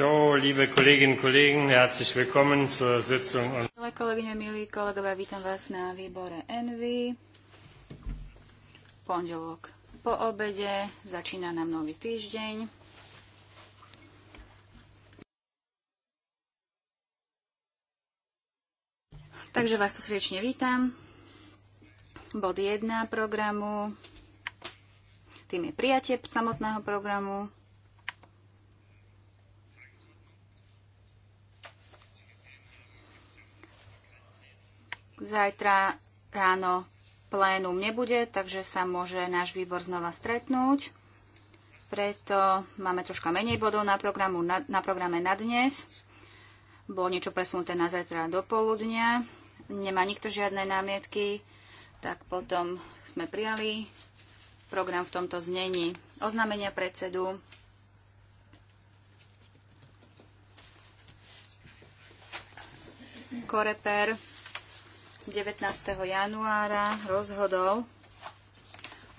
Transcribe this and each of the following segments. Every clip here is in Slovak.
So, liebe Kolleginnen und Kollegen, herzlich willkommen zur Sitzung. Milé kolegyne, milí kolegovia, vítam vás na výbore Envy. Pondelok po obede, začína nám nový týždeň. Takže vás tu srdečne vítam. Bod 1 programu, tým je prijatie samotného programu. Zajtra ráno plénum nebude, takže sa môže náš výbor znova stretnúť. Preto máme troška menej bodov na, programu, na, na programe na dnes. Bolo niečo presunuté na zajtra do poludnia. Nemá nikto žiadne námietky, tak potom sme prijali program v tomto znení. Oznámenia predsedu. Koreper 19. januára rozhodol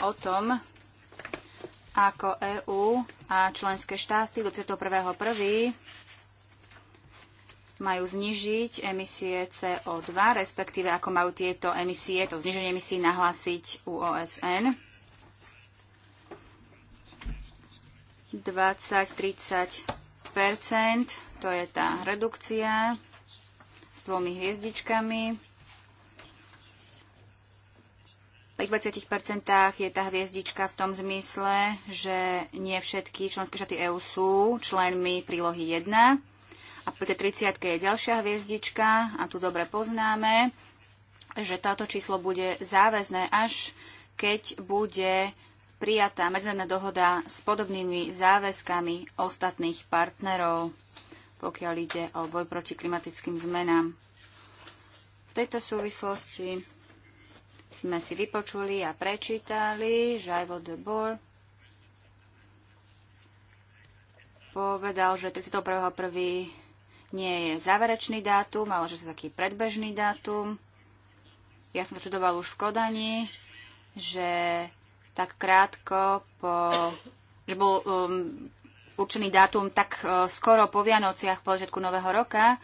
o tom, ako EÚ a členské štáty do 31.1. majú znižiť emisie CO2, respektíve ako majú tieto emisie, to zniženie emisí nahlásiť u OSN. 20-30 to je tá redukcia s dvomi hviezdičkami. Pri 20% je tá hviezdička v tom zmysle, že nie všetky členské štáty EÚ sú členmi prílohy 1. A pri tej 30 je ďalšia hviezdička a tu dobre poznáme, že táto číslo bude záväzné až keď bude prijatá medzinárodná dohoda s podobnými záväzkami ostatných partnerov, pokiaľ ide o boj proti klimatickým zmenám. V tejto súvislosti sme si vypočuli a prečítali. Žajvo de Boer povedal, že 31.1. nie je záverečný dátum, ale že to je taký predbežný dátum. Ja som sa čudoval už v Kodani, že tak krátko po... že bol um, určený dátum tak uh, skoro po Vianociach, po začiatku Nového roka,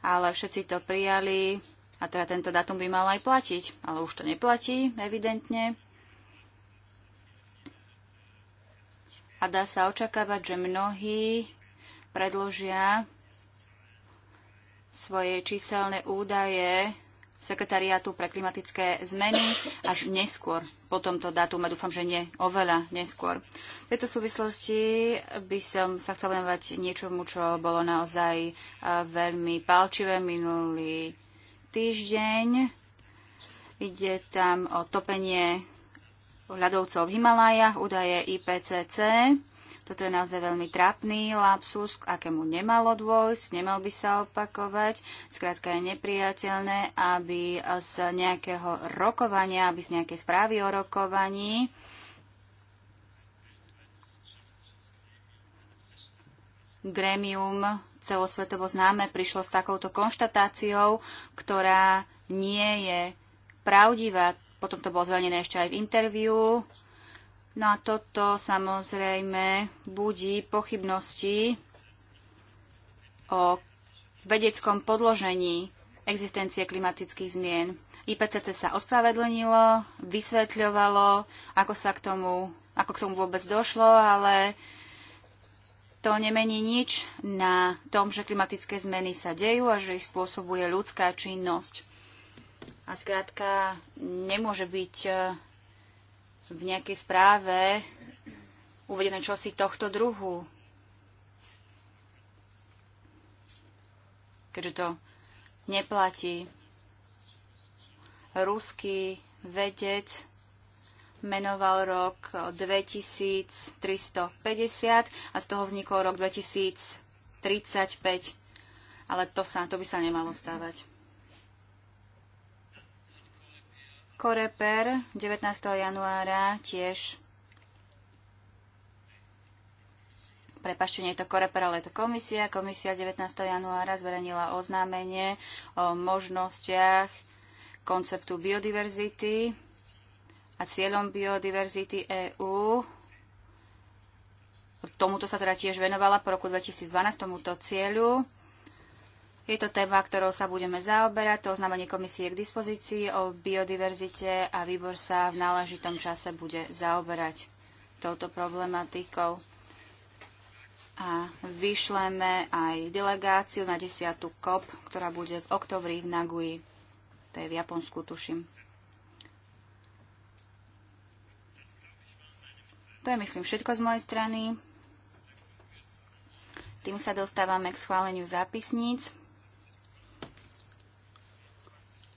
ale všetci to prijali a teda tento dátum by mal aj platiť, ale už to neplatí, evidentne. A dá sa očakávať, že mnohí predložia svoje číselné údaje sekretariátu pre klimatické zmeny až neskôr po tomto dátume. Dúfam, že nie oveľa neskôr. V tejto súvislosti by som sa chcela venovať niečomu, čo bolo naozaj eh, veľmi palčivé minulý týždeň. Ide tam o topenie ľadovcov v Himalajach, údaje IPCC. Toto je naozaj veľmi trápny lapsus, k akému nemalo dôjsť, nemal by sa opakovať. Skrátka je nepriateľné, aby z nejakého rokovania, aby z nejakej správy o rokovaní Gremium celosvetovo známe, prišlo s takouto konštatáciou, ktorá nie je pravdivá. Potom to bolo zranené ešte aj v interviu. No a toto samozrejme budí pochybnosti o vedeckom podložení existencie klimatických zmien. IPCC sa ospravedlnilo, vysvetľovalo, ako sa k tomu, ako k tomu vôbec došlo, ale uh, to nemení nič na tom, že klimatické zmeny sa dejú a že ich spôsobuje ľudská činnosť. A skrátka nemôže byť e, v nejakej správe uvedené čosi tohto druhu. Keďže to neplatí. Ruský vedec menoval rok 2350 a z toho vznikol rok 2035. Ale to, sa, to by sa nemalo stávať. Koreper 19. januára tiež prepašte, nie je to Koreper, ale je to komisia. Komisia 19. januára zverejnila oznámenie o možnostiach konceptu biodiverzity a cieľom biodiverzity EÚ. Tomuto sa teda tiež venovala po roku 2012, tomuto cieľu. Je to téma, ktorou sa budeme zaoberať. To oznámenie komisie k dispozícii o biodiverzite a výbor sa v náležitom čase bude zaoberať touto problematikou. A vyšleme aj delegáciu na 10. COP, ktorá bude v oktobri v Nagui. To je v Japonsku, tuším. To je, myslím, všetko z mojej strany. Tým sa dostávame k schváleniu zápisníc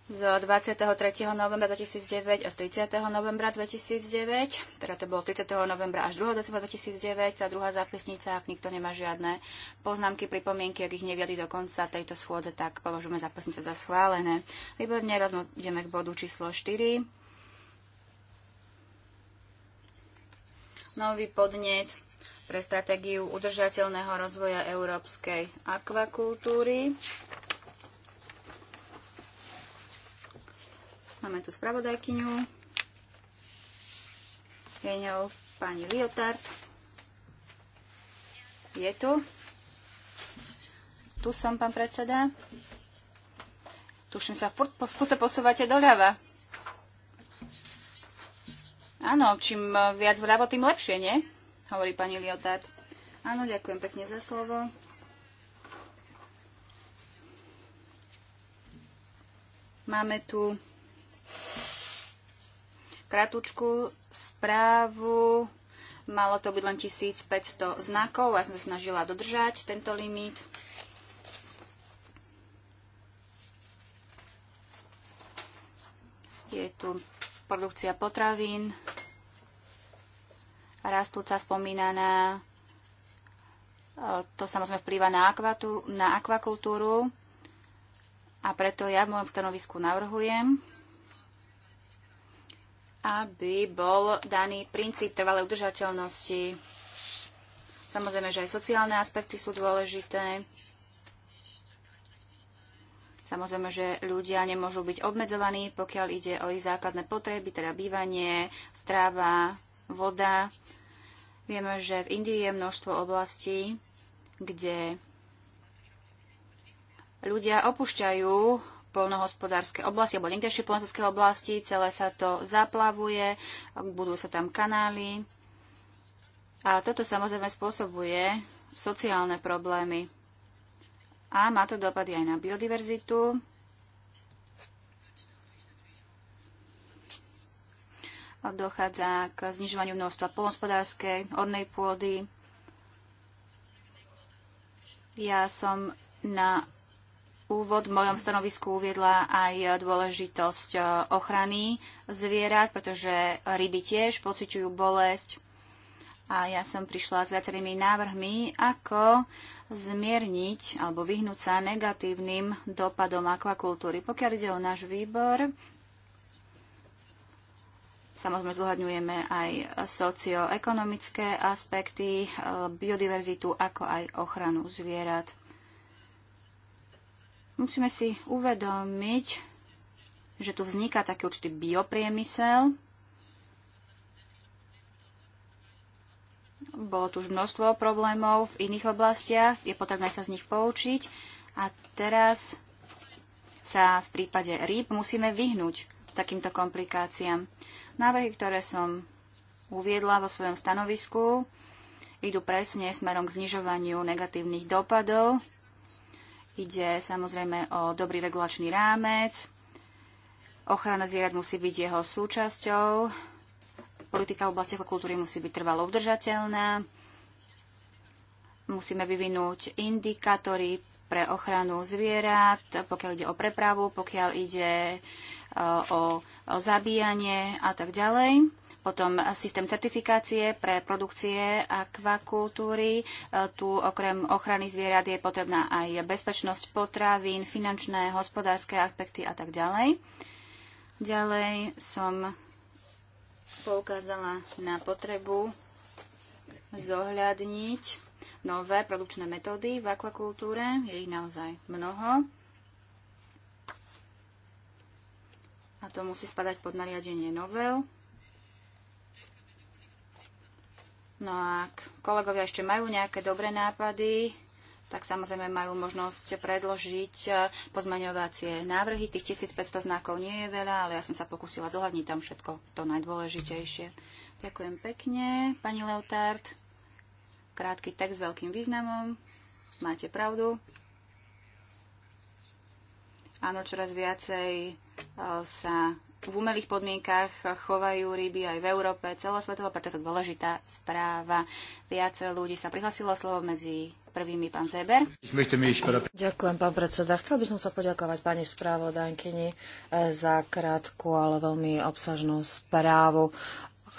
z 23. novembra 2009 a z 30. novembra 2009. Teda to bolo 30. novembra až 2. decembra 2009. Tá druhá zápisnica, ak nikto nemá žiadne poznámky, pripomienky, ak ich neviali do konca tejto schôdze, tak považujeme zápisnice za schválené. Výborne, rozmo ideme k bodu číslo 4 nový podnet pre stratégiu udržateľného rozvoja európskej akvakultúry. Máme tu spravodajkyňu. Je ňou pani Liotard. Je tu. Tu som, pán predseda. Tuším sa, furt, v kuse posúvate doľava. Áno, čím viac vľavo, tým lepšie, nie? Hovorí pani Liotard. Áno, ďakujem pekne za slovo. Máme tu kratučku správu. Malo to byť len 1500 znakov a som sa snažila dodržať tento limit. Je tu produkcia potravín, rastúca spomínaná, e, to samozrejme vplýva na, akvatu, na akvakultúru a preto ja v môjom stanovisku navrhujem, aby bol daný princíp trvalej udržateľnosti. Samozrejme, že aj sociálne aspekty sú dôležité. Samozrejme, že ľudia nemôžu byť obmedzovaní, pokiaľ ide o ich základné potreby, teda bývanie, stráva, voda. Vieme, že v Indii je množstvo oblastí, kde ľudia opúšťajú polnohospodárske oblasti alebo niekdejšie polnohospodárske oblasti, celé sa to zaplavuje, budú sa tam kanály. A toto samozrejme spôsobuje sociálne problémy a má to dopady aj na biodiverzitu. Dochádza k znižovaniu množstva polnospodárskej, odnej pôdy. Ja som na úvod v mojom stanovisku uviedla aj dôležitosť ochrany zvierat, pretože ryby tiež pociťujú bolesť a ja som prišla s viacerými návrhmi, ako zmierniť alebo vyhnúť sa negatívnym dopadom akvakultúry. Pokiaľ ide o náš výbor, Samozrejme zohľadňujeme aj socioekonomické aspekty, e, biodiverzitu, ako aj ochranu zvierat. Musíme si uvedomiť, že tu vzniká taký určitý biopriemysel, Bolo tu už množstvo problémov v iných oblastiach, je potrebné sa z nich poučiť a teraz sa v prípade rýb musíme vyhnúť takýmto komplikáciám. Návrhy, ktoré som uviedla vo svojom stanovisku, idú presne smerom k znižovaniu negatívnych dopadov. Ide samozrejme o dobrý regulačný rámec. Ochrana zvierat musí byť jeho súčasťou politika v oblasti kultúry musí byť trvalo udržateľná. Musíme vyvinúť indikátory pre ochranu zvierat, pokiaľ ide o prepravu, pokiaľ ide e, o zabíjanie a tak ďalej. Potom systém certifikácie pre produkcie akvakultúry. E, tu okrem ochrany zvierat je potrebná aj bezpečnosť potravín, finančné, hospodárske aspekty a tak ďalej. Ďalej som poukázala na potrebu zohľadniť nové produkčné metódy v akvakultúre. Je ich naozaj mnoho. A to musí spadať pod nariadenie novel. No a ak kolegovia ešte majú nejaké dobré nápady, tak samozrejme majú možnosť predložiť eh, pozmeňovacie návrhy. Tých 1500 znakov nie je veľa, ale ja som sa pokúsila zohľadniť tam všetko to najdôležitejšie. Ďakujem pekne, pani Leotard. Krátky text s veľkým významom. Máte pravdu. Áno, čoraz viacej eh, sa v umelých podmienkach chovajú ryby aj v Európe, celosvetovo, preto je to dôležitá správa. Viacej ľudí sa prihlasilo slovo medzi prvými pán Zeber. Ďakujem, pán predseda. Chcel by som sa poďakovať pani správodajkyni eh, za krátku, ale veľmi obsažnú správu.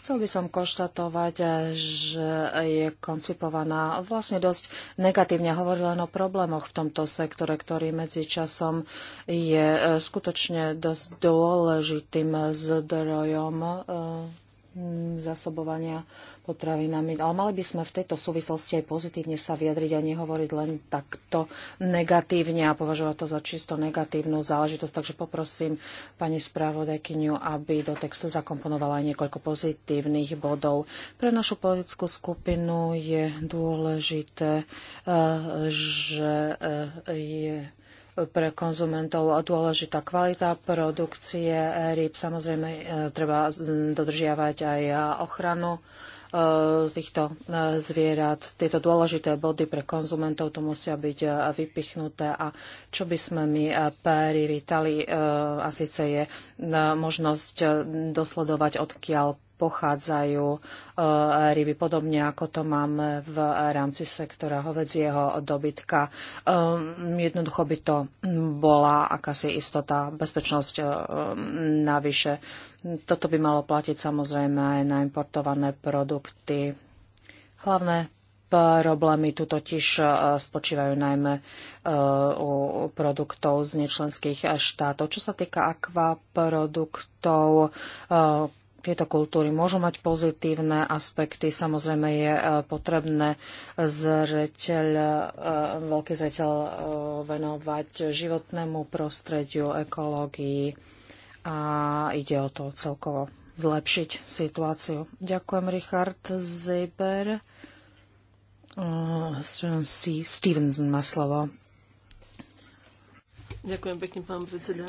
Chcel by som konštatovať, eh, že je koncipovaná vlastne dosť negatívne. Hovorí len o problémoch v tomto sektore, ktorý medzi časom je eh, skutočne dosť dôležitým zdrojom zásobovania potravinami. Ale mali by sme v tejto súvislosti aj pozitívne sa vyjadriť a nehovoriť len takto negatívne a považovať to za čisto negatívnu záležitosť. Takže poprosím pani spravodajkyňu, aby do textu zakomponovala aj niekoľko pozitívnych bodov. Pre našu politickú skupinu je dôležité, e, že e, je pre konzumentov dôležitá kvalita produkcie rýb. Samozrejme, e, treba dodržiavať aj ochranu Eh, týchto eh, zvierat. Tieto dôležité body pre konzumentov to musia byť eh, vypichnuté a čo by sme my privítali a síce je možnosť dosledovať, odkiaľ pochádzajú e, ryby, podobne ako to máme v rámci sektora hovedzieho dobytka. E, jednoducho by to bola akási istota, bezpečnosť e, navyše. Toto by malo platiť samozrejme aj na importované produkty. Hlavné problémy tu totiž spočívajú najmä u produktov z nečlenských štátov. Čo sa týka akvaproduktov, tieto kultúry môžu mať pozitívne aspekty. Samozrejme je e, potrebné zreteľ, e, veľký zreteľ e, venovať životnému prostrediu, ekológii a ide o to celkovo zlepšiť situáciu. Ďakujem, Richard Zeber. Stevenson má slovo. Ďakujem pekne, pán predseda.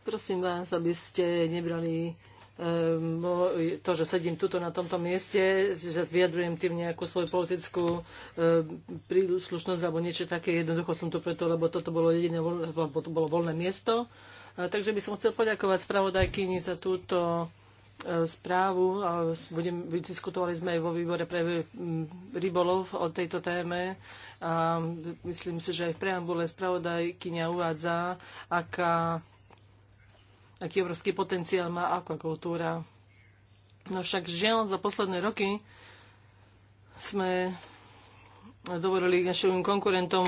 Prosím vás, aby ste nebrali ehm, to, že sedím tuto na tomto mieste, že vyjadrujem tým nejakú svoju politickú ehm, príslušnosť alebo niečo také. Jednoducho som tu preto, lebo toto bolo jediné lebo to bolo voľné miesto. Takže by som chcel poďakovať spravodajkyni za túto ehm, správu. A budem, diskutovali sme aj vo výbore pre mm, rybolov o tejto téme. A myslím si, že aj v preambule spravodajkyňa uvádza, aká aký obrovský potenciál má akvakultúra. No však žiaľ za posledné roky sme dovolili našim konkurentom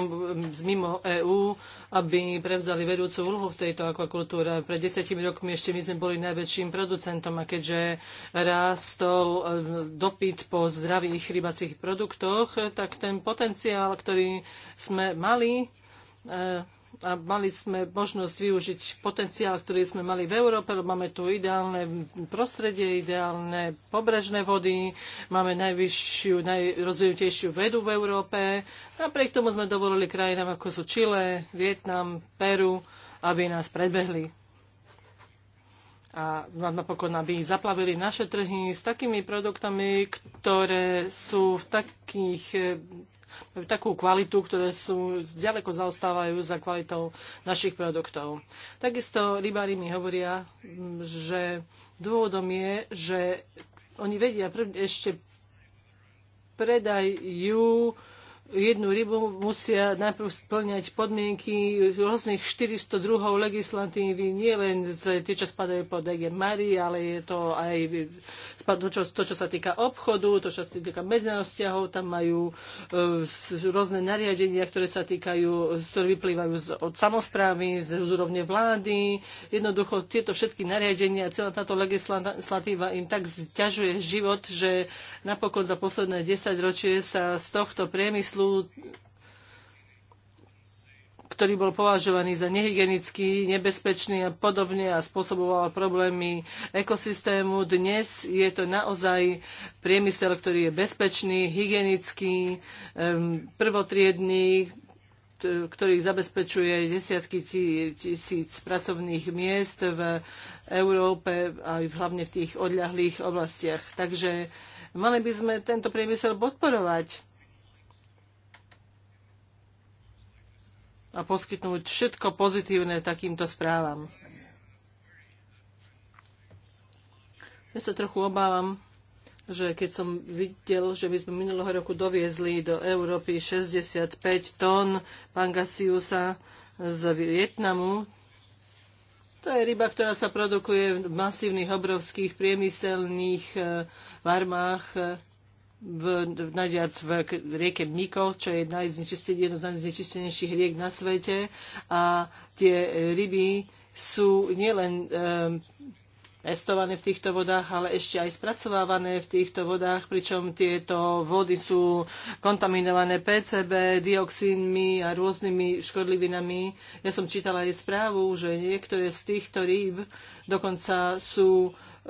z mimo EÚ, aby prevzali vedúcu úlohu v tejto akvakultúre. Pred desiatimi rokmi ešte my sme boli najväčším producentom a keďže rástol eh, dopyt po zdravých rybacích produktoch, tak ten potenciál, ktorý sme mali, eh, a mali sme možnosť využiť potenciál, ktorý sme mali v Európe, lebo máme tu ideálne prostredie, ideálne pobrežné vody, máme najvyššiu, najrozvinutejšiu vedu v Európe. Napriek tomu sme dovolili krajinám ako sú Čile, Vietnam, Peru, aby nás predbehli a napokon aby zaplavili naše trhy s takými produktami, ktoré sú v takých takú kvalitu, ktoré sú ďaleko zaostávajú za kvalitou našich produktov. Takisto rybári mi hovoria, že dôvodom je, že oni vedia ešte predajú jednu rybu, musia najprv splňať podmienky rôznych 400 druhov legislatívy, nie len tie, čo spadajú pod DG Mari, ale je to aj to, čo, to, čo sa týka obchodu, to, čo sa týka medzinárodných vzťahov, tam majú e, rôzne nariadenia, ktoré sa týkajú, ktoré vyplývajú z, od samozprávy, z, z úrovne vlády. Jednoducho tieto všetky nariadenia, celá táto legislatíva im tak zťažuje život, že napokon za posledné 10 ročie sa z tohto priemyslu ktorý bol považovaný za nehygienický, nebezpečný a podobne a spôsoboval problémy ekosystému. Dnes je to naozaj priemysel, ktorý je bezpečný, hygienický, prvotriedný, ktorý zabezpečuje desiatky tisíc pracovných miest v Európe a hlavne v tých odľahlých oblastiach. Takže mali by sme tento priemysel podporovať a poskytnúť všetko pozitívne takýmto správam. Ja sa trochu obávam, že keď som videl, že my sme minulého roku doviezli do Európy 65 tón pangasiusa z Vietnamu, to je ryba, ktorá sa produkuje v masívnych, obrovských priemyselných eh, farmách eh, v, najviac v rieke Mnikov, čo je jedno z najznečistenejších riek na svete. A tie ryby sú nielen ehm, pestované v týchto vodách, ale ešte aj spracovávané v týchto vodách, pričom tieto vody sú kontaminované PCB, dioxínmi a rôznymi škodlivinami. Ja som čítala aj správu, že niektoré z týchto rýb dokonca sú E,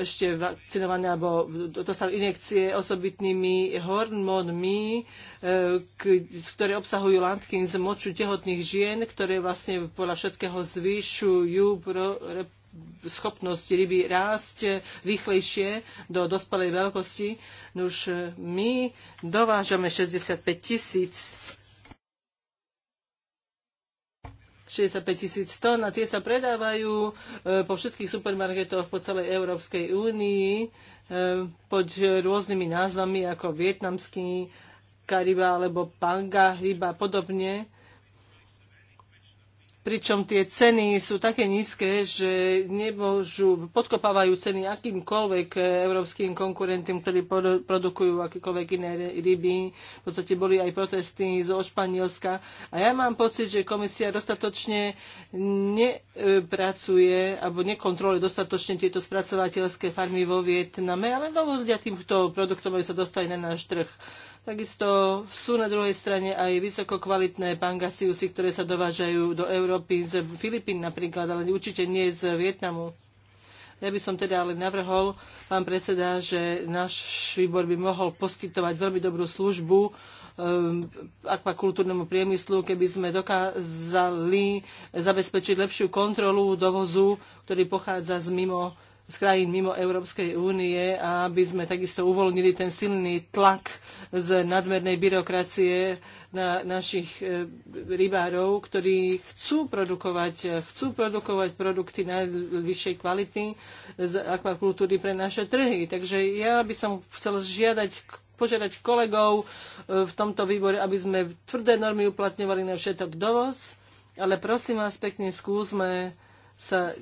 ešte vakcinované alebo dostali injekcie osobitnými hormónmi, e, ktoré obsahujú látky z moču tehotných žien, ktoré vlastne podľa všetkého zvyšujú pro, schopnosť ryby rásť rýchlejšie do dospelej veľkosti. No už e, my dovážame 65 tisíc 65 tón a tie sa predávajú e, po všetkých supermarketoch po celej Európskej únii e, pod rôznymi názvami ako vietnamský kariba alebo panga, ryba podobne pričom tie ceny sú také nízke, že nebožu, podkopávajú ceny akýmkoľvek európskym konkurentom, ktorí produkujú akékoľvek iné ryby. V podstate boli aj protesty zo Španielska. A ja mám pocit, že komisia dostatočne nepracuje alebo nekontroluje dostatočne tieto spracovateľské farmy vo Vietname, ale dovodia týmto produktom, aby sa dostali na náš trh. Takisto sú na druhej strane aj vysokokvalitné pangasiusy, ktoré sa dovážajú do Európy z Filipín napríklad, ale určite nie z Vietnamu. Ja by som teda ale navrhol, pán predseda, že náš výbor by mohol poskytovať veľmi dobrú službu um, akvakultúrnemu priemyslu, keby sme dokázali zabezpečiť lepšiu kontrolu dovozu, ktorý pochádza z mimo z krajín mimo Európskej únie a aby sme takisto uvoľnili ten silný tlak z nadmernej byrokracie na našich e, rybárov, ktorí chcú produkovať, e, chcú produkovať produkty najvyššej kvality z akvakultúry pre naše trhy. Takže ja by som chcel žiadať požiadať kolegov e, v tomto výbore, aby sme tvrdé normy uplatňovali na všetok dovoz, ale prosím vás pekne skúsme sa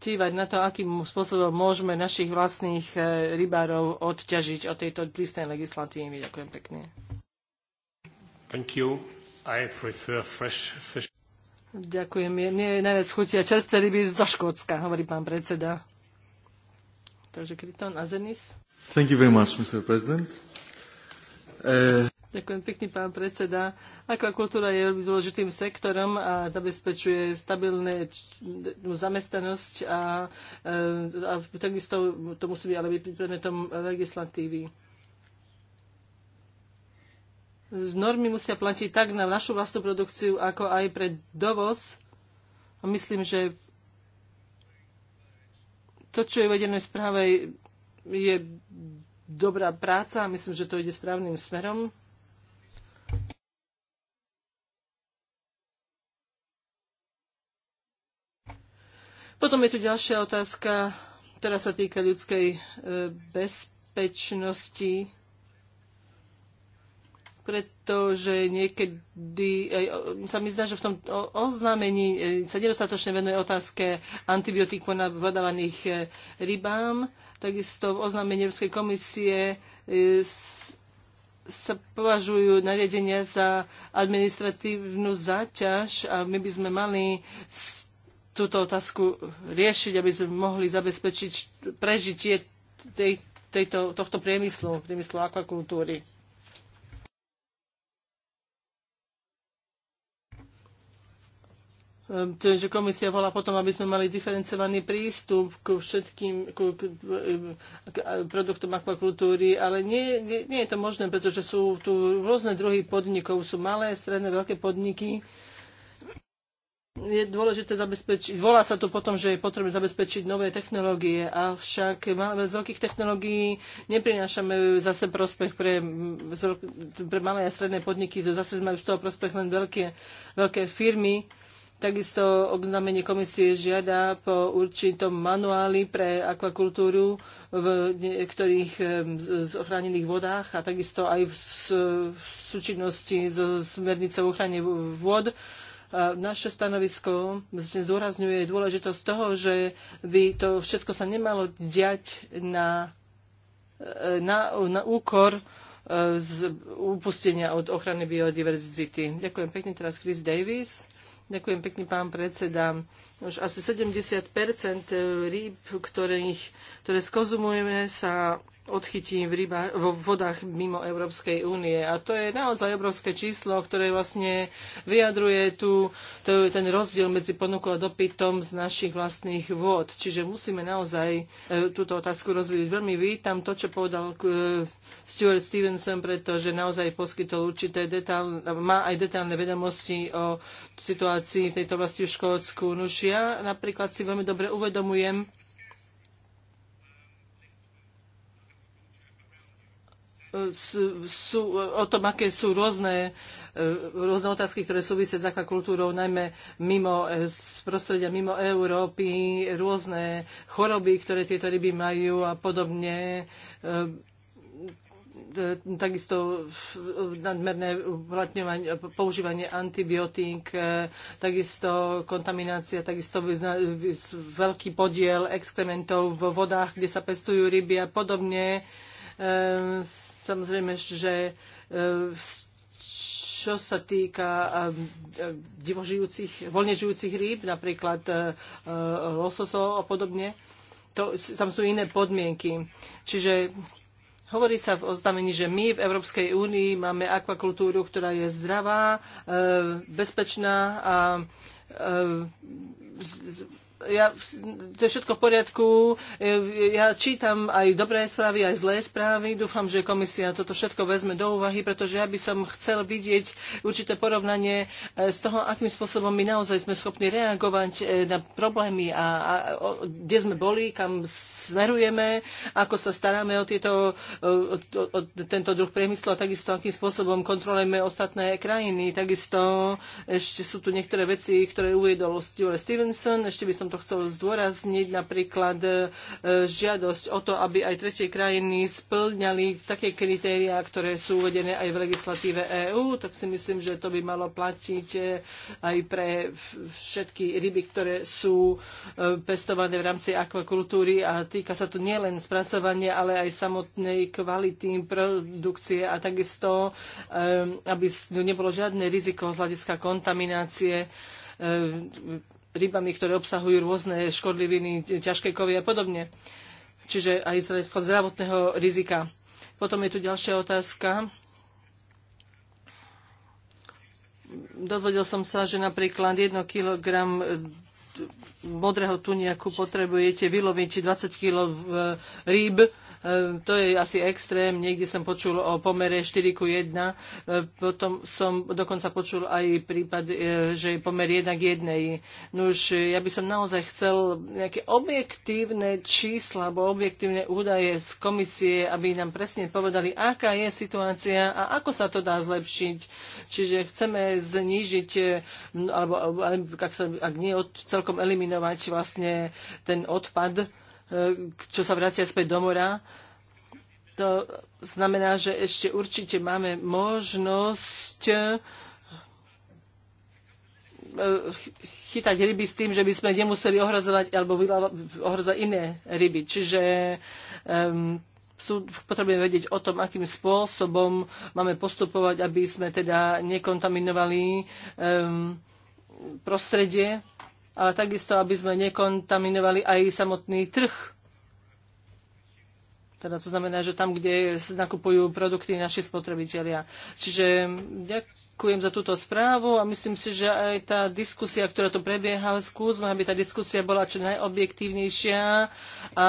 dívať na to, akým spôsobom môžeme našich vlastných e, rybárov odťažiť od tejto prísnej legislatívy. Ďakujem pekne. Thank you. I prefer fresh fish. Ďakujem. Mne je najviac chutia čerstvé ryby zo Škótska, hovorí pán predseda. Takže Kryton Zenis. Thank you very much, Mr. President. Uh... Ďakujem pekne, pán predseda. Akvakultúra je dôležitým sektorom a zabezpečuje stabilné zamestnanosť a, e, a takisto to musí byť ale byť predmetom legislatívy. Z normy musia platiť tak na našu vlastnú produkciu, ako aj pre dovoz. A myslím, že to, čo je vedené v správe, je dobrá práca a myslím, že to ide správnym smerom. Potom je tu ďalšia otázka, ktorá sa týka ľudskej e, bezpečnosti, pretože niekedy e, sa mi zdá, že v tom oznámení e, sa nedostatočne venuje otázke antibiotíku na vodávaných rybám. Takisto v oznámení Európskej komisie sa považujú nariadenia za administratívnu záťaž a my by sme mali túto otázku riešiť, aby sme mohli zabezpečiť prežitie tej, tejto, tohto priemyslu, priemyslu akvakultúry. Ehm, že komisia volá potom, aby sme mali diferencovaný prístup k všetkým k, k, k produktom akvakultúry, ale nie, nie, nie je to možné, pretože sú tu rôzne druhy podnikov, sú malé, stredné, veľké podniky, je dôležité zabezpečiť, volá sa to potom, že je potrebné zabezpečiť nové technológie, avšak z veľkých technológií neprinášame zase prospech pre, pre malé a stredné podniky, to zase majú z toho prospech len veľké, veľké firmy. Takisto obznamenie komisie žiada po určitom manuáli pre akvakultúru v niektorých z ochránených vodách a takisto aj v, súčinnosti so smernicou ochrany vôd. Naše stanovisko vlastne zdôrazňuje dôležitosť toho, že by to všetko sa nemalo diať na, e, na, na úkor e, z upustenia od ochrany biodiverzity. Ďakujem pekne teraz Chris Davis. Ďakujem pekne, pán predseda. Už asi 70 rýb, ktorých, ktoré skonzumujeme, sa odchytí v ryba, vo vodách mimo Európskej únie. A to je naozaj obrovské číslo, ktoré vlastne vyjadruje tú, tú, ten rozdiel medzi ponukou a dopytom z našich vlastných vôd. Čiže musíme naozaj e, túto otázku rozvíjať. Veľmi vítam to, čo povedal e, Stuart Stevenson, pretože naozaj poskytol určité detálne, má aj detálne vedomosti o situácii v tejto vlasti v Škótsku. Nuž ja napríklad si veľmi dobre uvedomujem, sú, o tom, aké sú rôzne, e, rôzne otázky, ktoré súvisia s akvakultúrou, najmä mimo, e, z prostredia mimo Európy, rôzne choroby, ktoré tieto ryby majú a podobne e, takisto nadmerné používanie antibiotík, takisto kontaminácia, takisto veľký podiel exkrementov v vodách, kde sa pestujú ryby a podobne. S Samozrejme, že e, čo sa týka e, e, divožijúcich, voľne žijúcich rýb, napríklad lososov a podobne, to, tam sú iné podmienky. Čiže Hovorí sa v oznámení, že my v Európskej únii máme akvakultúru, ktorá je zdravá, bezpečná a ja, to je všetko v poriadku. E, ja čítam aj dobré správy, aj zlé správy. Dúfam, že komisia toto všetko vezme do úvahy, pretože ja by som chcel vidieť určité porovnanie e, z toho, akým spôsobom my naozaj sme schopní reagovať e, na problémy a, a a kde sme boli, kam smerujeme, ako sa staráme o, tieto, o, o, o tento druh priemyslu a takisto akým spôsobom kontrolujeme ostatné krajiny. Takisto ešte sú tu niektoré veci, ktoré uviedol Stuart Stevenson. Ešte by som to chcel zdôrazniť, napríklad e, žiadosť o to, aby aj tretie krajiny splňali také kritériá, ktoré sú uvedené aj v legislatíve EÚ, tak si myslím, že to by malo platiť e, aj pre všetky ryby, ktoré sú e, pestované v rámci akvakultúry a týka sa to nielen spracovania, ale aj samotnej kvality produkcie a takisto, aby nebolo žiadne riziko z hľadiska kontaminácie rybami, ktoré obsahujú rôzne škodliviny, ťažké kovy a podobne. Čiže aj z zdravotného rizika. Potom je tu ďalšia otázka. Dozvedel som sa, že napríklad 1 kg modrého tuniaku potrebujete vyloviť 20 kg rýb Ehm, to je asi extrém, niekde som počul o pomere 4 ku 1, ehm, potom som dokonca počul aj prípad, e, že je pomer 1 k 1. už e, ja by som naozaj chcel nejaké objektívne čísla alebo objektívne údaje z komisie, aby nám presne povedali, aká je situácia a ako sa to dá zlepšiť. Čiže chceme znížiť, e, alebo, ak, sa, ak nie celkom eliminovať vlastne ten odpad, E, čo sa vracia späť do mora. To znamená, že ešte určite máme možnosť e, chytať ryby s tým, že by sme nemuseli ohrozovať alebo ohrozovať iné ryby. Čiže um, sú, potrebujeme vedieť o tom, akým spôsobom máme postupovať, aby sme teda nekontaminovali um, prostredie ale takisto, aby sme nekontaminovali aj samotný trh. Teda to znamená, že tam, kde nakupujú produkty naši spotrebitelia. Čiže ďakujem za túto správu a myslím si, že aj tá diskusia, ktorá tu prebieha, skúsme, aby tá diskusia bola čo najobjektívnejšia a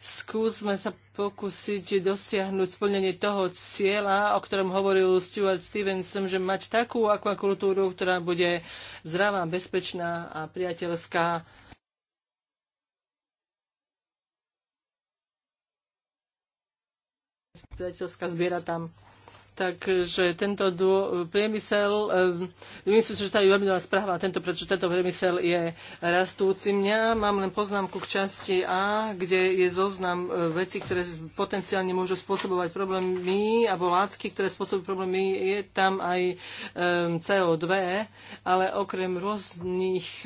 skúsme sa pokúsiť dosiahnuť splnenie toho cieľa, o ktorom hovoril Stuart Stevenson, že mať takú akvakultúru, ktorá bude zdravá, bezpečná a priateľská. priateľská zbiera tam takže tento dô, priemysel, e, myslím si, že tá Jurminová správa, tento, prečo tento priemysel je rastúci. Mňa mám len poznámku k časti A, kde je zoznam e, vecí, ktoré potenciálne môžu spôsobovať problémy, alebo látky, ktoré spôsobujú problémy. Je tam aj e, CO2, ale okrem rôznych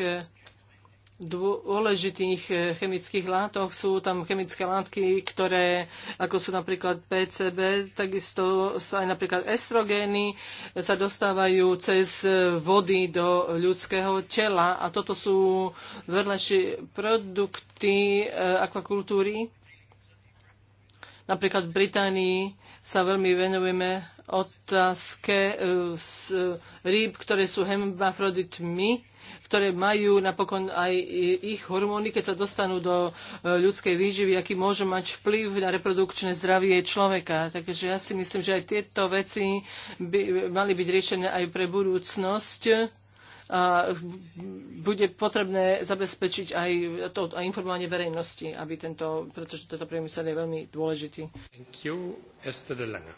dôležitých eh, chemických látok. Sú tam chemické látky, ktoré, ako sú napríklad PCB, takisto sa aj napríklad estrogény eh, sa dostávajú cez eh, vody do ľudského tela. A toto sú vedľajšie produkty akvakultúry. Napríklad v Británii sa veľmi venujeme otázke z e, e, rýb, ktoré sú hemafroditmi, ktoré majú napokon aj ich hormóny, keď sa dostanú do e, ľudskej výživy, aký môžu mať vplyv na reprodukčné zdravie človeka. Takže ja si myslím, že aj tieto veci by mali byť riešené aj pre budúcnosť a hm, bude potrebné zabezpečiť aj to aj informovanie verejnosti, aby tento, pretože tento priemysel je veľmi dôležitý. Thank you, Esther de Lange.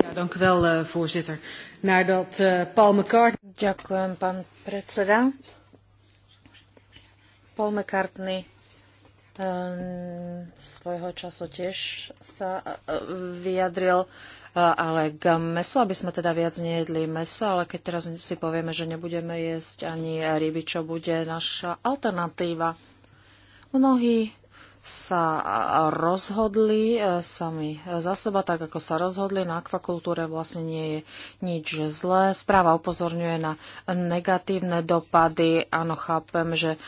Ja, dank u wel, eh, voorzitter. Nadat uh, Paul McCartney... Ďakujem, pán predseda. Paul McCartney um, svojho času tiež sa uh, vyjadril uh, ale k mesu, aby sme teda viac nejedli meso, ale keď teraz si povieme, že nebudeme jesť ani ryby, čo bude naša alternatíva. Mnohí sa rozhodli e, sami za seba, tak ako sa rozhodli. Na akvakultúre vlastne nie je nič zlé. Správa upozorňuje na negatívne dopady. Áno, chápem, že e,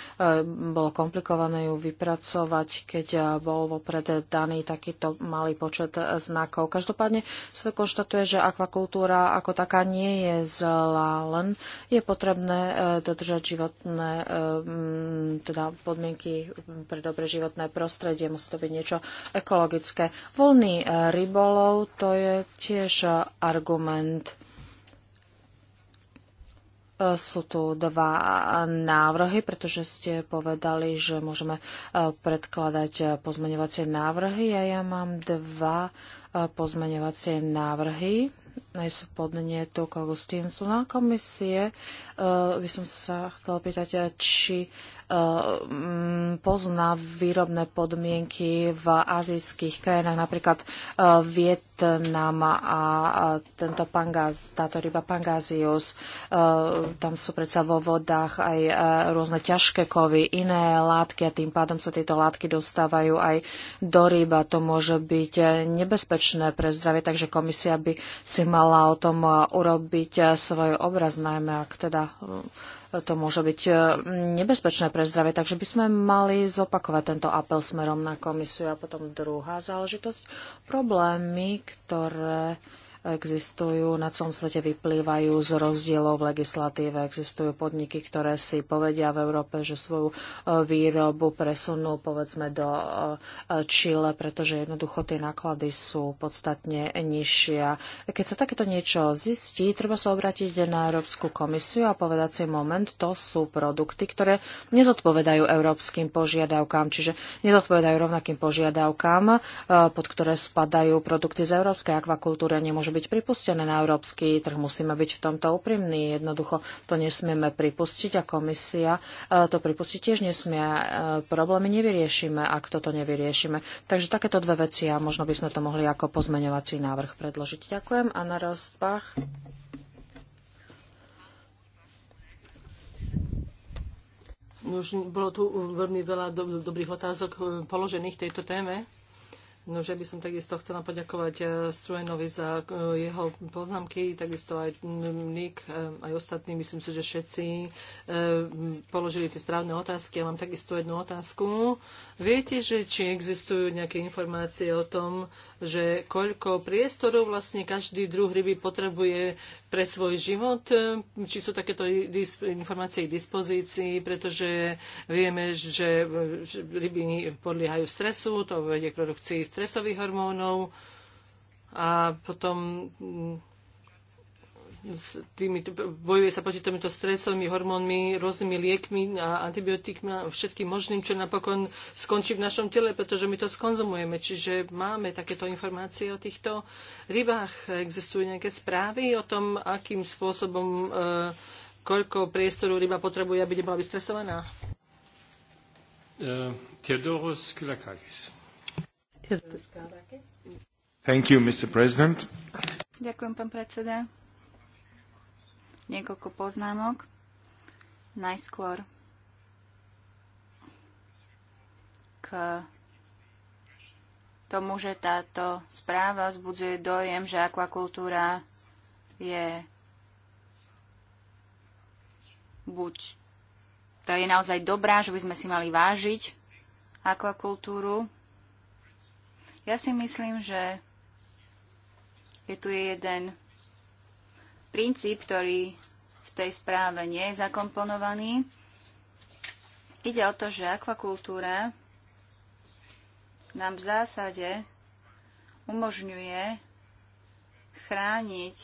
bolo komplikované ju vypracovať, keď e, bol vopred daný takýto malý počet znakov. Každopádne sa konštatuje, že akvakultúra ako taká nie je zlá, len je potrebné dodržať životné teda podmienky pre dobre životné prostredie, musí to byť niečo ekologické. Voľný e, rybolov to je tiež e, argument e, sú tu dva návrhy, pretože ste povedali, že môžeme predkladať pozmeňovacie návrhy a ja mám dva pozmeňovacie návrhy Najsú sú podnetu k Augustinsona komisie. By som sa chcela pýtať, či Mm, pozná výrobné podmienky v azijských krajinách, napríklad e, Vietnam a tento pangaz, táto ryba pangázius. E, tam sú predsa vo vodách aj e, rôzne ťažké kovy, iné látky a tým pádom sa tieto látky dostávajú aj do ryba. To môže byť nebezpečné pre zdravie, takže komisia by si mala o tom urobiť svoj obraz, najmä ak teda to môže byť e, nebezpečné pre zdravie. Takže by sme mali zopakovať tento apel smerom na komisiu. A potom druhá záležitosť. Problémy, ktoré existujú na celom svete, vyplývajú z rozdielov v legislatíve. Existujú podniky, ktoré si povedia v Európe, že svoju e, výrobu presunú povedzme do e, Chile, pretože jednoducho tie náklady sú podstatne nižšie. Keď sa takéto niečo zistí, treba sa obrátiť na Európsku komisiu a povedať si moment, to sú produkty, ktoré nezodpovedajú európskym požiadavkám, čiže nezodpovedajú rovnakým požiadavkám, e, pod ktoré spadajú produkty z európskej akvakultúry. Nemôžu nemôže byť pripustené na európsky trh. Musíme byť v tomto úprimní. Jednoducho to nesmieme pripustiť a komisia e, to pripustiť tiež nesmie. E, problémy nevyriešime, ak toto nevyriešime. Takže takéto dve veci a možno by sme to mohli ako pozmeňovací návrh predložiť. Ďakujem. Anna Rostbach. Už bolo tu veľmi veľa dobrých otázok e, položených tejto téme. No, že by som takisto chcela poďakovať eh, Strujenovi za eh, jeho poznámky, takisto aj mm, Nik, eh, aj ostatní, myslím si, že všetci položili tie správne otázky. Ja mám takisto jednu otázku. Viete, že či existujú nejaké informácie o tom, že koľko priestoru vlastne každý druh ryby potrebuje pre svoj život, či sú takéto informácie k dispozícii, pretože vieme, že ryby podliehajú stresu, to vedie k produkcii stresových hormónov a potom mm, s tými, bojuje sa proti týmito stresovými hormónmi, rôznymi liekmi a antibiotikmi a všetkým možným, čo napokon skončí v našom tele, pretože my to skonzumujeme. Čiže máme takéto informácie o týchto rybách. Existujú nejaké správy o tom, akým spôsobom, e, koľko priestoru ryba potrebuje, aby nebola vystresovaná? Uh, Theodoros Kulakakis. Thank you, Mr. President. Ďakujem, pán predseda niekoľko poznámok. Najskôr k tomu, že táto správa vzbudzuje dojem, že akvakultúra je buď to je naozaj dobrá, že by sme si mali vážiť akvakultúru. Ja si myslím, že je tu jeden princíp, ktorý v tej správe nie je zakomponovaný. Ide o to, že akvakultúra nám v zásade umožňuje chrániť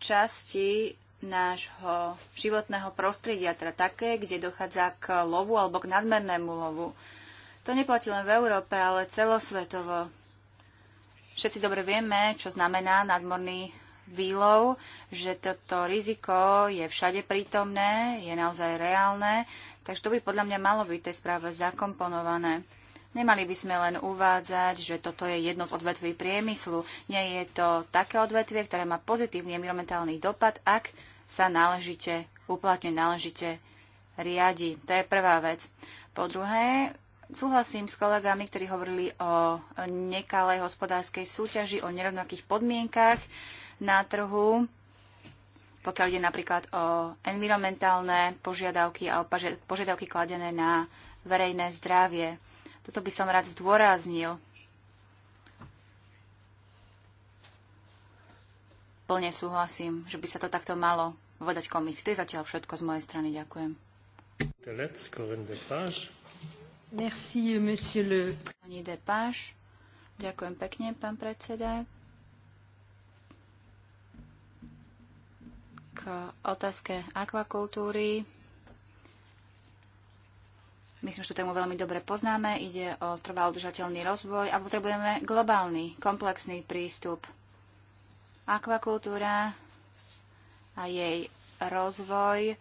časti nášho životného prostredia, teda také, kde dochádza k lovu alebo k nadmernému lovu. To neplatí len v Európe, ale celosvetovo. Všetci dobre vieme, čo znamená nadmorný výlov, že toto riziko je všade prítomné, je naozaj reálne, takže to by podľa mňa malo byť tej správe zakomponované. Nemali by sme len uvádzať, že toto je jedno z odvetví priemyslu. Nie je to také odvetvie, ktoré má pozitívny environmentálny dopad, ak sa náležite, uplatňuje náležite riadi. To je prvá vec. Po druhé, súhlasím s kolegami, ktorí hovorili o nekalej hospodárskej súťaži, o nerovnakých podmienkach na trhu, pokiaľ ide napríklad o environmentálne požiadavky a o požiadavky kladené na verejné zdravie. Toto by som rád zdôraznil. Plne súhlasím, že by sa to takto malo vodať komisii. To je zatiaľ všetko z mojej strany. Ďakujem. Merci, monsieur le... Ďakujem pekne, pán predseda. k otázke akvakultúry. Myslím, že tú tému veľmi dobre poznáme. Ide o trvalo udržateľný rozvoj a potrebujeme globálny, komplexný prístup. Akvakultúra a jej rozvoj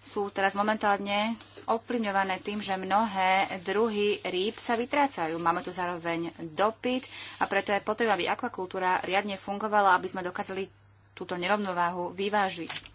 sú teraz momentálne ovplyvňované tým, že mnohé druhy rýb sa vytrácajú. Máme tu zároveň dopyt a preto je potreba, aby akvakultúra riadne fungovala, aby sme dokázali túto nerovnováhu vyvážiť.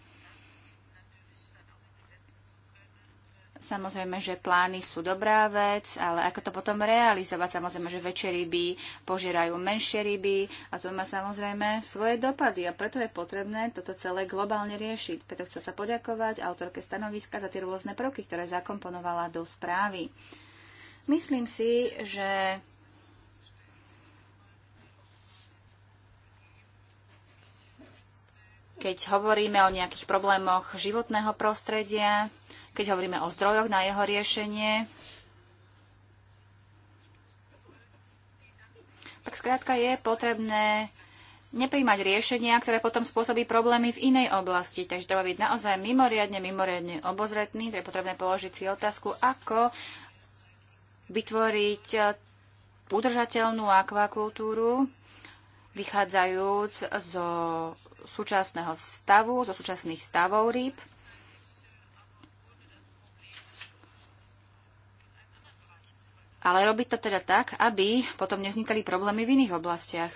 Samozrejme, že plány sú dobrá vec, ale ako to potom realizovať? Samozrejme, že väčšie ryby požierajú menšie ryby a to má samozrejme svoje dopady a preto je potrebné toto celé globálne riešiť. Preto chcem sa poďakovať autorke stanoviska za tie rôzne kroky, ktoré zakomponovala do správy. Myslím si, že keď hovoríme o nejakých problémoch životného prostredia, keď hovoríme o zdrojoch na jeho riešenie, tak skrátka je potrebné nepríjmať riešenia, ktoré potom spôsobí problémy v inej oblasti. Takže treba byť naozaj mimoriadne, mimoriadne obozretný. je potrebné položiť si otázku, ako vytvoriť eh, udržateľnú akvakultúru, vychádzajúc zo súčasného stavu, zo súčasných stavov rýb. Ale robiť to teda tak, aby potom nevznikali problémy v iných oblastiach.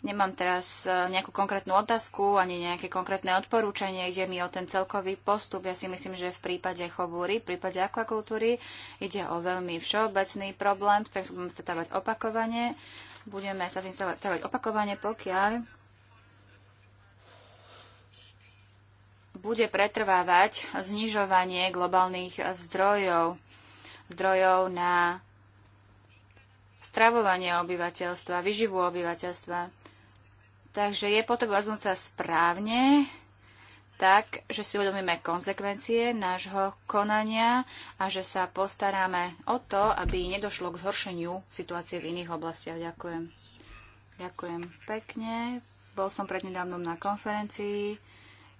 Nemám teraz e, nejakú konkrétnu otázku ani nejaké konkrétne odporúčanie, ide mi o ten celkový postup. Ja si myslím, že v prípade chovúry, v prípade akvakultúry ide o veľmi všeobecný problém, ktorý budeme stretávať opakovane budeme sa s tým stavať opakovane, pokiaľ bude pretrvávať znižovanie globálnych zdrojov, zdrojov na stravovanie obyvateľstva, vyživu obyvateľstva. Takže je potrebné rozhodnúť sa správne, tak, že si uvedomíme konsekvencie nášho konania a že sa postaráme o to, aby nedošlo k zhoršeniu situácie v iných oblastiach. Ďakujem. Ďakujem pekne. Bol som prednedávnom na konferencii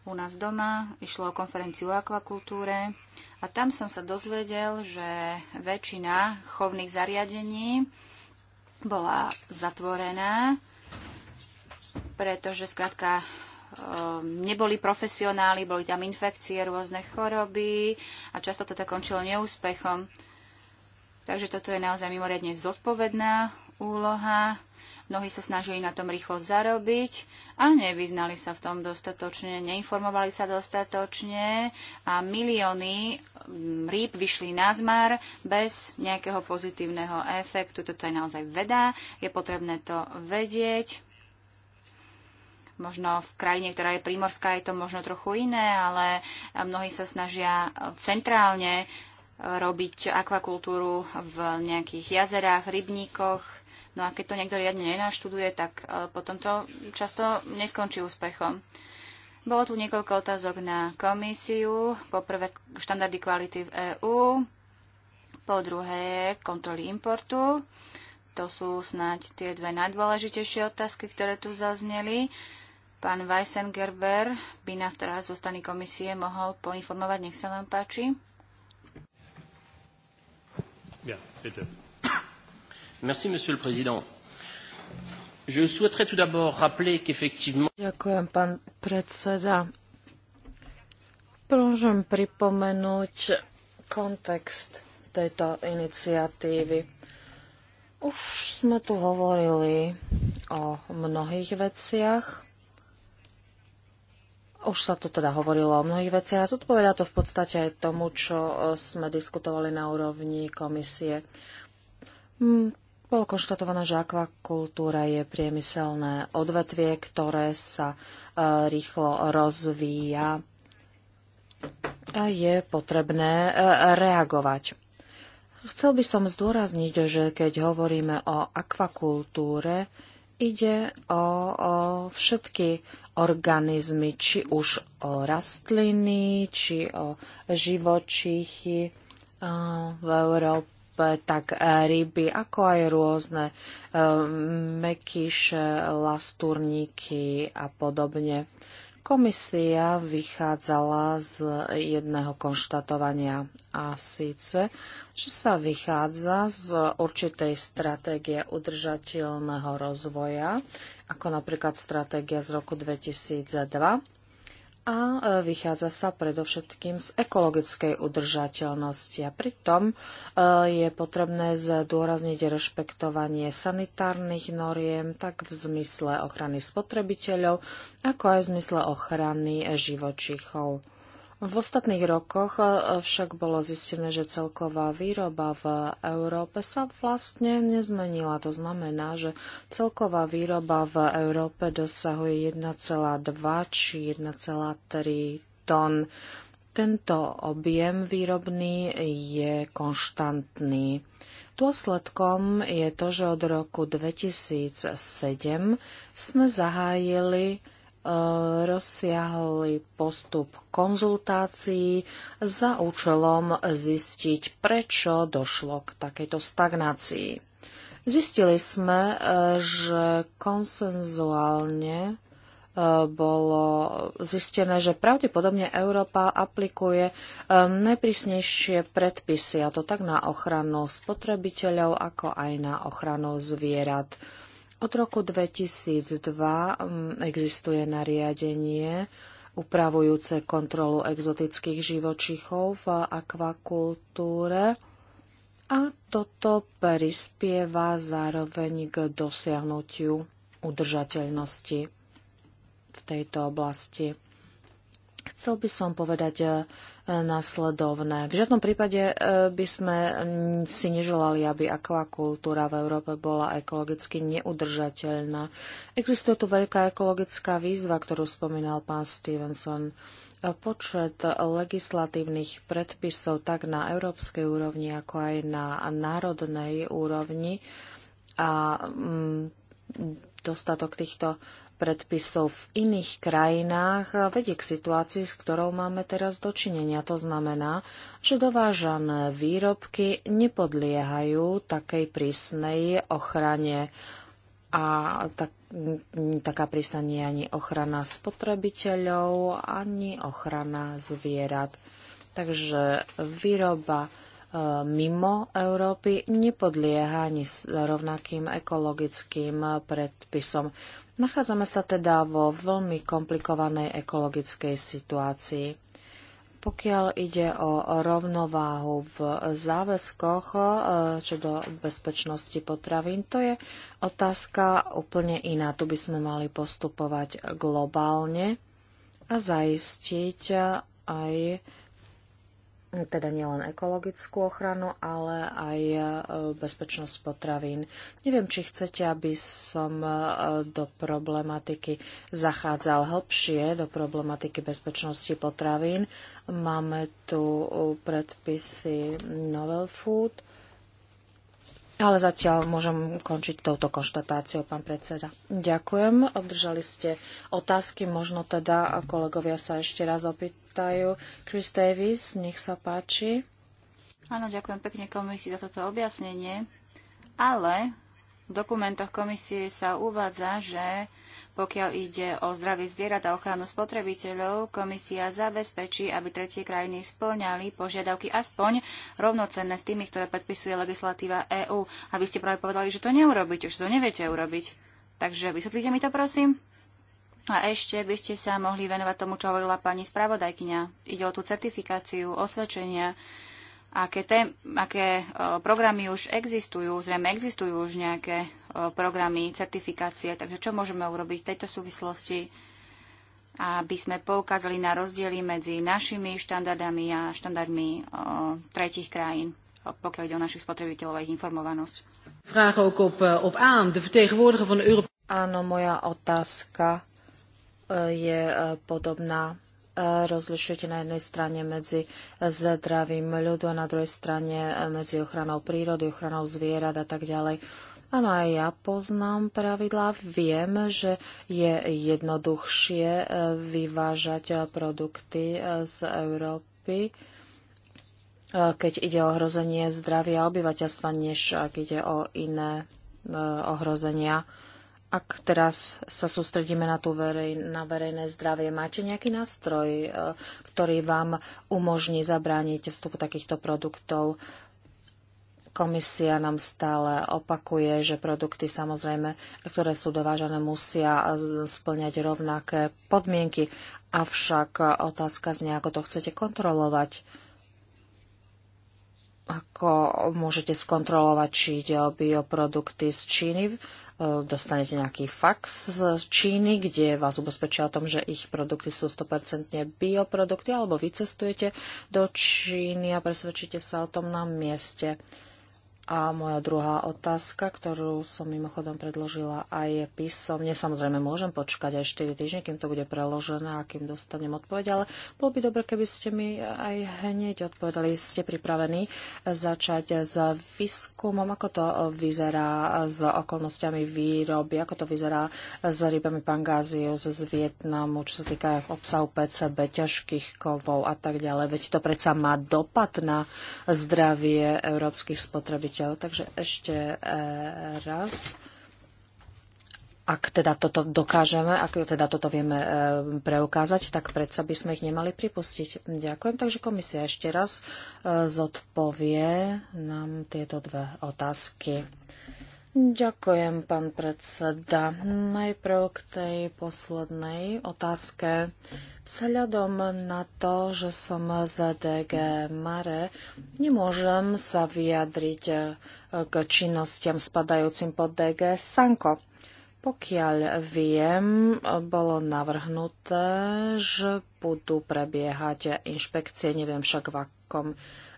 u nás doma, išlo o konferenciu o akvakultúre a tam som sa dozvedel, že väčšina chovných zariadení bola zatvorená, pretože skrátka Ehm, neboli profesionáli, boli tam infekcie, rôzne choroby a často toto končilo neúspechom. Takže toto je naozaj mimoriadne zodpovedná úloha. Mnohí sa snažili na tom rýchlo zarobiť a nevyznali sa v tom dostatočne, neinformovali sa dostatočne a milióny mm, rýb vyšli na zmar bez nejakého pozitívneho efektu. Toto je naozaj veda, je potrebné to vedieť Možno v krajine, ktorá je prímorská, je to možno trochu iné, ale mnohí sa snažia centrálne robiť akvakultúru v nejakých jazerách, rybníkoch. No a keď to niekto riadne nenaštuduje, tak e, potom to často neskončí úspechom. Bolo tu niekoľko otázok na komisiu. Po prvé, štandardy kvality v EÚ. Po druhé, kontroly importu. To sú snáď tie dve najdôležitejšie otázky, ktoré tu zazneli. Pán Weissengerber by nás teraz zo strany komisie mohol poinformovať. Nech sa vám páči. Ja, bitte. Merci, monsieur le président. Je souhaiterais tout d'abord rappeler qu'effectivement... Ďakujem, pán predseda. Prôžem pripomenúť kontext tejto iniciatívy. Už sme tu hovorili o mnohých veciach, už sa to teda hovorilo o mnohých veciach a zodpovedá to v podstate aj tomu, čo e, sme diskutovali na úrovni komisie. Mm, bolo konštatované, že akvakultúra je priemyselné odvetvie, ktoré sa e, rýchlo rozvíja a je potrebné e, reagovať. Chcel by som zdôrazniť, že keď hovoríme o akvakultúre, Ide o, o všetky organizmy, či už o rastliny, či o živočíchy v Európe, tak e, ryby, ako aj rôzne e, mekyše, lasturníky a podobne. Komisia vychádzala z jedného konštatovania a síce, že sa vychádza z určitej stratégie udržateľného rozvoja, ako napríklad stratégia z roku 2002 a e, vychádza sa predovšetkým z ekologickej udržateľnosti. A pritom e, je potrebné zdôrazniť rešpektovanie sanitárnych noriem, tak v zmysle ochrany spotrebiteľov, ako aj v zmysle ochrany živočíchov. V ostatných rokoch e, však bolo zistené, že celková výroba v Európe sa vlastne nezmenila. To znamená, že celková výroba v Európe dosahuje 1,2 či 1,3 tón. Tento objem výrobný je konštantný. Dôsledkom je to, že od roku 2007 sme zahájili rozsiahly postup konzultácií za účelom zistiť, prečo došlo k takejto stagnácii. Zistili sme, e, že konsenzuálne e, bolo zistené, že pravdepodobne Európa aplikuje e, najprísnejšie predpisy, a to tak na ochranu spotrebiteľov, ako aj na ochranu zvierat. Od roku 2002 mm, existuje nariadenie upravujúce kontrolu exotických živočichov v akvakultúre a toto prispieva zároveň k dosiahnutiu udržateľnosti v tejto oblasti. Chcel by som povedať e, nasledovné. V žiadnom prípade e, by sme si neželali, aby akvakultúra v Európe bola ekologicky neudržateľná. Existuje tu veľká ekologická výzva, ktorú spomínal pán Stevenson. E, počet legislatívnych predpisov tak na európskej úrovni, ako aj na národnej úrovni a mm, dostatok týchto predpisov v iných krajinách vedie k situácii, s ktorou máme teraz dočinenia. To znamená, že dovážané výrobky nepodliehajú takej prísnej ochrane a tak, taká prísna nie je ani ochrana spotrebiteľov, ani ochrana zvierat. Takže výroba e, mimo Európy nepodlieha ani rovnakým ekologickým predpisom. Nachádzame sa teda vo veľmi komplikovanej ekologickej situácii. Pokiaľ ide o rovnováhu v záväzkoch e, čo do bezpečnosti potravín, to je otázka úplne iná. Tu by sme mali postupovať globálne a zaistiť aj teda nielen ekologickú ochranu, ale aj e, bezpečnosť potravín. Neviem, či chcete, aby som e, do problematiky zachádzal hlbšie, do problematiky bezpečnosti potravín. Máme tu e, predpisy Novel Food, ale zatiaľ môžem končiť touto konštatáciou, pán predseda. Ďakujem. Obdržali ste otázky, možno teda kolegovia sa ešte raz opýtajú. Chris Davis, nech sa páči. Áno, ďakujem pekne komisii za toto objasnenie, ale v dokumentoch komisie sa uvádza, že pokiaľ ide o zdravie zvierat a ochranu spotrebiteľov, komisia zabezpečí, aby tretie krajiny splňali požiadavky aspoň rovnocenné s tými, ktoré predpisuje legislatíva EÚ. A vy ste práve povedali, že to neurobiť, už to neviete urobiť. Takže vysvetlite mi to, prosím. A ešte by ste sa mohli venovať tomu, čo hovorila pani spravodajkyňa. Ide o tú certifikáciu, osvedčenia, aké, tém, aké programy už existujú. Zrejme existujú už nejaké programy certifikácie, takže čo môžeme urobiť v tejto súvislosti, aby sme poukázali na rozdiely medzi našimi štandardami a štandardmi tretich krajín, pokiaľ ide o našich spotrebiteľov a ich informovanosť. Eh, Áno, moja otázka eh, je eh, podobná rozlišujete na jednej strane medzi zdravím ľudu a na druhej strane medzi ochranou prírody, ochranou zvierat a tak ďalej. Áno, aj ja poznám pravidlá. Viem, že je jednoduchšie e, vyvážať e, produkty e, z Európy, keď ide o ohrozenie zdravia obyvateľstva, než ak ide o iné ohrozenia. Ak teraz sa sústredíme na, tú verej, na verejné zdravie, máte nejaký nástroj, e, ktorý vám umožní zabrániť vstupu takýchto produktov? Komisia nám stále opakuje, že produkty samozrejme, ktoré sú dovážané, musia splňať rovnaké podmienky. Avšak otázka znie, ako to chcete kontrolovať. Ako môžete skontrolovať, či ide o bioprodukty z Číny, Eh, dostanete nejaký fax z Číny, kde vás ubezpečia o tom, že ich produkty sú 100% bioprodukty, alebo vy cestujete do Číny a presvedčíte sa o tom na mieste. A moja druhá otázka, ktorú som mimochodom predložila aj písomne, samozrejme môžem počkať aj 4 týždne, kým to bude preložené a kým dostanem odpoveď, ale bolo by dobre, keby ste mi aj hneď odpovedali, ste pripravení začať s výskumom, ako to vyzerá s okolnostiami výroby, ako to vyzerá s rybami pangázius z Vietnamu, čo sa týka obsahu PCB, ťažkých kovov a tak ďalej. Veď to predsa má dopad na zdravie európskych spotrebiteľov žiadosťou. Takže ešte e, raz ak teda toto dokážeme, ak teda toto vieme e, preukázať, tak predsa by sme ich nemali pripustiť. Ďakujem. Takže komisia ešte raz e, zodpovie nám tieto dve otázky. Ďakujem, pán predseda. Najprv k tej poslednej otázke. Vzhľadom na to, že som z DG Mare, nemôžem sa vyjadriť eh, k činnostiam spadajúcim pod DG Sanko. Pokiaľ viem, bolo navrhnuté, že budú prebiehať inšpekcie, neviem však v akom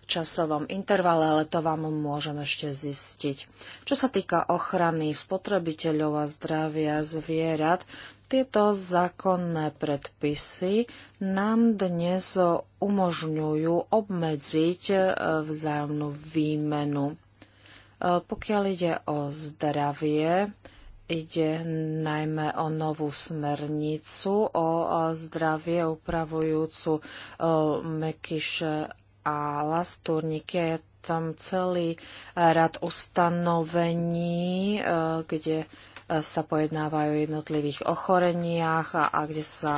časovom intervale, ale to vám môžem ešte zistiť. Čo sa týka ochrany spotrebiteľov a zdravia zvierat, tieto zákonné predpisy nám dnes umožňujú obmedziť e, vzájomnú výmenu. E, pokiaľ ide o zdravie, ide najmä o novú smernicu o zdravie upravujúcu e, mekyše a Lastúrnik. Je tam celý e, rad ustanovení, e, kde e, sa pojednávajú o jednotlivých ochoreniach a, a kde sa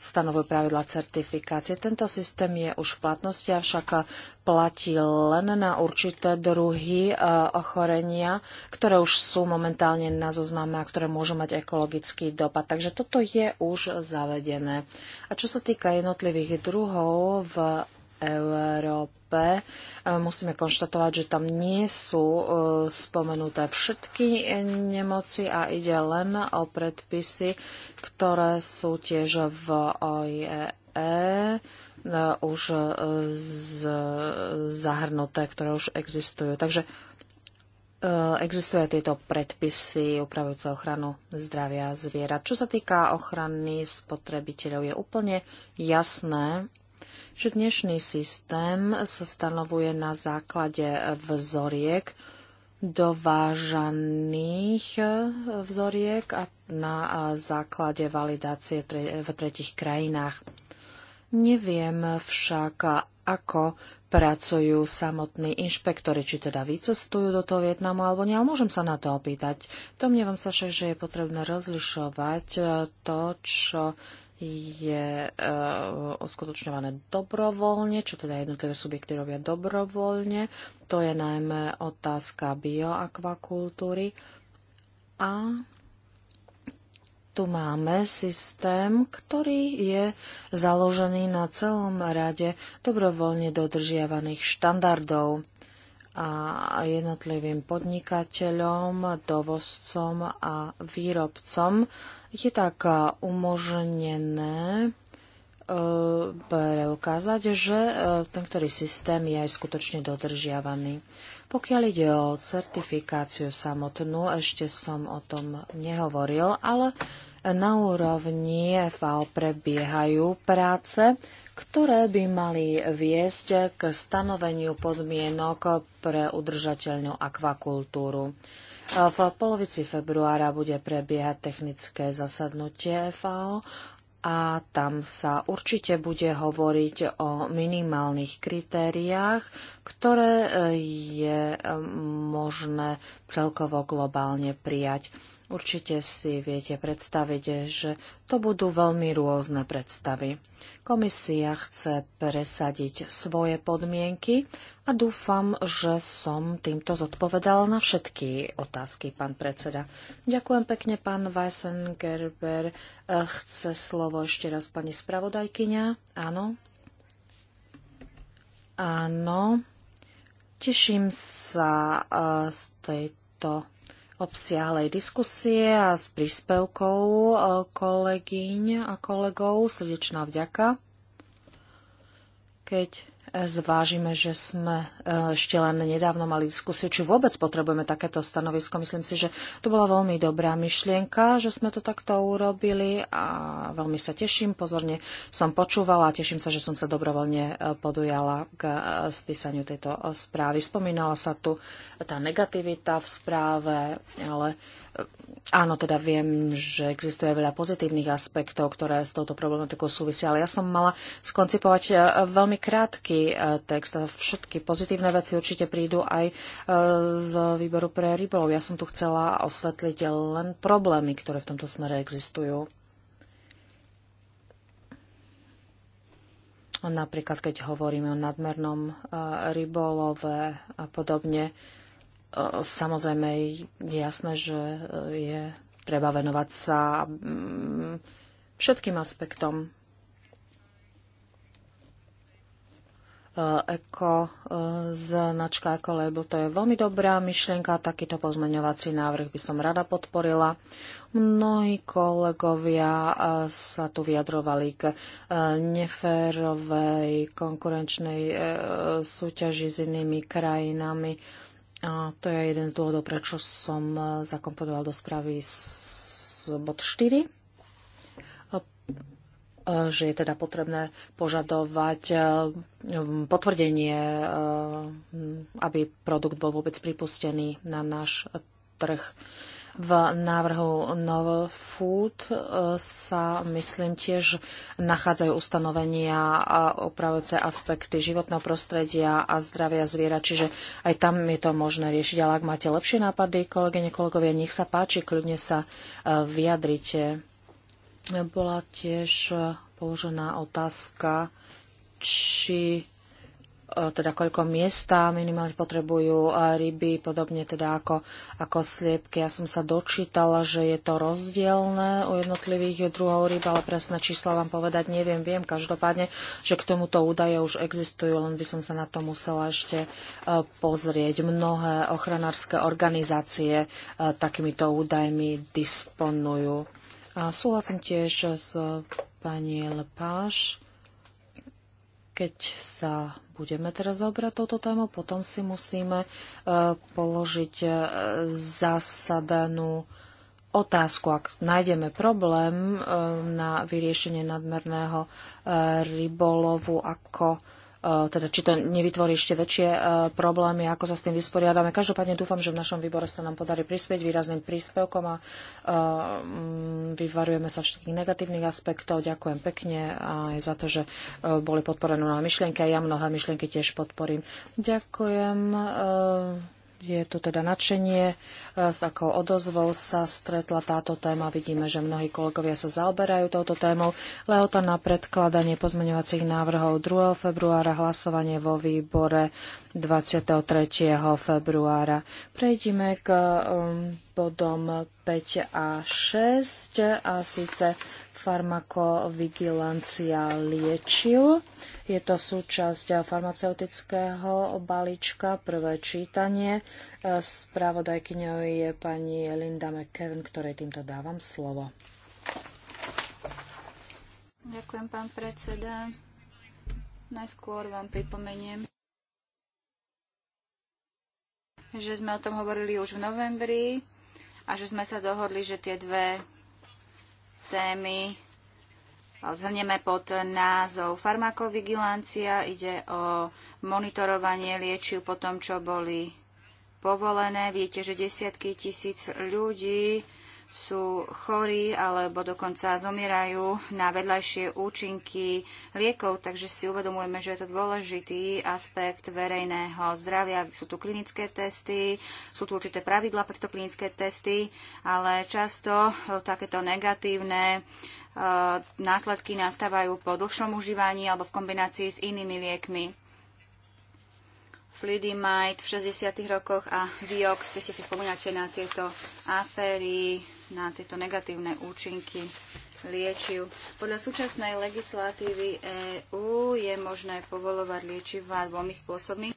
stanovujú pravidla certifikácie. Tento systém je už v platnosti, avšak platí len na určité druhy ochorenia, ktoré už sú momentálne na zozname a ktoré môžu mať ekologický dopad. Takže toto je už zavedené. A čo sa týka jednotlivých druhov v Európe. Musíme konštatovať, že tam nie sú e, spomenuté všetky nemoci a ide len o predpisy, ktoré sú tiež v OIE e, už e, zahrnuté, ktoré už existujú. Takže existujú tieto predpisy upravujúce ochranu zdravia zvierat. Čo sa týka ochrany spotrebiteľov, je úplne jasné, že dnešný systém sa stanovuje na základe vzoriek, dovážaných e, vzoriek a na e, základe validácie v tretich krajinách. Neviem však, ako pracujú samotní inšpektori, či teda vycestujú do toho Vietnamu alebo nie, ale môžem sa na to opýtať. vám sa však, že je potrebné rozlišovať e, to, čo je eh, uskutočňované dobrovoľne, čo teda jednotlivé subjekty robia dobrovoľne. To je najmä otázka bioakvakultúry. A tu máme systém, ktorý je založený na celom rade dobrovoľne dodržiavaných štandardov a jednotlivým podnikateľom, dovozcom a výrobcom je tak umožnené e, preukázať, že e, ten, ktorý systém je aj skutočne dodržiavaný. Pokiaľ ide o certifikáciu samotnú, ešte som o tom nehovoril, ale na úrovni FAO prebiehajú práce, ktoré by mali viesť k stanoveniu podmienok pre udržateľnú akvakultúru. V polovici februára bude prebiehať technické zasadnutie FAO a tam sa určite bude hovoriť o minimálnych kritériách, ktoré e, je e, možné celkovo globálne prijať. Určite si viete predstaviť, že to budú veľmi rôzne predstavy. Komisia chce presadiť svoje podmienky a dúfam, že som týmto zodpovedal na všetky otázky, pán predseda. Ďakujem pekne, pán Weissengerber. Chce slovo ešte raz pani spravodajkyňa? Áno? Áno. Teším sa eh, z tejto obsiahlej diskusie a s príspevkou e, kolegyň a kolegov. Srdečná vďaka. Keď zvážime, že sme e, ešte len nedávno mali diskusiu, či vôbec potrebujeme takéto stanovisko. Myslím si, že to bola veľmi dobrá myšlienka, že sme to takto urobili a veľmi sa teším. Pozorne som počúvala a teším sa, že som sa dobrovoľne e, podujala k e, spísaniu tejto správy. Spomínala sa tu tá negativita v správe, ale Áno, teda viem, že existuje veľa pozitívnych aspektov, ktoré s touto problematikou súvisia, ale ja som mala skoncipovať e, veľmi krátky e, text. Všetky pozitívne veci určite prídu aj e, z výboru pre rybolov. Ja som tu chcela osvetliť len problémy, ktoré v tomto smere existujú. Napríklad, keď hovoríme o nadmernom rybolove a podobne, Samozrejme je jasné, že e, je treba venovať sa mm, všetkým aspektom e, eko e, značka ako label. To je veľmi dobrá myšlienka, takýto pozmeňovací návrh by som rada podporila. Mnohí kolegovia sa tu vyjadrovali k neférovej konkurenčnej súťaži s inými krajinami a to je jeden z dôvodov, prečo som e, zakomponoval do správy z bod 4 e, že je teda potrebné požadovať e, potvrdenie, aby produkt bol vôbec pripustený na náš trh. V návrhu Novel Food e, sa, myslím, tiež nachádzajú ustanovenia a e, upravujúce aspekty životného prostredia a zdravia zviera, čiže aj tam je to možné riešiť. Ale ak máte lepšie nápady, kolegyne, kolegovia, nech sa páči, kľudne sa e, vyjadrite. Bola tiež položená otázka, či E, teda koľko miesta minimálne potrebujú e, ryby, podobne teda ako, ako sliepky. Ja som sa dočítala, že je to rozdielne u jednotlivých druhov ryb, ale presné čísla vám povedať neviem. Viem každopádne, že k tomuto údaje už existujú, len by som sa na to musela ešte e, pozrieť. Mnohé ochranárske organizácie takýmito údajmi disponujú. A súhlasím tiež s pani Lepáš, keď sa budeme teraz zaoberať touto tému, potom si musíme e, položiť e, zasadanú otázku, ak nájdeme problém e, na vyriešenie nadmerného rybolovu, ako E, teda či to nevytvorí ešte väčšie e, problémy, ako sa s tým vysporiadame. Každopádne dúfam, že v našom výbore sa nám podarí prispieť výrazným príspevkom a e, vyvarujeme sa všetkých negatívnych aspektov. Ďakujem pekne aj za to, že boli podporené mnohé myšlienky a ja mnohé myšlienky tiež podporím. Ďakujem je tu teda nadšenie, e, s akou odozvou sa stretla táto téma. Vidíme, že mnohí kolegovia sa zaoberajú touto témou. Lehota na predkladanie pozmeňovacích návrhov 2. februára, hlasovanie vo výbore 23. februára. Prejdime k um, bodom 5 a 6 a síce farmakovigilancia liečiv. Je to súčasť farmaceutického balíčka, prvé čítanie. E, Spravodajkyňou je pani Linda McKevin, ktorej týmto dávam slovo. Ďakujem, pán predseda. Najskôr vám pripomeniem, že sme o tom hovorili už v novembri a že sme sa dohodli, že tie dve témy zhrnieme pod názov farmakovigilancia. Ide o monitorovanie liečiv po tom, čo boli povolené. Viete, že desiatky tisíc ľudí sú chorí alebo dokonca zomierajú na vedľajšie účinky liekov, takže si uvedomujeme, že je to dôležitý aspekt verejného zdravia. Sú tu klinické testy, sú tu určité pravidla pre tieto klinické testy, ale často eh, takéto negatívne eh, následky nastávajú po dlhšom užívaní alebo v kombinácii s inými liekmi. Might v 60. rokoch a Viox, ešte si spomínate na tieto aféry, na tieto negatívne účinky liečiv. Podľa súčasnej legislatívy EÚ je možné povolovať liečiva dvomi spôsobmi.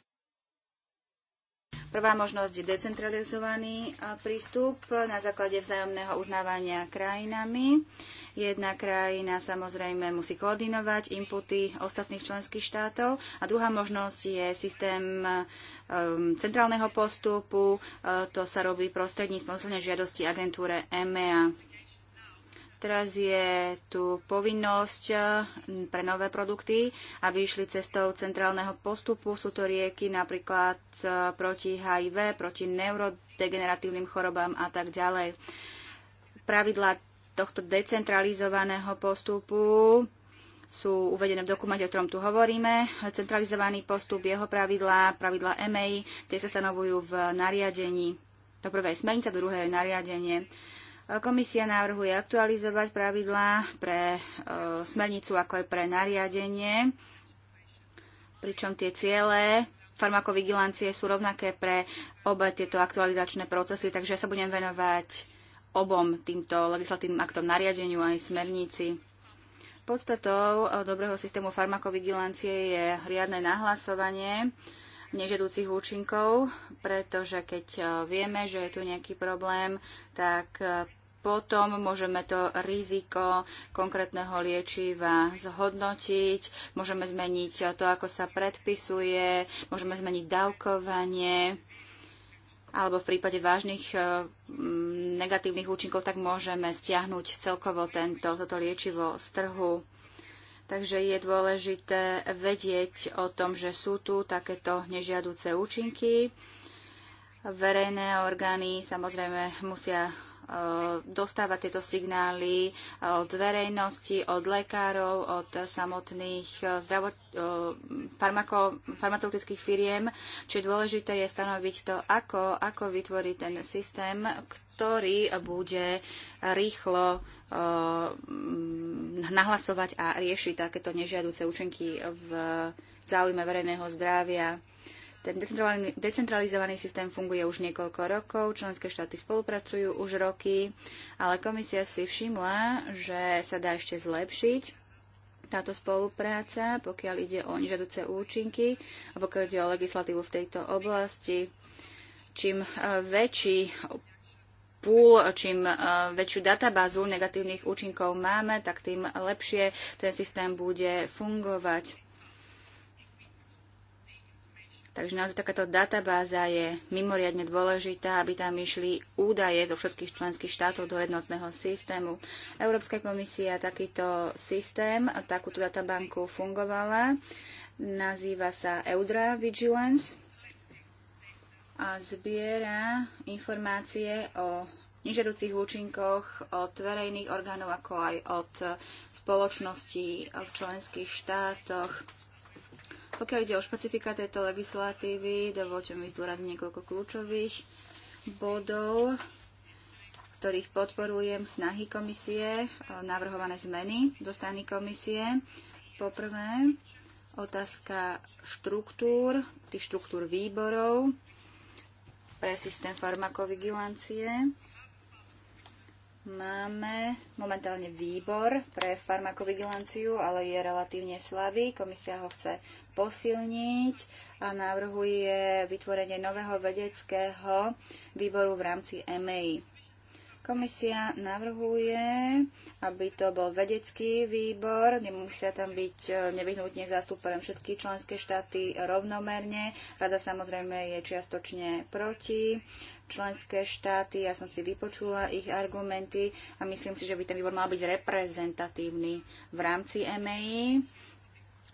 Prvá možnosť je decentralizovaný prístup na základe vzájomného uznávania krajinami. Jedna krajina samozrejme musí koordinovať inputy ostatných členských štátov a druhá možnosť je systém ehm, centrálneho postupu. E, to sa robí prostredníctvom žiadosti agentúre EMEA. Teraz je tu povinnosť e, pre nové produkty, aby išli cestou centrálneho postupu. Sú to rieky napríklad e, proti HIV, proti neurodegeneratívnym chorobám a tak ďalej. Pravidlá tohto decentralizovaného postupu sú uvedené v dokumente, o ktorom tu hovoríme. Centralizovaný postup, jeho pravidlá, pravidlá MA, tie sa stanovujú v nariadení. To prvé je smernica, druhé je nariadenie. Komisia navrhuje aktualizovať pravidlá pre e, smernicu, ako aj pre nariadenie, pričom tie ciele farmakovigilancie sú rovnaké pre oba tieto aktualizačné procesy, takže ja sa budem venovať obom týmto legislatívnym aktom nariadeniu aj smerníci. Podstatou eh, dobrého systému farmakovigilancie je riadne nahlasovanie nežedúcich účinkov, pretože keď eh, vieme, že je tu nejaký problém, tak eh, potom môžeme to riziko konkrétneho liečiva zhodnotiť, môžeme zmeniť to, ako sa predpisuje, môžeme zmeniť dávkovanie alebo v prípade vážnych negatívnych účinkov, tak môžeme stiahnuť celkovo tento, toto liečivo z trhu. Takže je dôležité vedieť o tom, že sú tu takéto nežiaduce účinky. Verejné orgány samozrejme musia E, dostáva tieto signály e, od verejnosti, od lekárov, od samotných e, zdravot, farmako, farmaceutických firiem. Čiže dôležité je stanoviť to, ako, ako vytvoriť ten systém, ktorý bude rýchlo nahlasovať a riešiť takéto nežiaduce účinky v záujme verejného zdravia. Ten decentralizovaný systém funguje už niekoľko rokov, členské štáty spolupracujú už roky, ale komisia si všimla, že sa dá ešte zlepšiť táto spolupráca, pokiaľ ide o nežaduce účinky a pokiaľ ide o legislatívu v tejto oblasti. Čím e, väčší pool, čím e, väčšiu databázu negatívnych účinkov máme, tak tým lepšie ten systém bude fungovať. Takže naozaj takáto databáza je mimoriadne dôležitá, aby tam išli údaje zo všetkých členských štátov do jednotného systému. Európska komisia takýto systém, takúto databanku fungovala. Nazýva sa Eudra Vigilance a zbiera informácie o nežerúcich účinkoch od verejných orgánov, ako aj od spoločností v členských štátoch. Pokiaľ ide o špecifika tejto legislatívy, dovolte mi zdôrazniť niekoľko kľúčových bodov, ktorých podporujem snahy komisie, eh, navrhované zmeny do strany komisie. Poprvé, otázka štruktúr, tých štruktúr výborov pre systém farmakovigilancie. Máme momentálne výbor pre farmakovigilanciu, ale je relatívne slabý. Komisia ho chce posilniť a navrhuje vytvorenie nového vedeckého výboru v rámci EMEI. Komisia navrhuje, aby to bol vedecký výbor, nemusia tam byť e, nevyhnutne zastúpené všetky členské štáty rovnomerne. Rada samozrejme je čiastočne proti členské štáty. Ja som si vypočula ich argumenty a myslím si, že by ten výbor mal byť reprezentatívny v rámci MEI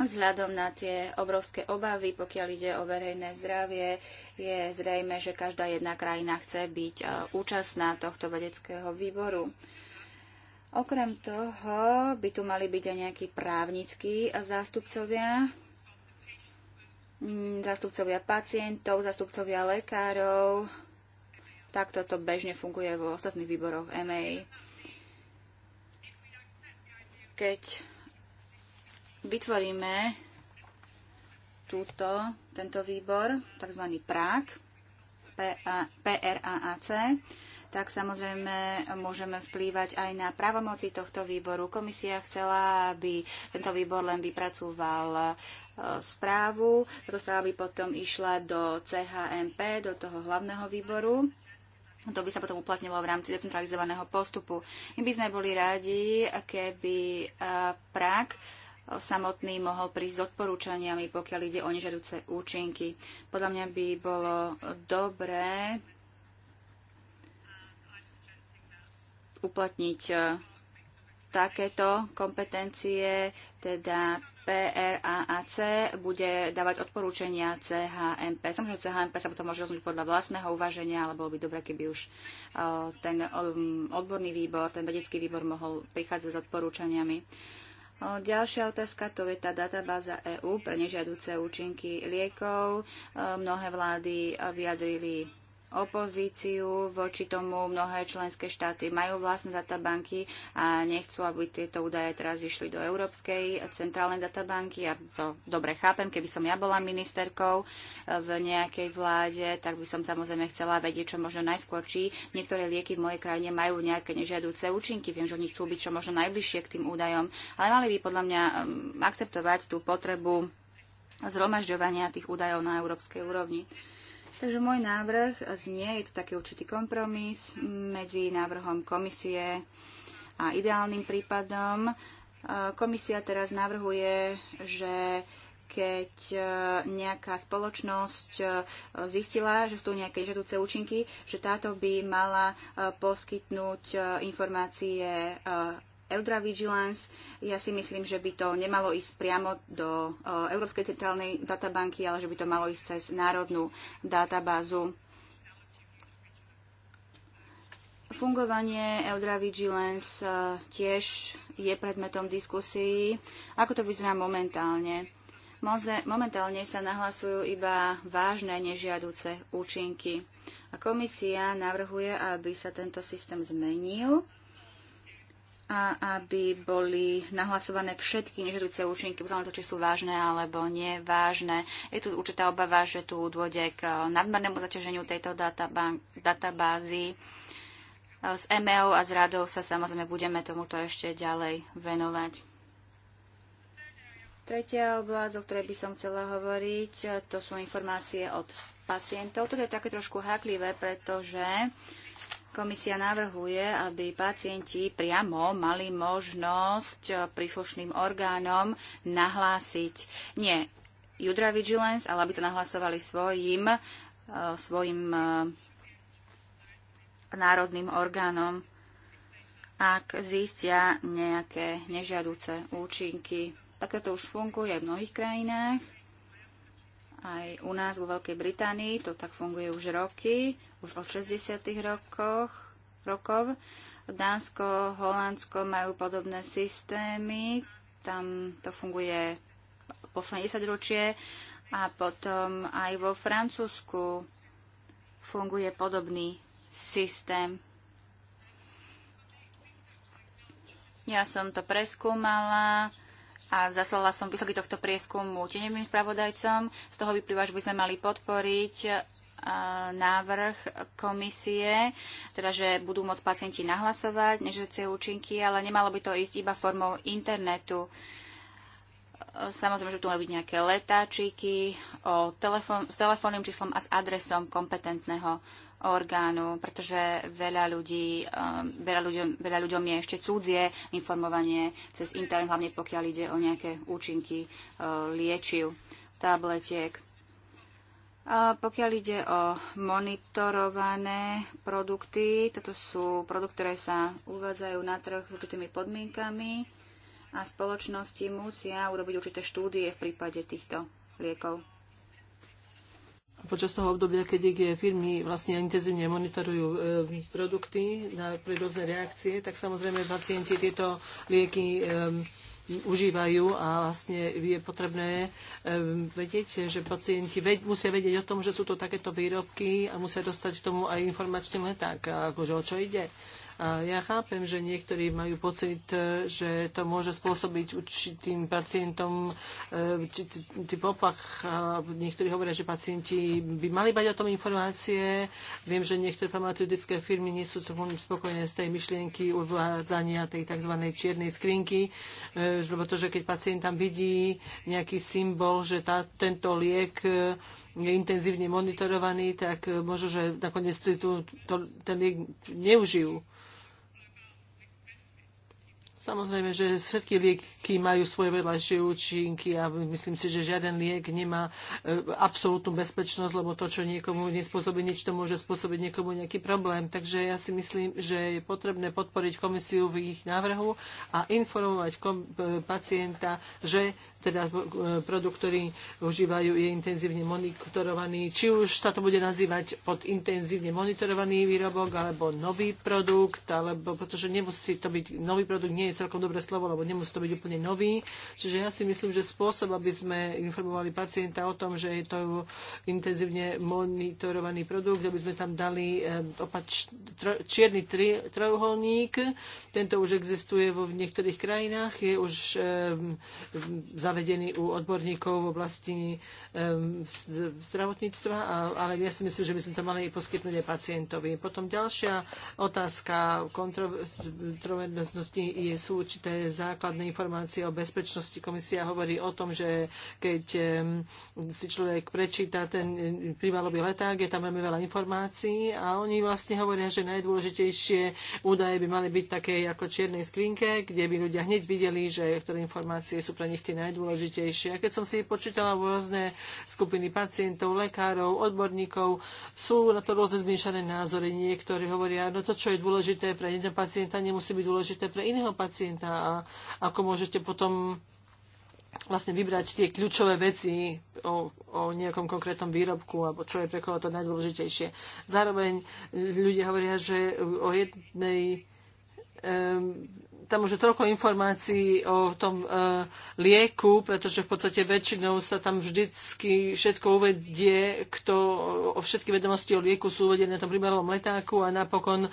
vzhľadom na tie obrovské obavy, pokiaľ ide o verejné zdravie, je zrejme, že každá jedna krajina chce byť účastná tohto vedeckého výboru. Okrem toho by tu mali byť aj nejakí právnickí zástupcovia, mm, zástupcovia pacientov, zástupcovia lekárov, Takto to bežne funguje vo ostatných výboroch MA. Keď vytvoríme túto, tento výbor, tzv. PRAC, PRAAC, tak samozrejme môžeme vplývať aj na právomoci tohto výboru. Komisia chcela, aby tento výbor len vypracúval e, správu. Táto správa by potom išla do CHMP, do toho hlavného výboru. To by sa potom uplatnilo v rámci decentralizovaného postupu. My by sme boli rádi, keby e, Prak e, samotný mohol prísť s odporúčaniami, pokiaľ ide o nežadúce účinky. Podľa mňa by bolo dobré uplatniť e, takéto kompetencie, teda PRAAC bude dávať odporúčania CHMP. Samozrejme, CHMP sa potom môže rozhodnúť podľa vlastného uvaženia, ale bolo by dobré, keby už eh, ten mm, odborný výbor, ten vedecký výbor mohol prichádzať s odporúčaniami. Eh, ďalšia otázka to je tá databáza EÚ pre nežiaduce účinky liekov. Eh, mnohé vlády vyjadrili opozíciu, voči tomu mnohé členské štáty majú vlastné databanky a nechcú, aby tieto údaje teraz išli do Európskej centrálnej databanky. Ja to dobre chápem, keby som ja bola ministerkou eh, v nejakej vláde, tak by som samozrejme chcela vedieť, čo možno najskôr, či niektoré lieky v mojej krajine majú nejaké nežiaduce účinky. Viem, že oni chcú byť čo možno najbližšie k tým údajom, ale mali by podľa mňa mm, akceptovať tú potrebu zhromažďovania tých údajov na európskej úrovni. Takže môj návrh znie, je to taký určitý kompromis medzi návrhom komisie a ideálnym prípadom. E, komisia teraz navrhuje, že keď e, nejaká spoločnosť e, zistila, že sú tu nejaké žadúce účinky, že táto by mala poskytnúť informácie Eudravigilance. Ja si myslím, že by to nemalo ísť priamo do eh, Európskej centrálnej databanky, ale že by to malo ísť cez národnú databázu. Fungovanie Vigilance eh, tiež je predmetom diskusii. Ako to vyzerá momentálne? Momentálne sa nahlasujú iba vážne nežiaduce účinky. A komisia navrhuje, aby sa tento systém zmenil a aby boli nahlasované všetky neželice účinky, vzhľadom to, či sú vážne alebo nevážne. Je tu určitá obava, že tu dôjde k nadmernému zaťaženiu tejto databázy. S MEO a s radou sa samozrejme budeme tomuto ešte ďalej venovať. Tretia oblasť, o ktorej by som chcela hovoriť, to sú informácie od pacientov. Toto je také trošku háklivé, pretože uh, Komisia navrhuje, aby pacienti priamo mali možnosť príslušným orgánom nahlásiť nie Judra Vigilance, ale aby to nahlasovali svojim, e, svojim e, národným orgánom, ak zistia nejaké nežiaduce účinky. Také to už funguje v mnohých krajinách. Aj u nás vo Veľkej Británii to tak funguje už roky už od 60. rokoch, rokov. Dánsko, Holandsko majú podobné systémy, tam to funguje posledné 10 ročie a potom aj vo Francúzsku funguje podobný systém. Ja som to preskúmala a zaslala som výsledky tohto prieskumu tenevým spravodajcom. Z toho vyplýva, že by sme mali podporiť návrh komisie, teda že budú môcť pacienti nahlasovať nežiaduce účinky, ale nemalo by to ísť iba formou internetu. Samozrejme, že tu mali byť nejaké letáčiky o telefón, s telefónnym číslom a s adresom kompetentného orgánu, pretože veľa ľudí, um, veľa ľuďom, veľa ľuďom je ešte cudzie informovanie cez internet, hlavne pokiaľ ide o nejaké účinky uh, liečiv, tabletiek pokiaľ ide o monitorované produkty, toto sú produkty, ktoré sa uvádzajú na trh s určitými podmienkami a spoločnosti musia urobiť určité štúdie v prípade týchto liekov. Počas toho obdobia, keď IG firmy vlastne intenzívne monitorujú e, produkty na, pre rôzne reakcie, tak samozrejme pacienti tieto lieky e, užívajú a vlastne je potrebné eh, vedieť, že pacienti ved- musia vedieť o tom, že sú to takéto výrobky a musia dostať k tomu aj informačný leták, akože o čo ide ja chápem, že niektorí majú pocit, e, že to môže spôsobiť určitým pacientom e, určitý poplach. Niektorí hovoria, že pacienti by mali mať o tom informácie. Viem, že niektoré farmaceutické firmy nie sú spokojné z tej myšlienky uvádzania tej tzv. čiernej skrinky, e, lebo to, že keď pacient tam vidí nejaký symbol, že tá, tento liek je intenzívne monitorovaný, tak možno, že nakoniec tu, to, ten liek neužijú. Samozrejme, že všetky lieky majú svoje vedľajšie účinky a myslím si, že žiaden liek nemá e, absolútnu bezpečnosť, lebo to, čo niekomu nespôsobí nič, to môže spôsobiť niekomu nejaký problém. Takže ja si myslím, že je potrebné podporiť komisiu v ich návrhu a informovať e, pacienta, že teda e, produkt, ktorý užívajú, je intenzívne monitorovaný. Či už sa to bude nazývať pod intenzívne monitorovaný výrobok, alebo nový produkt, alebo pretože nemusí to byť, nový produkt nie je celkom dobré slovo, lebo nemusí to byť úplne nový. Čiže ja si myslím, že spôsob, aby sme informovali pacienta o tom, že je to intenzívne monitorovaný produkt, aby sme tam dali e, opač, tro, čierny tri, trojuholník, tento už existuje vo v niektorých krajinách, je už um, e, za zavedený u odborníkov v oblasti zdravotníctva, ale ja si myslím, že by sme to mali poskytnúť aj pacientovi. Potom ďalšia otázka kontroverznosti je, sú určité základné informácie o bezpečnosti. Komisia hovorí o tom, že keď si človek prečíta ten prívalový leták, je tam veľmi veľa informácií a oni vlastne hovoria, že najdôležitejšie údaje by mali byť také ako čiernej skrinke, kde by ľudia hneď videli, že ktoré informácie sú pre nich tie najdôležitejšie najdôležitejšie. A keď som si počítala rôzne skupiny pacientov, lekárov, odborníkov, sú na to rôzne zmiešané názory. Niektorí hovoria, no to, čo je dôležité pre jedného pacienta, nemusí byť dôležité pre iného pacienta. A ako môžete potom vlastne vybrať tie kľúčové veci o, o nejakom konkrétnom výrobku alebo čo je pre koho to najdôležitejšie. Zároveň ľudia hovoria, že o jednej um, tam už je toľko informácií o tom e, lieku, pretože v podstate väčšinou sa tam vždycky všetko uvedie, kto, o všetky vedomosti o lieku sú uvedené na tom primárnom letáku a napokon e,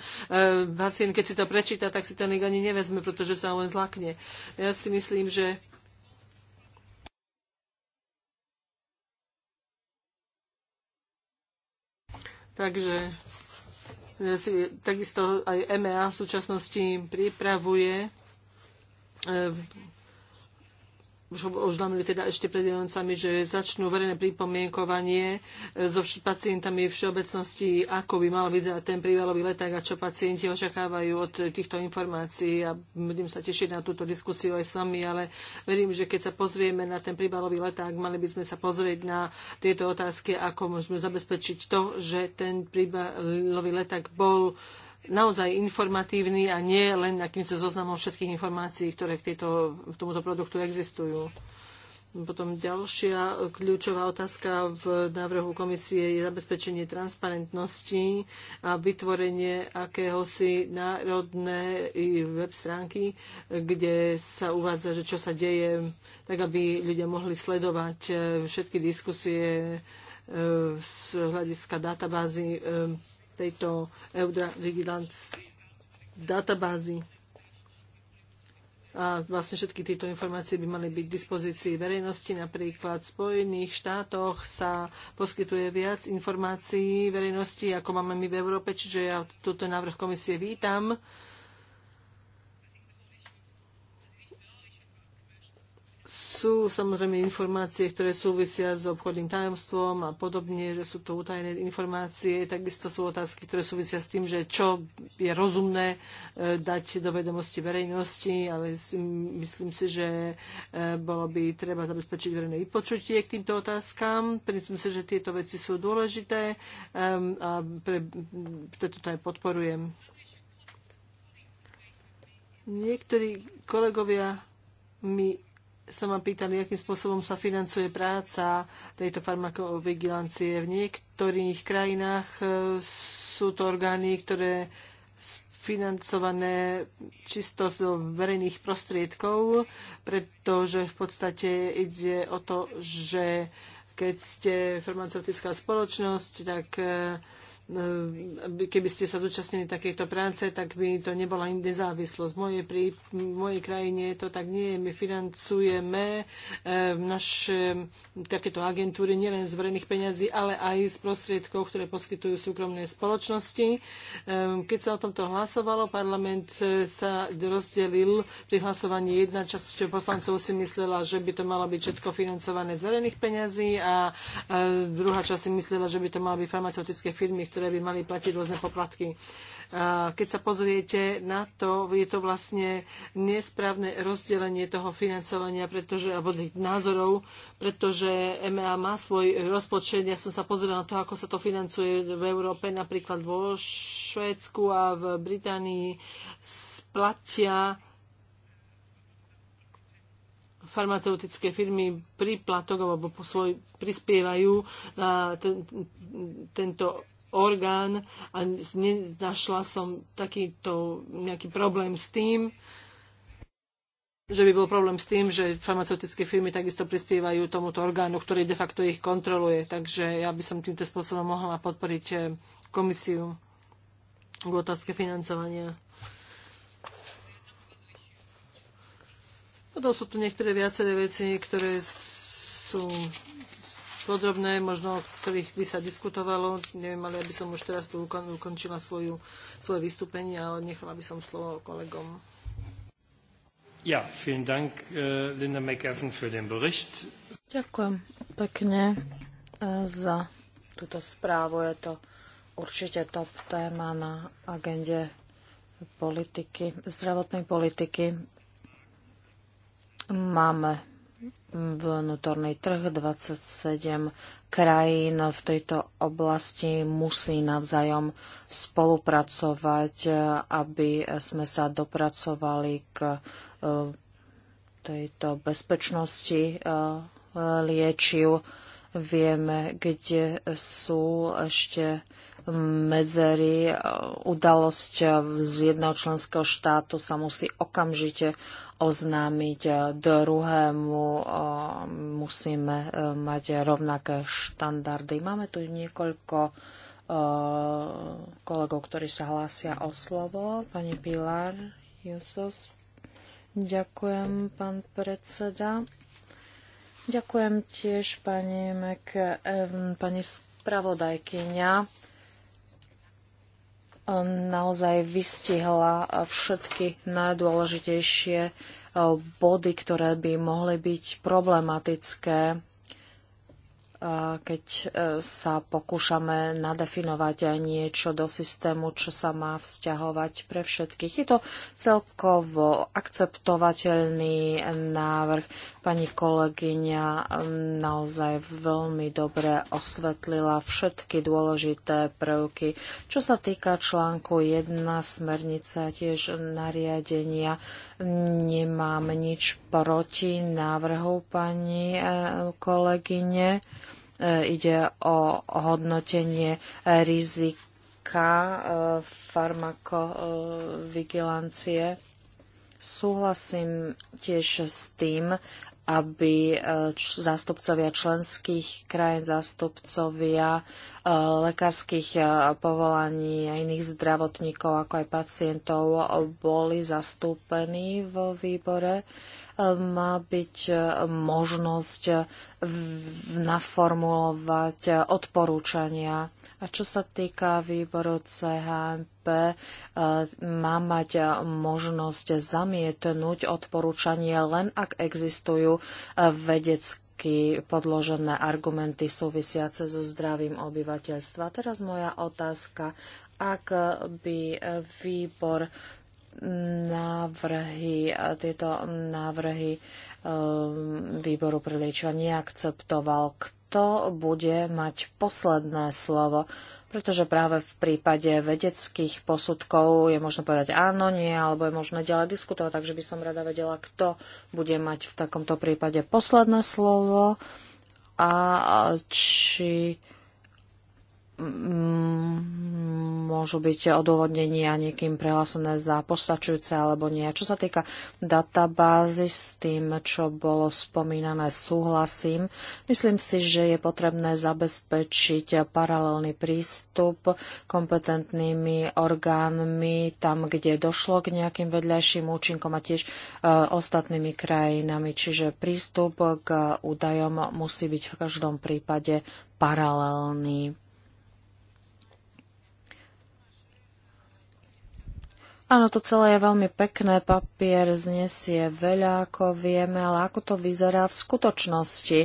pacient, keď si to prečíta, tak si ten liek ani nevezme, pretože sa len zlakne. Ja si myslím, že Takže Takisto aj EMEA v súčasnosti pripravuje e, už oznámili teda ešte pred jednoducami, že začnú verejné pripomienkovanie e, so pacientami v všeobecnosti, ako by mal vyzerať ten prívalový leták a čo pacienti očakávajú od týchto informácií. A budem sa tešiť na túto diskusiu aj s vami, ale verím, že keď sa pozrieme na ten príbalový leták, mali by sme sa pozrieť na tieto otázky, ako môžeme zabezpečiť to, že ten príbalový leták bol naozaj informatívny a nie len sa zoznamom všetkých informácií, ktoré k, tejto, k tomuto produktu existujú. Potom ďalšia kľúčová otázka v návrhu komisie je zabezpečenie transparentnosti a vytvorenie akéhosi národné web stránky, kde sa uvádza, že čo sa deje, tak aby ľudia mohli sledovať eh, všetky diskusie eh, z hľadiska databázy eh, tejto Vigilance databázy. A vlastne všetky tieto informácie by mali byť k dispozícii verejnosti. Napríklad v Spojených štátoch sa poskytuje viac informácií verejnosti, ako máme my v Európe, čiže ja toto návrh komisie vítam sú samozrejme informácie, ktoré súvisia s obchodným tajomstvom a podobne, že sú to utajené informácie. Takisto sú otázky, ktoré súvisia s tým, že čo je rozumné e, dať do vedomosti verejnosti, ale myslím si, že e, bolo by treba zabezpečiť verejné vypočutie k týmto otázkam. Myslím si, že tieto veci sú dôležité e, a pre, preto to aj podporujem. Niektorí kolegovia mi sa ma pýtali, akým spôsobom sa financuje práca tejto farmakovigilancie. V niektorých krajinách e, sú to orgány, ktoré financované čisto z verejných prostriedkov, pretože v podstate ide o to, že keď ste farmaceutická spoločnosť, tak e, Ehm, keby ste sa zúčastnili takejto práce, tak by to nebola nezávislosť. V mojej, pri, v mojej krajine to tak nie je. My financujeme ehm, naše takéto agentúry nielen z verejných peňazí, ale aj z prostriedkov, ktoré poskytujú súkromné spoločnosti. Ehm, keď sa o tomto hlasovalo, parlament e, sa rozdelil pri hlasovaní jedna časť poslancov si myslela, že by to malo byť všetko financované z verejných peňazí a e, druhá časť si myslela, že by to malo byť farmaceutické firmy, ktoré ktoré by mali platiť rôzne poplatky. keď sa pozriete na to, je to vlastne nesprávne rozdelenie toho financovania pretože, alebo názorov, pretože MA má svoj rozpočet. Ja som sa pozrela na to, ako sa to financuje v Európe, napríklad vo Švédsku a v Británii splatia farmaceutické firmy príplatok alebo svoj prispievajú na ten, tento orgán a našla som takýto nejaký problém s tým, že by bol problém s tým, že farmaceutické firmy takisto prispievajú tomuto orgánu, ktorý de facto ich kontroluje. Takže ja by som týmto spôsobom mohla podporiť eh, komisiu k otázke financovania. Potom sú tu niektoré viaceré veci, ktoré sú podrobné, možno o ktorých by sa diskutovalo. Neviem, ale ja by som už teraz tu ukončila svoju, svoje vystúpenie a nechala by som slovo kolegom. Ja, vielen Dank, uh, Linda McEffen, für den Bericht. Ďakujem pekne äh, za túto správu. Je to určite top téma na agende politiky, zdravotnej politiky. Máme vnútorný trh 27 krajín v tejto oblasti musí navzájom spolupracovať, aby sme sa dopracovali k eh, tejto bezpečnosti eh, liečiv. Vieme, kde sú ešte medzery. Udalosť z jedného členského štátu sa musí okamžite oznámiť druhému. Musíme eh, mať rovnaké štandardy. Máme tu niekoľko eh, kolegov, ktorí sa hlásia o slovo. Pani Pilar Jusos. Ďakujem, pán predseda. Ďakujem tiež pani Mek, eh, pani spravodajkyňa Ehm, naozaj vystihla eh, všetky najdôležitejšie eh, body, ktoré by mohli byť problematické, eh, keď sa pokúšame nadefinovať niečo do systému, čo sa má vzťahovať pre všetkých. Je to celkovo akceptovateľný návrh. Pani kolegyňa mm, naozaj veľmi dobre osvetlila všetky dôležité prvky. Čo sa týka článku 1 smernica tiež nariadenia, nemám nič proti návrhu pani e, kolegyne. E, ide o hodnotenie rizika e, farmakovigilancie, súhlasím tiež s tým, aby eh, zástupcovia členských krajín, zástupcovia eh, lekárskych eh, povolaní a iných zdravotníkov, ako aj pacientov, boli zastúpení vo výbore má byť e, možnosť e, naformulovať e, odporúčania. A čo sa týka výboru CHMP, má mať možnosť zamietnúť odporúčanie len ak existujú vedecké podložené argumenty súvisiace so zdravím obyvateľstva. Teraz moja otázka, ak by výbor návrhy, tieto návrhy ehm, výboru pre liečiva neakceptoval. Kto bude mať posledné slovo? Pretože práve v prípade vedeckých posudkov je možno povedať áno, nie, alebo je možné ďalej diskutovať. Takže by som rada vedela, kto bude mať v takomto prípade posledné slovo a či mm, môžu byť odôvodnenia niekým prehlásené za postačujúce alebo nie. Čo sa týka databázy s tým, čo bolo spomínané, súhlasím. Myslím si, že je potrebné zabezpečiť paralelný prístup kompetentnými orgánmi tam, kde došlo k nejakým vedľajším účinkom a tiež e, ostatnými krajinami. Čiže prístup k údajom musí byť v každom prípade paralelný. Áno, to celé je veľmi pekné, papier znesie veľa, ako vieme, ale ako to vyzerá v skutočnosti?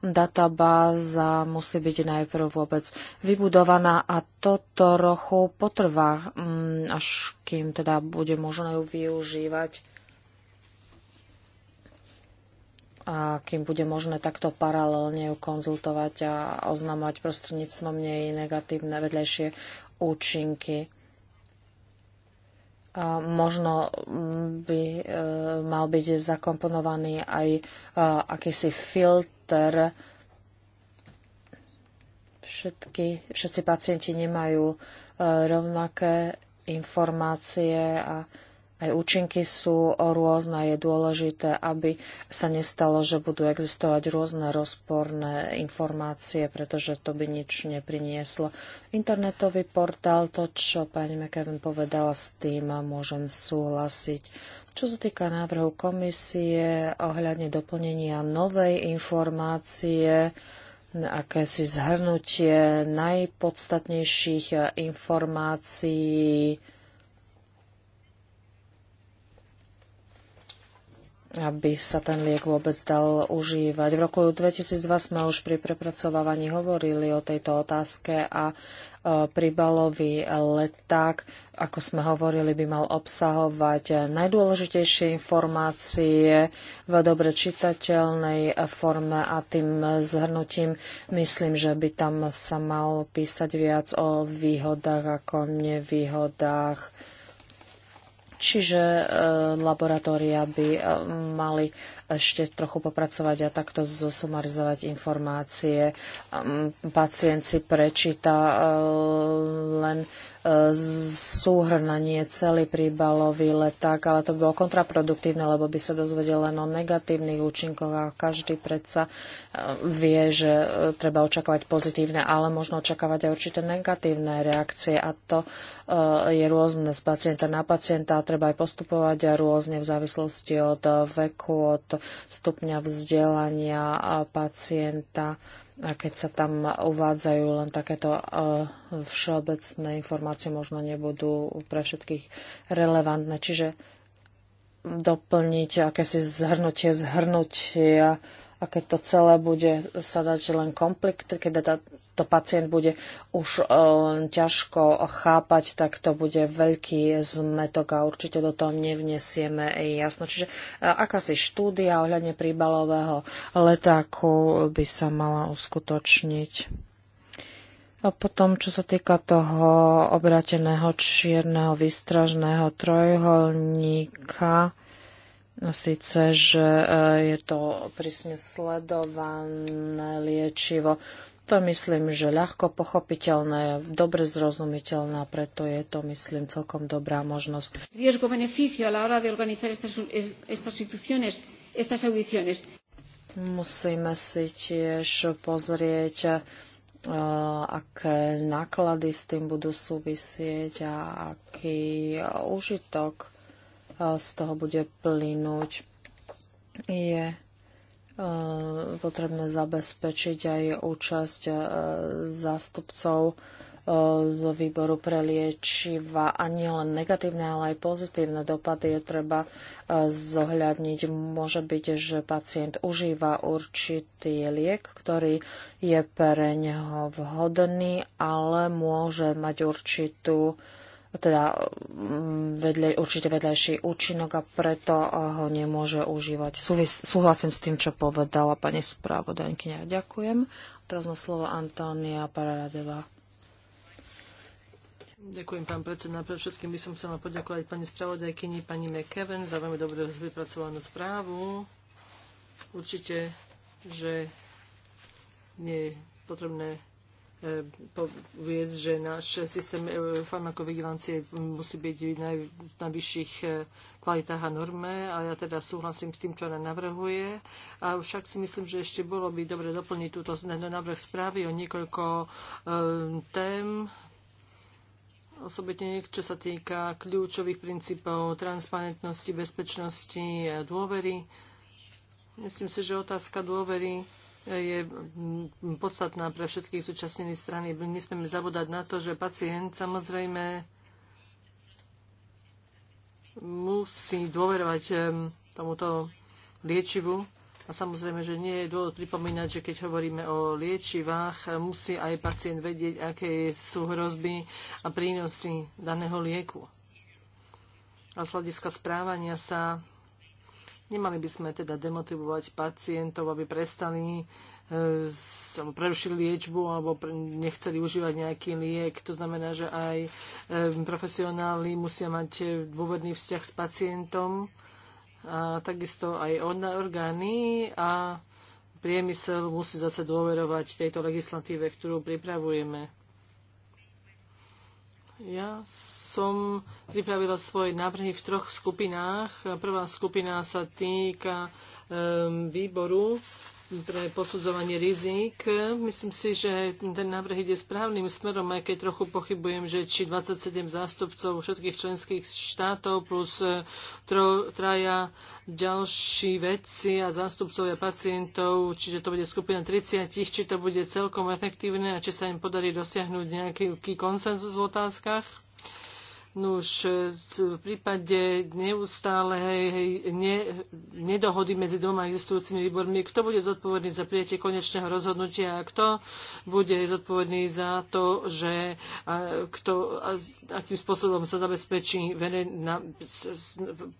Databáza musí byť najprv vôbec vybudovaná a toto trochu potrvá, mm, až kým teda bude možné ju využívať a kým bude možné takto paralelne ju konzultovať a oznamovať prostredníctvom nej negatívne vedľajšie účinky možno mm, by e, mal byť zakomponovaný aj e, akýsi filter. Všetky, všetci pacienti nemajú e, rovnaké informácie a aj účinky sú rôzne. Je dôležité, aby sa nestalo, že budú existovať rôzne rozporné informácie, pretože to by nič neprinieslo. Internetový portál, to, čo pani McKevin povedala, s tým môžem súhlasiť. Čo sa týka návrhu komisie ohľadne doplnenia novej informácie, aké si zhrnutie najpodstatnejších informácií, aby sa ten liek vôbec dal užívať. V roku 2002 sme už pri prepracovávaní hovorili o tejto otázke a e, príbalový leták, ako sme hovorili, by mal obsahovať najdôležitejšie informácie v dobre čitateľnej forme a tým zhrnutím myslím, že by tam sa mal písať viac o výhodách ako nevýhodách Čiže e, laboratória by e, mali ešte trochu popracovať a takto zosumarizovať informácie. Ehm, pacient si prečíta e, len súhrnanie celý príbalový leták, ale to by bolo kontraproduktívne, lebo by sa dozvedel len o negatívnych účinkoch a každý predsa e, vie, že e, treba očakávať pozitívne, ale možno očakávať aj určité negatívne reakcie a to e, je rôzne z pacienta na pacienta a treba aj postupovať a rôzne v závislosti od veku, od stupňa vzdelania pacienta. A keď sa tam uvádzajú len takéto e, všeobecné informácie, možno nebudú pre všetkých relevantné. Čiže doplniť akési zhrnutie, zhrnutie a keď to celé bude sa dať len komplik, keď to pacient bude už e, ťažko chápať, tak to bude veľký zmetok a určite do toho nevnesieme jasno. Čiže e, akási štúdia ohľadne príbalového letáku by sa mala uskutočniť. A potom, čo sa týka toho obrateného čierneho výstražného trojuholníka, síce, že e, je to prísne sledované liečivo, to myslím, že ľahko pochopiteľné, dobre zrozumiteľné, preto je to, myslím, celkom dobrá možnosť. Riesgo beneficio a la hora de organizar estas, estas instituciones, estas audiciones. Musíme si tiež pozrieť, eh, aké náklady s tým budú súvisieť a aký užitok eh, z toho bude plynúť. Je Eh, potrebné zabezpečiť aj účasť eh, zástupcov eh, z výboru pre liečiva a len negatívne, ale aj pozitívne dopady je treba zohľadniť. Môže byť, že pacient užíva určitý liek, ktorý je pre neho vhodný, ale môže mať určitú teda mm, vedle, určite vedľajší účinok a preto eh, ho nemôže užívať. Súvis, súhlasím s tým, čo povedala pani správodajkyňa. Ďakujem. Teraz má slovo Antónia Paradeva. Ďakujem, pán predseda. Pre všetkým by som chcela poďakovať pani spravodajkyni, pani McKeven za veľmi dobre vypracovanú správu. Určite, že nie je potrebné E, povedz, že náš systém e, farmakovigilancie musí byť v najvyšších e, kvalitách a norme a ja teda súhlasím s tým, čo ona navrhuje. A však si myslím, že ešte bolo by dobre doplniť túto návrh správy o niekoľko tém, osobitne čo sa týka kľúčových princípov transparentnosti, bezpečnosti a dôvery. Myslím si, že otázka dôvery je podstatná pre všetkých zúčastnených strany. Nesmieme zabúdať na to, že pacient samozrejme musí dôverovať tomuto liečivu. A samozrejme, že nie je dôvod pripomínať, že keď hovoríme o liečivách, musí aj pacient vedieť, aké sú hrozby a prínosy daného lieku. A z hľadiska správania sa Nemali by sme teda demotivovať pacientov, aby prestali e, prerušili liečbu alebo nechceli užívať nejaký liek. To znamená, že aj e, profesionáli musia mať e, dôvodný vzťah s pacientom a takisto aj orgány a priemysel musí zase dôverovať tejto legislatíve, ktorú pripravujeme. Ja som pripravila svoje návrhy v troch skupinách. Prvá skupina sa týka ehm, výboru pre posudzovanie rizik. Myslím si, že ten návrh ide správnym smerom, aj keď trochu pochybujem, že či 27 zástupcov všetkých členských štátov plus e, tro, traja ďalší vedci a zástupcovia pacientov, čiže to bude skupina 30, či to bude celkom efektívne a či sa im podarí dosiahnuť nejaký konsenzus v otázkach Nuž, v prípade neustále hej, hej, ne, nedohody medzi dvoma existujúcimi výbormi, kto bude zodpovedný za prijatie konečného rozhodnutia a kto bude zodpovedný za to, že a, kto, a, akým spôsobom sa zabezpečí verejna,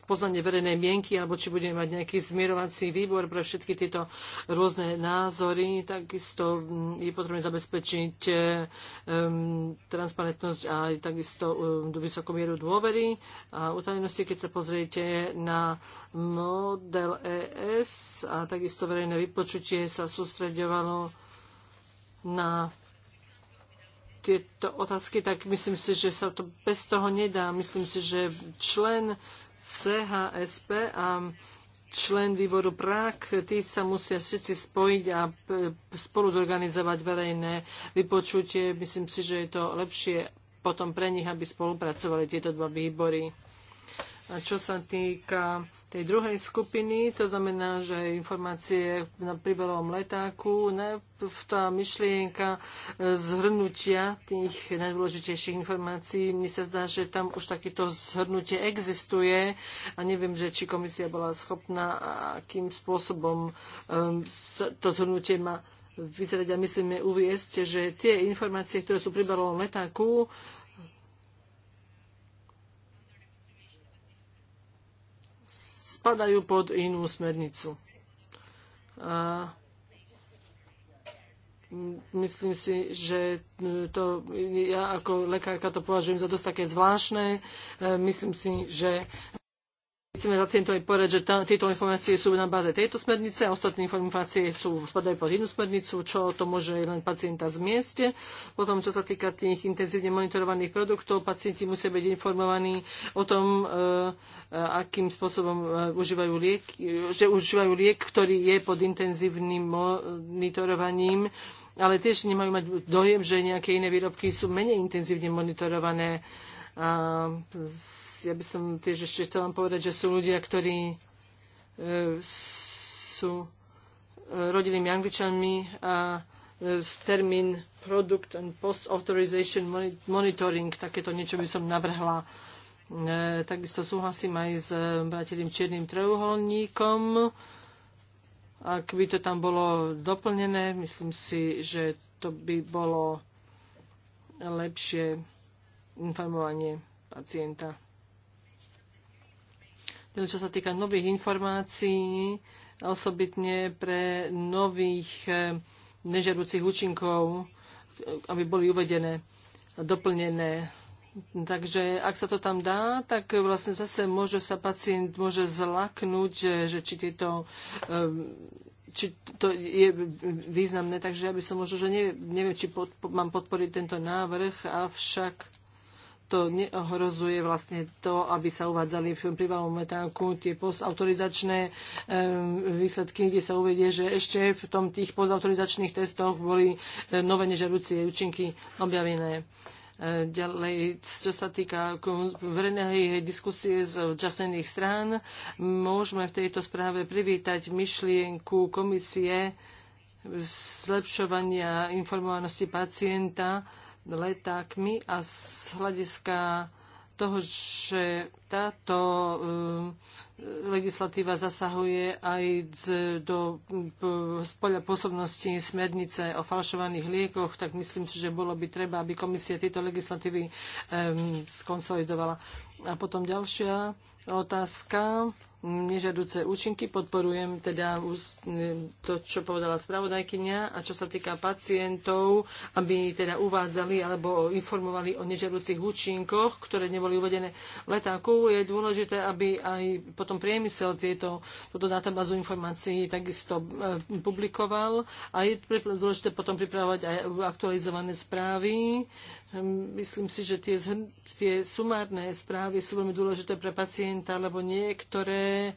poznanie verejnej mienky, alebo či bude mať nejaký zmierovací výbor pre všetky tieto rôzne názory. Takisto mm, je potrebné zabezpečiť um, transparentnosť a takisto um, eh, vysokého vysokú mieru dôvery a utajenosti, keď sa pozriete na model ES a takisto verejné vypočutie sa sústreďovalo na tieto otázky, tak myslím si, že sa to bez toho nedá. Myslím si, že člen CHSP a člen výboru Prák, tí sa musia všetci spojiť a e, spolu zorganizovať verejné vypočutie. Myslím si, že je to lepšie potom pre nich, aby spolupracovali tieto dva výbory. A čo sa týka tej druhej skupiny, to znamená, že informácie na príbalovom letáku, ne, tá myšlienka e, zhrnutia tých najdôležitejších informácií, Mi sa zdá, že tam už takéto zhrnutie existuje a neviem, že či komisia bola schopná a akým spôsobom um, to zhrnutie má vyzerať a myslíme uviesť, že tie informácie, ktoré sú pribalovom letáku, spadajú pod inú smernicu. A myslím si, že to, ja ako lekárka to považujem za dosť také zvláštne. E, myslím si, že Chceme aj povedať, že tieto informácie sú na báze tejto smernice a ostatné informácie sú spadajú pod jednu smernicu, čo to môže len pacienta zmiesť. Potom, čo sa týka tých intenzívne monitorovaných produktov, pacienti musia byť informovaní o tom, e, e, akým spôsobom e, užívajú liek, že užívajú liek, ktorý je pod intenzívnym monitorovaním ale tiež nemajú mať dojem, že nejaké iné výrobky sú menej intenzívne monitorované. A ja by som tiež ešte chcela povedať, že sú ľudia, ktorí e, sú e, rodilými angličanmi a e, termín product and post authorization monitoring, takéto niečo by som navrhla. takisto súhlasím aj s bratilým čiernym trojuholníkom. Ak by to tam bolo doplnené, myslím si, že to by bolo lepšie informovanie pacienta. Teda, čo sa týka nových informácií, osobitne pre nových eh, nežerúcich účinkov, aby boli uvedené, doplnené. Takže ak sa to tam dá, tak vlastne zase môže sa pacient môže zlaknúť, že, že či tieto eh, či to je významné, takže ja by som možno, že neviem, neviem či pod, mám podporiť tento návrh, avšak to neohrozuje vlastne to, aby sa uvádzali v prívalom metánku tie postautorizačné výsledky, kde sa uvedie, že ešte v tom tých postautorizačných testoch boli e, nové nežerúcie účinky objavené. E, ďalej, čo sa týka verejnej diskusie z časných strán, môžeme v tejto správe privítať myšlienku komisie zlepšovania informovanosti pacienta letákmi a z hľadiska toho, že táto eh, legislatíva zasahuje aj do spoľa eh, pôsobnosti smernice o falšovaných liekoch, tak myslím si, že bolo by treba, aby komisia tieto legislatívy eh, skonsolidovala. A potom ďalšia otázka. Nežadúce účinky podporujem teda to, čo povedala spravodajkynia a čo sa týka pacientov, aby teda uvádzali alebo informovali o nežadúcich účinkoch, ktoré neboli uvedené v letáku. Je dôležité, aby aj potom priemysel tieto, túto databázu informácií takisto e, publikoval a je dôležité potom pripravovať aj aktualizované správy Hm, myslím si, že tie, tie sumárne správy sú veľmi dôležité pre pacienta, lebo niektoré e,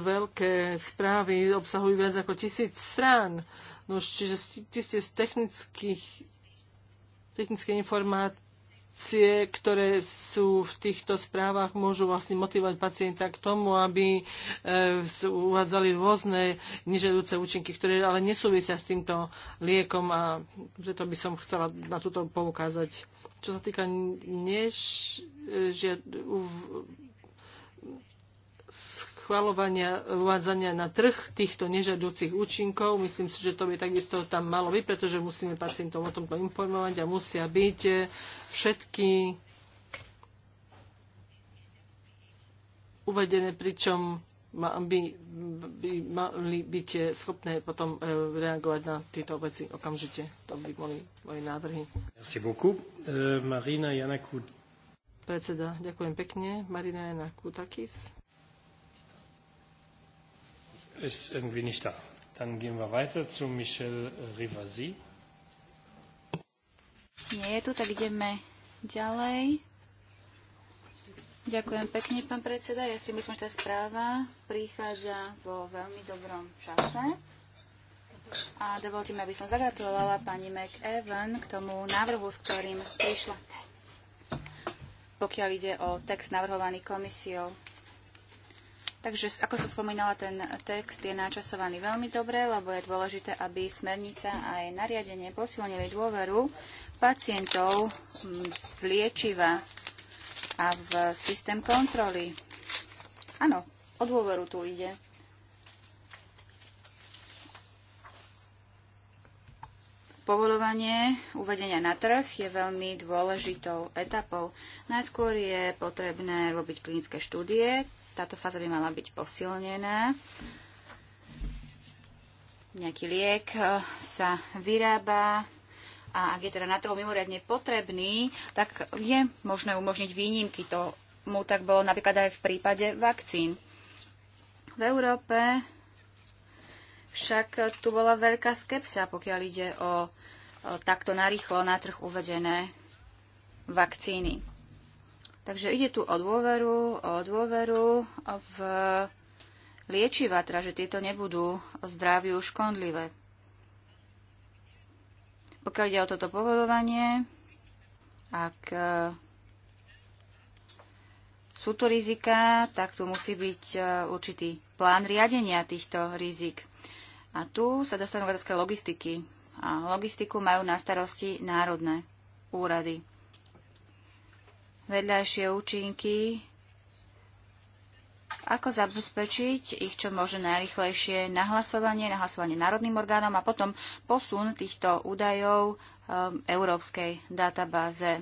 veľké správy obsahujú viac ako tisíc strán. No, čiže z technických technické informácie reakcie, ktoré sú v týchto správach, môžu vlastne motivovať pacienta k tomu, aby e, uvádzali rôzne nežiaduce účinky, ktoré ale nesúvisia s týmto liekom a preto by som chcela na túto poukázať. Čo sa týka než, e, schvalovania, uvádzania na trh týchto nežadúcich účinkov. Myslím si, že to by takisto tam malo byť, pretože musíme pacientov o tomto informovať a musia byť eh, všetky uvedené, pričom by, by mali byť eh, schopné potom eh, reagovať na tieto veci okamžite. To by boli moje návrhy. Merci beaucoup. Euh, Marina Predseda, ďakujem pekne. Marina Janaku Takis ist irgendwie nicht da. Dann gehen wir weiter zu Michel Rivasi. Nie je tu, tak ideme ďalej. Ďakujem pekne, pán predseda. Ja si myslím, že tá správa prichádza vo veľmi dobrom čase. A dovolte mi, aby som zagratulovala pani McEwan k tomu návrhu, s ktorým prišla. Pokiaľ ide o text navrhovaný komisiou, Takže, ako som spomínala, ten text je načasovaný veľmi dobre, lebo je dôležité, aby smernica aj nariadenie posilnili dôveru pacientov v liečiva a v systém kontroly. Áno, o dôveru tu ide. Povolovanie uvedenia na trh je veľmi dôležitou etapou. Najskôr je potrebné robiť klinické štúdie, táto fáza by mala byť posilnená. Nejaký liek e, sa vyrába a ak je teda na trhu mimoriadne potrebný, tak je možné umožniť výnimky. To mu tak bolo napríklad aj v prípade vakcín. V Európe však tu bola veľká skepsa, pokiaľ ide o, o takto narýchlo na trh uvedené vakcíny. Takže ide tu o dôveru, o dôveru v liečiva, teda že tieto nebudú zdraviu škodlivé. Pokiaľ ide o toto povolovanie, ak e, sú tu rizika, tak tu musí byť e, určitý plán riadenia týchto rizik. A tu sa dostanú k logistiky. A logistiku majú na starosti národné úrady vedľajšie účinky, ako zabezpečiť ich čo možno najrychlejšie nahlasovanie, nahlasovanie národným orgánom a potom posun týchto údajov um, európskej databáze.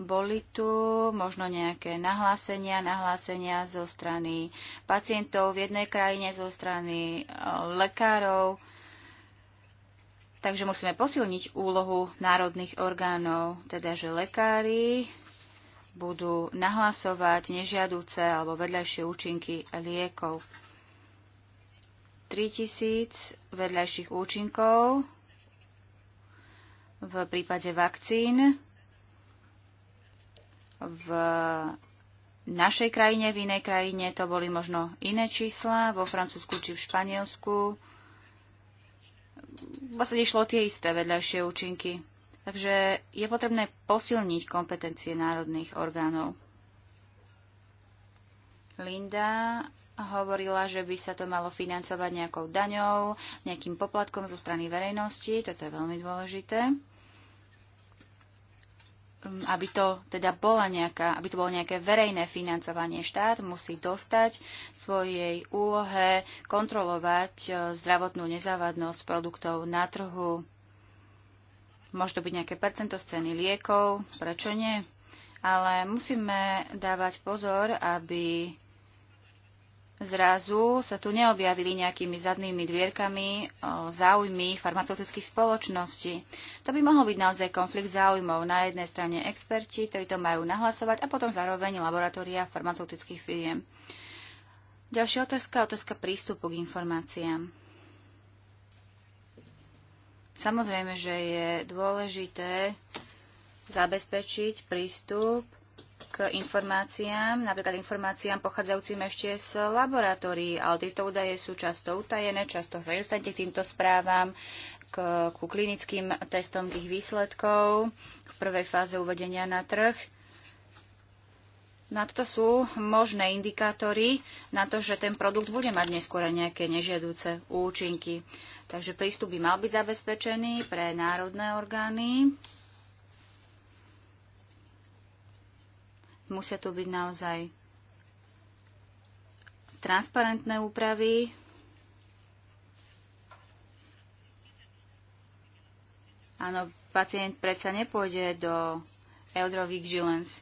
Boli tu možno nejaké nahlásenia, nahlásenia zo strany pacientov v jednej krajine, zo strany uh, lekárov Takže musíme posilniť úlohu národných orgánov, teda že lekári budú nahlasovať nežiaduce alebo vedľajšie účinky liekov. 3000 vedľajších účinkov v prípade vakcín v našej krajine, v inej krajine to boli možno iné čísla, vo Francúzsku či v Španielsku vlastne išlo tie isté vedľajšie účinky. Takže je potrebné posilniť kompetencie národných orgánov. Linda hovorila, že by sa to malo financovať nejakou daňou, nejakým poplatkom zo strany verejnosti. Toto je veľmi dôležité. Mm, aby to teda bola nejaká, aby to bolo nejaké verejné financovanie. Štát musí dostať svojej úlohe kontrolovať e, zdravotnú nezávadnosť produktov na trhu. Môže to byť nejaké percento z ceny liekov, prečo nie? Ale musíme dávať pozor, aby zrazu sa tu neobjavili nejakými zadnými dvierkami záujmy farmaceutických spoločností. To by mohol byť naozaj konflikt záujmov. Na jednej strane experti, ktorí to majú nahlasovať, a potom zároveň laboratória farmaceutických firiem. Ďalšia otázka, otázka prístupu k informáciám. Samozrejme, že je dôležité zabezpečiť prístup k informáciám, napríklad informáciám pochádzajúcim ešte z laboratórií, ale tieto údaje sú často utajené, často sa dostanete k týmto správam, k, ku klinickým testom tých výsledkov v prvej fáze uvedenia na trh. Na to sú možné indikátory na to, že ten produkt bude mať neskôr nejaké nežiaduce účinky. Takže prístup by mal byť zabezpečený pre národné orgány Musia tu byť naozaj transparentné úpravy, Áno, pacient predsa nepôjde do Vigilance.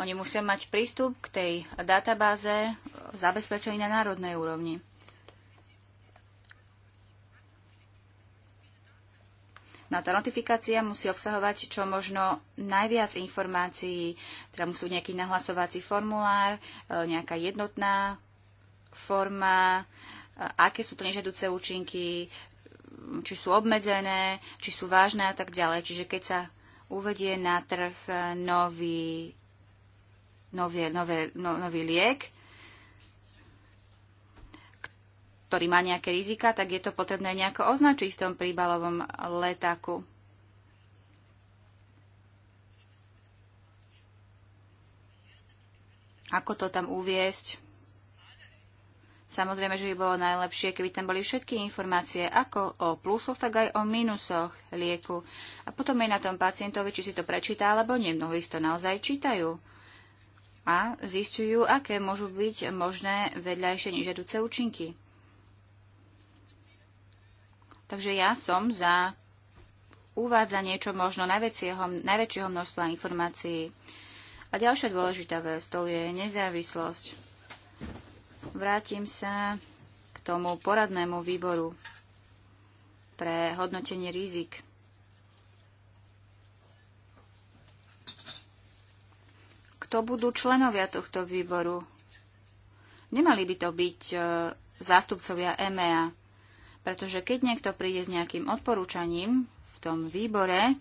Oni musia mať prístup k tej databáze zabezpečení na národnej úrovni. No tá notifikácia musí obsahovať čo možno najviac informácií, teda musí byť nejaký nahlasovací formulár, nejaká jednotná forma, aké sú to nežiaduce účinky, či sú obmedzené, či sú vážne a tak ďalej. Čiže keď sa uvedie na trh nový, nový, nový, nový, nový liek, ktorý má nejaké rizika, tak je to potrebné nejako označiť v tom príbalovom letáku. Ako to tam uviesť? Samozrejme, že by bolo najlepšie, keby tam boli všetky informácie, ako o plusoch, tak aj o minusoch lieku. A potom je na tom pacientovi, či si to prečíta, alebo nie. Mnohí si to naozaj čítajú a zistujú, aké môžu byť možné vedľajšie nežiaduce účinky. Takže ja som za uvádzanie čo možno najväčšieho, najväčšieho množstva informácií. A ďalšia dôležitá vec to je nezávislosť. Vrátim sa k tomu poradnému výboru pre hodnotenie rizik. Kto budú členovia tohto výboru? Nemali by to byť e, zástupcovia EMEA pretože keď niekto príde s nejakým odporúčaním v tom výbore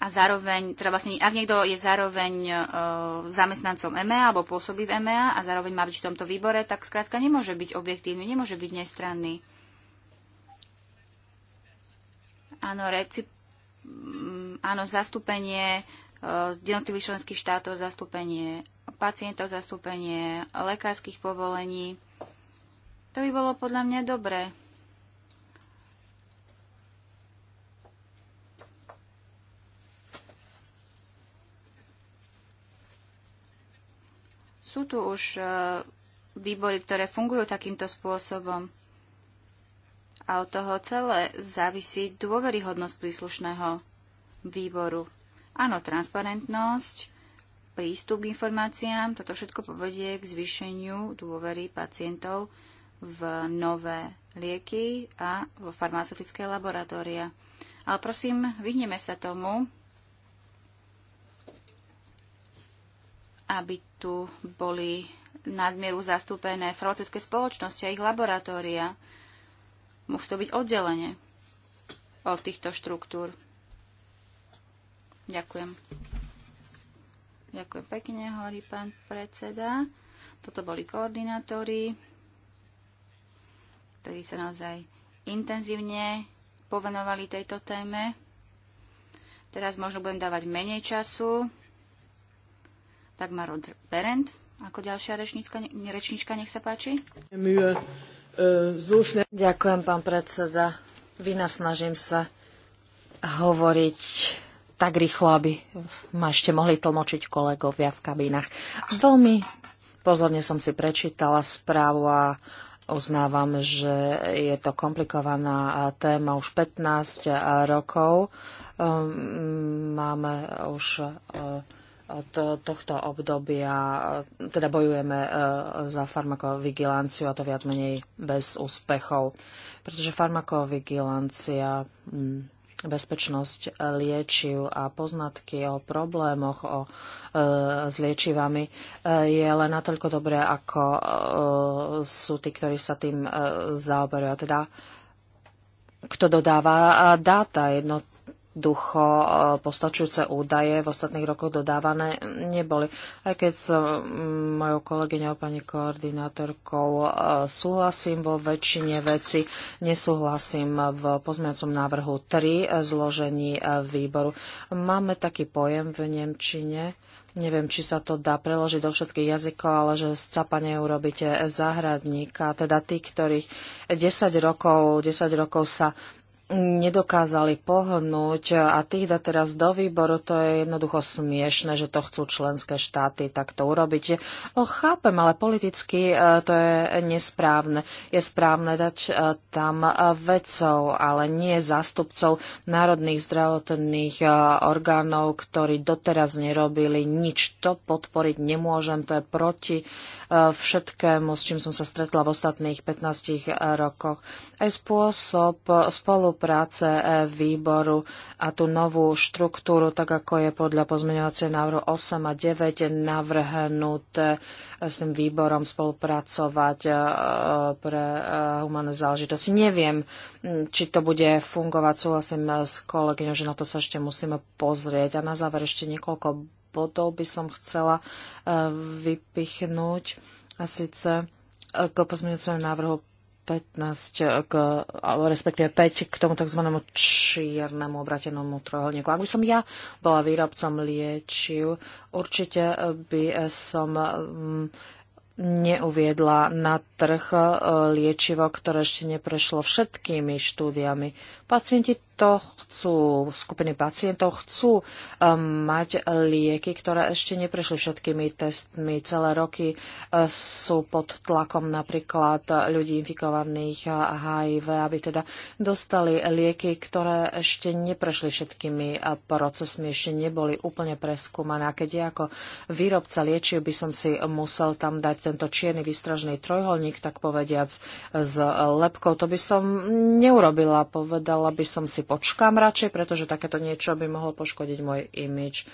a zároveň, teda vlastne, ak niekto je zároveň e, zamestnancom EMEA alebo pôsobí v EMEA a zároveň má byť v tomto výbore, tak skrátka nemôže byť objektívny, nemôže byť nestranný. Áno, reci, áno, zastúpenie jednotlivých členských štátov, zastúpenie pacientov, zastúpenie lekárskych povolení. To by bolo podľa mňa dobré. Sú tu už e, výbory, ktoré fungujú takýmto spôsobom a od toho celé závisí dôveryhodnosť príslušného výboru. Áno, transparentnosť, prístup k informáciám, toto všetko povedie k zvýšeniu dôvery pacientov v nové lieky a vo farmaceutické laboratória. Ale prosím, vyhneme sa tomu, aby tu boli nadmieru zastúpené farmaceutické spoločnosti a ich laboratória. Musí to byť oddelenie od týchto štruktúr. Ďakujem. Ďakujem pekne, hovorí pán predseda. Toto boli koordinátori, ktorí sa naozaj intenzívne povenovali tejto téme. Teraz možno budem dávať menej času. Tak Marod Berend, ako ďalšia rečnička, rečnička nech sa páči. Ďakujem, pán predseda. Vynasnažím sa hovoriť tak rýchlo, aby ma ešte mohli tlmočiť kolegovia v kabínach. Veľmi pozorne som si prečítala správu a uznávam, že je to komplikovaná téma už 15 rokov. Ehm, máme už e, od tohto obdobia, teda bojujeme e, za farmakovigilanciu a to viac menej bez úspechov, pretože farmakovigilancia hm, bezpečnosť liečiv a poznatky o problémoch o, e, s liečivami e, je len natoľko dobré, ako e, sú tí, ktorí sa tým e, zaoberajú. Teda, kto dodáva e, dáta jednotlivé jednoducho e, postačujúce údaje v ostatných rokoch dodávané neboli. Aj keď s mojou kolegyňou pani koordinátorkou e, súhlasím vo väčšine veci, nesúhlasím v pozmeňacom návrhu 3 e, zložení výboru. Máme taký pojem v Nemčine, Neviem, či sa to dá preložiť do všetkých jazykov, ale že z capania urobíte záhradníka, teda tých, ktorých 10 rokov, 10 rokov sa nedokázali pohnúť a tých dá teraz do výboru, to je jednoducho smiešne, že to chcú členské štáty takto urobiť. O, chápem, ale politicky e, to je nesprávne. Je správne dať e, tam e, vedcov, ale nie zástupcov národných zdravotných orgánov, ktorí doteraz nerobili nič. To podporiť nemôžem, to je proti všetkému, s čím som sa stretla v ostatných 15 rokoch aj spôsob spolupráce e, výboru a tú novú štruktúru, tak ako je podľa pozmeňovacie návrhu 8 a 9 navrhnuté e, s tým výborom spolupracovať e, pre humané záležitosti. Neviem, či to bude fungovať, súhlasím s kolegyňou, že na to sa ešte musíme pozrieť. A na záver ešte niekoľko bodov by som chcela vypichnúť. A síce k pozmeňujúcemu návrhu 15 k, respektíve 5 k tomu tzv. čiernemu obratenému trojuholníku. Ak by som ja bola výrobcom liečiv, určite by som mm, neuviedla na trh e, liečivo, ktoré ešte neprešlo všetkými štúdiami. Pacienti to chcú, skupiny pacientov chcú um, mať lieky, ktoré ešte neprešli všetkými testmi. Celé roky uh, sú pod tlakom napríklad ľudí infikovaných HIV, aby teda dostali lieky, ktoré ešte neprešli všetkými uh, procesmi, ešte neboli úplne preskúmané. A keď ja ako výrobca liečiv by som si musel tam dať tento čierny výstražný trojholník, tak povediac, s lepkou, to by som neurobila. Povedala by som si počkám radšej, pretože takéto niečo by mohlo poškodiť môj imič.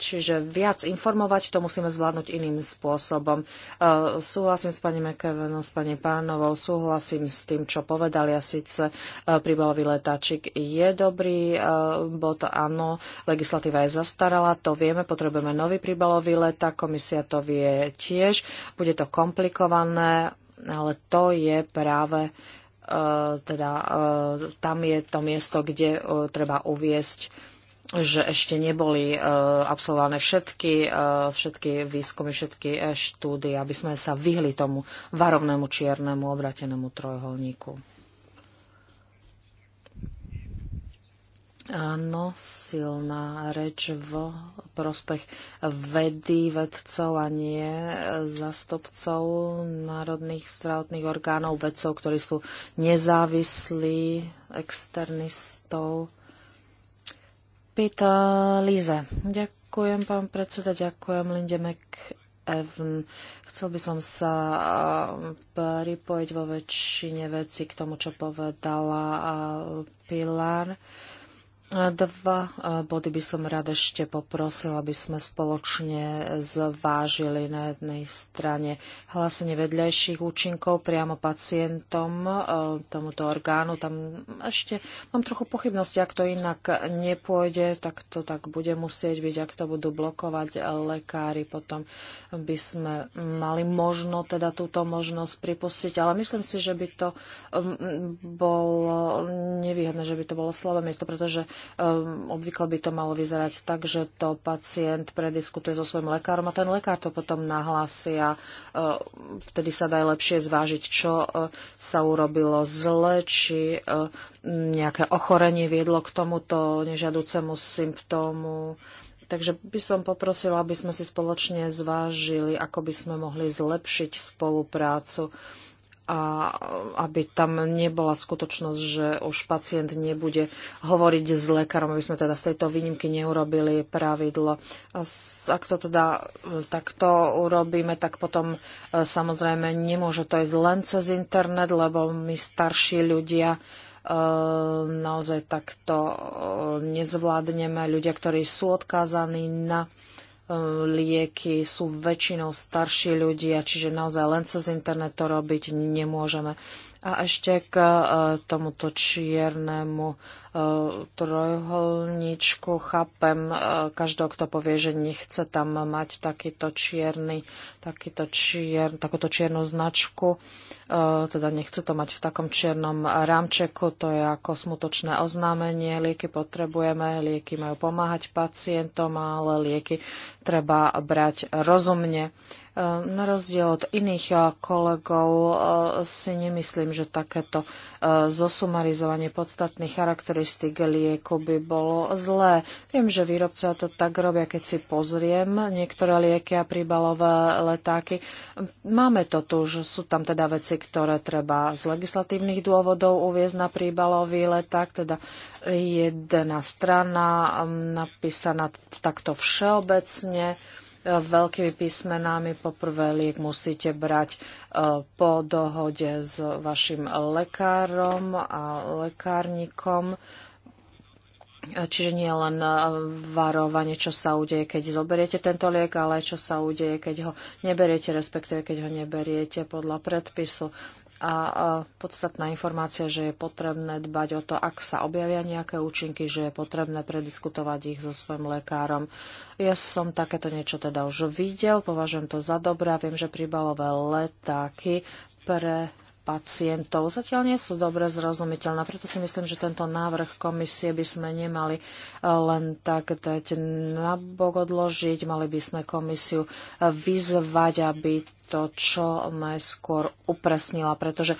Čiže viac informovať to musíme zvládnuť iným spôsobom. Uh, súhlasím s pani McEvenom, s pani Pánovou, súhlasím s tým, čo povedali. A síce uh, príbalový letáčik je dobrý, uh, bod áno, legislatíva je zastarala, to vieme, potrebujeme nový príbalový letá, komisia to vie tiež, bude to komplikované, ale to je práve uh, E, teda e, tam je to miesto, kde e, treba uviesť že ešte neboli absolvované všetky, všetky výskumy, všetky štúdie, aby sme sa vyhli tomu varovnému čiernemu obratenému trojholníku. Áno, silná reč v prospech vedy, vedcov a nie zastupcov národných zdravotných orgánov, vedcov, ktorí sú nezávislí, externistov. Pýta Líze. Ďakujem, pán predseda, ďakujem Linde Mek Chcel by som sa um, pripojiť vo väčšine veci k tomu, čo povedala uh, Pilar. Dva e, body by som rada ešte poprosila, aby sme spoločne zvážili na jednej strane hlásenie vedľajších účinkov priamo pacientom e, tomuto orgánu. Tam ešte mám trochu pochybnosti, ak to inak nepôjde, tak to tak bude musieť byť, ak to budú blokovať lekári, potom by sme mali možno teda túto možnosť pripustiť, ale myslím si, že by to mm, mm, bolo nevýhodné, že by to bolo slabé miesto, pretože Ehm, obvykle by to malo vyzerať tak, že to pacient prediskutuje so svojím lekárom a ten lekár to potom nahlási a ehm, vtedy sa dá lepšie zvážiť, čo e, sa urobilo zle, či e, nejaké ochorenie viedlo k tomuto nežiaducemu symptómu. Takže by som poprosila, aby sme si spoločne zvážili, ako by sme mohli zlepšiť spoluprácu a aby tam nebola skutočnosť, že už pacient nebude hovoriť s lekárom, aby sme teda z tejto výnimky neurobili pravidlo. Ak to teda e, takto urobíme, tak potom e, samozrejme nemôže to ísť len cez internet, lebo my starší ľudia e, naozaj takto nezvládneme. Ľudia, ktorí sú odkázaní na E, lieky sú väčšinou starší ľudia, čiže naozaj len cez internet to robiť nemôžeme. A ešte k e, tomuto čiernemu e, trojholníčku chápem e, každého, kto povie, že nechce tam mať takýto čierny, takýto čier, takúto čiernu značku, teda nechce to mať v takom čiernom rámčeku, to je ako smutočné oznámenie, lieky potrebujeme, lieky majú pomáhať pacientom, ale lieky treba brať rozumne Ehm, na rozdiel od iných eh, kolegov eh, si nemyslím, že takéto eh, zosumarizovanie podstatných charakteristík lieku by bolo zlé. Viem, že výrobcovia to tak robia, keď si pozriem niektoré lieky a príbalové letáky. Máme to tu, že sú tam teda veci, ktoré treba z legislatívnych dôvodov uviezť na príbalový leták, teda jedna strana ehm, napísaná takto všeobecne veľkými písmenami. Poprvé liek musíte brať e, po dohode s vašim lekárom a lekárnikom. E, čiže nie len e, varovanie, čo sa udeje, keď zoberiete tento liek, ale aj čo sa udeje, keď ho neberiete, respektíve keď ho neberiete podľa predpisu a podstatná informácia, že je potrebné dbať o to, ak sa objavia nejaké účinky, že je potrebné prediskutovať ich so svojim lekárom. Ja som takéto niečo teda už videl, považujem to za dobré a viem, že príbalové letáky pre pacientov zatiaľ nie sú dobre zrozumiteľné. Preto si myslím, že tento návrh komisie by sme nemali eh, len tak dať nabok odložiť. Mali by sme komisiu eh, vyzvať, aby to čo najskôr upresnila, pretože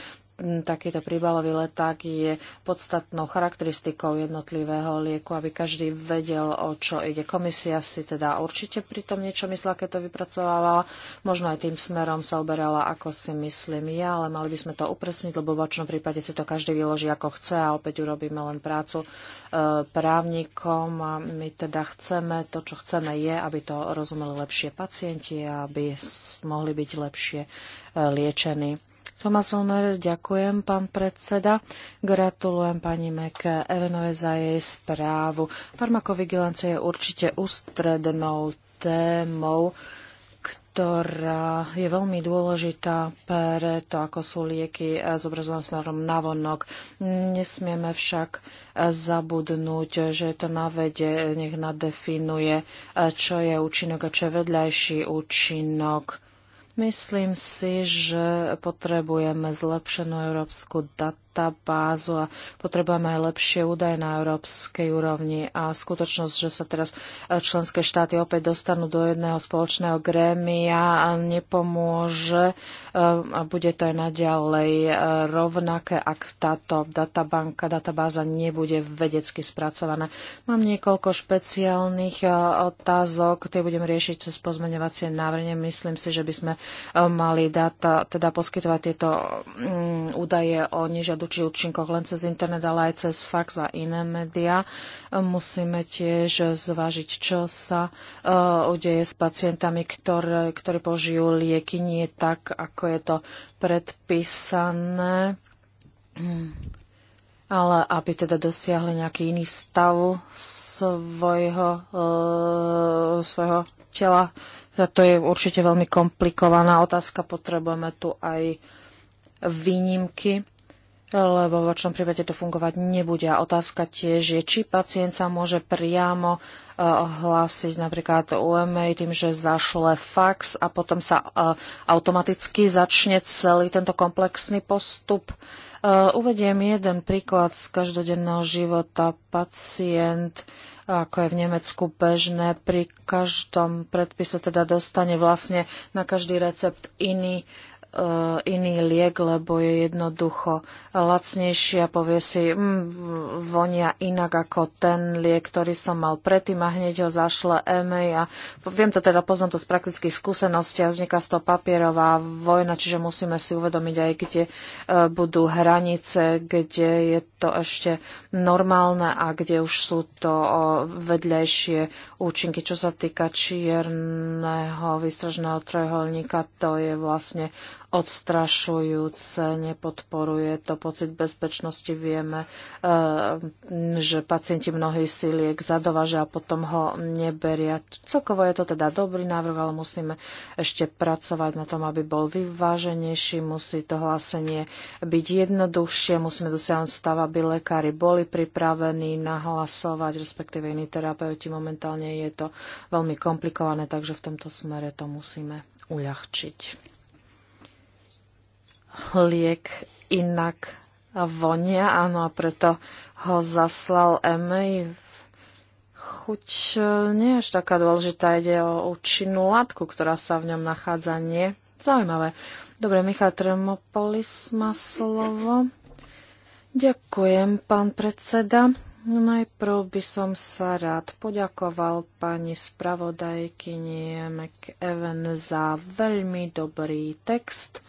takýto príbalový leták je podstatnou charakteristikou jednotlivého lieku, aby každý vedel, o čo ide. Komisia si teda určite pri tom niečo myslela, keď to vypracovávala. Možno aj tým smerom sa uberala, ako si myslím ja, ale mali by sme to upresniť, lebo v očnom prípade si to každý vyloží ako chce a opäť urobíme len prácu e, právnikom a my teda chceme, to čo chceme je, aby to rozumeli lepšie pacienti a aby mohli byť lepšie e, liečení. Thomas Ulmer, ďakujem, pán predseda. Gratulujem pani Mek Evenove za jej správu. Farmakovigilancia je určite ústrednou témou ktorá je veľmi dôležitá pre to, ako sú lieky zobrazené smerom na vonok. Nesmieme však zabudnúť, že to na vede nech nadefinuje, čo je účinok a čo je vedľajší účinok Myslím si, že potrebujeme zlepšenú európsku datu databázu a potrebujeme aj lepšie údaje na európskej úrovni. A skutočnosť, že sa teraz e, členské štáty opäť dostanú do jedného spoločného grémia, nepomôže e, a bude to aj naďalej e, rovnaké, ak táto databanka, databáza nebude vedecky spracovaná. Mám niekoľko špeciálnych otázok, tie budem riešiť cez pozmeňovacie návrhy. Myslím si, že by sme mali data, teda poskytovať tieto mm, údaje o nežiadom dohľadu či účinkoch len cez internet, ale aj cez fax a iné médiá. Musíme tiež zvážiť, čo sa eh, udeje s pacientami, ktoré, ktorí požijú lieky nie tak, ako je to predpísané ale aby teda dosiahli nejaký iný stav svojho, e, svojho tela. To je určite veľmi komplikovaná otázka. Potrebujeme tu aj výnimky lebo v očnom prípade to fungovať nebude. A otázka tiež je, či pacient sa môže priamo e, hlásiť napríklad UMA tým, že zašle fax a potom sa e, automaticky začne celý tento komplexný postup. E, uvediem jeden príklad z každodenného života. Pacient ako je v Nemecku bežné, pri každom predpise teda dostane vlastne na každý recept iný E, iný liek, lebo je jednoducho lacnejší a povie si, mm, vonia inak ako ten liek, ktorý som mal predtým a hneď ho zašle e A viem to teda, poznám to z praktických skúseností a vzniká z toho papierová vojna, čiže musíme si uvedomiť aj, kde e, budú hranice, kde je to ešte normálne a kde už sú to vedľajšie účinky. Čo sa týka čierneho výstražného trojholníka, to je vlastne odstrašujúce, nepodporuje to pocit bezpečnosti. Vieme, eh, že pacienti mnohí si liek zadovažia a potom ho neberia. Celkovo je to teda dobrý návrh, ale musíme ešte pracovať na tom, aby bol vyváženejší. Musí to hlásenie byť jednoduchšie. Musíme dosiahnuť stav, aby lekári boli pripravení nahlasovať, respektíve iní terapeuti. Momentálne je to veľmi komplikované, takže v tomto smere to musíme uľahčiť liek inak vonia, áno, a preto ho zaslal Emej. Chuť e, nie je až taká dôležitá, ide o účinnú látku, ktorá sa v ňom nachádza, nie? Zaujímavé. Dobre, Michal Tremopolis má slovo. Ďakujem, pán predseda. Najprv by som sa rád poďakoval pani spravodajkyni McEwen za veľmi dobrý text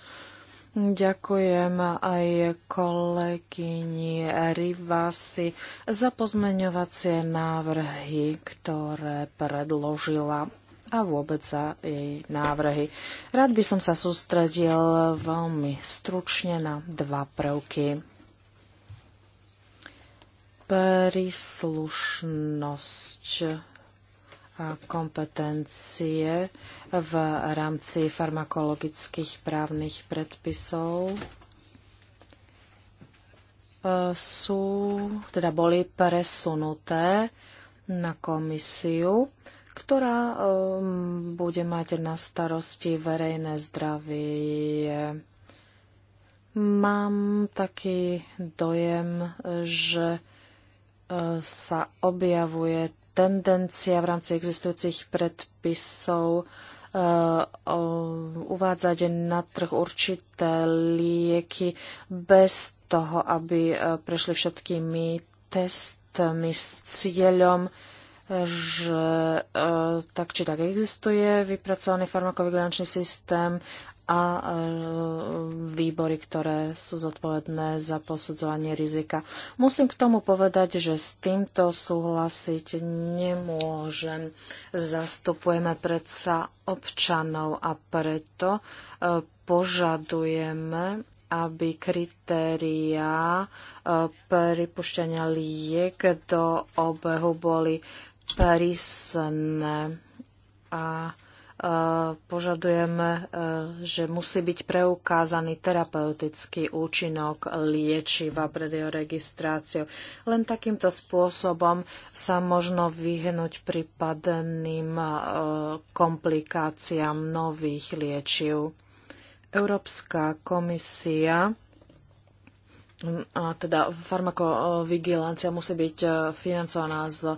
Ďakujem aj kolegyni Rivasi za pozmeňovacie návrhy, ktoré predložila a vôbec za jej návrhy. Rád by som sa sústredil veľmi stručne na dva prvky. Príslušnosť kompetencie v rámci farmakologických právnych predpisov e, sú, teda boli presunuté na komisiu, ktorá e, bude mať na starosti verejné zdravie. Mám taký dojem, že e, sa objavuje tendencia v rámci existujúcich predpisov eh, uvádzať na trh určité lieky bez toho, aby eh, prešli všetkými testmi s cieľom, že eh, tak či tak existuje vypracovaný farmakovigilančný systém a e, výbory, ktoré sú zodpovedné za posudzovanie rizika. Musím k tomu povedať, že s týmto súhlasiť nemôžem. Zastupujeme predsa občanov a preto e, požadujeme, aby kritériá e, pripušťania liek do obehu boli prísne. A požadujeme, e, že musí byť preukázaný terapeutický účinok liečiva pred jeho registráciou. Len takýmto spôsobom sa možno vyhnúť prípadným e, komplikáciám nových liečiv. Európska komisia a teda farmakovigilancia musí byť e, financovaná z e,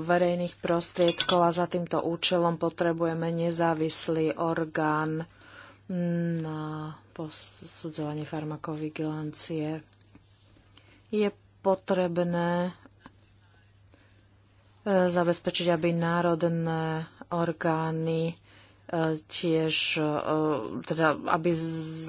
verejných prostriedkov a za týmto účelom potrebujeme nezávislý orgán mm, na posudzovanie farmakovigilancie. Je potrebné e, zabezpečiť, aby národné orgány tiež, e, teda, aby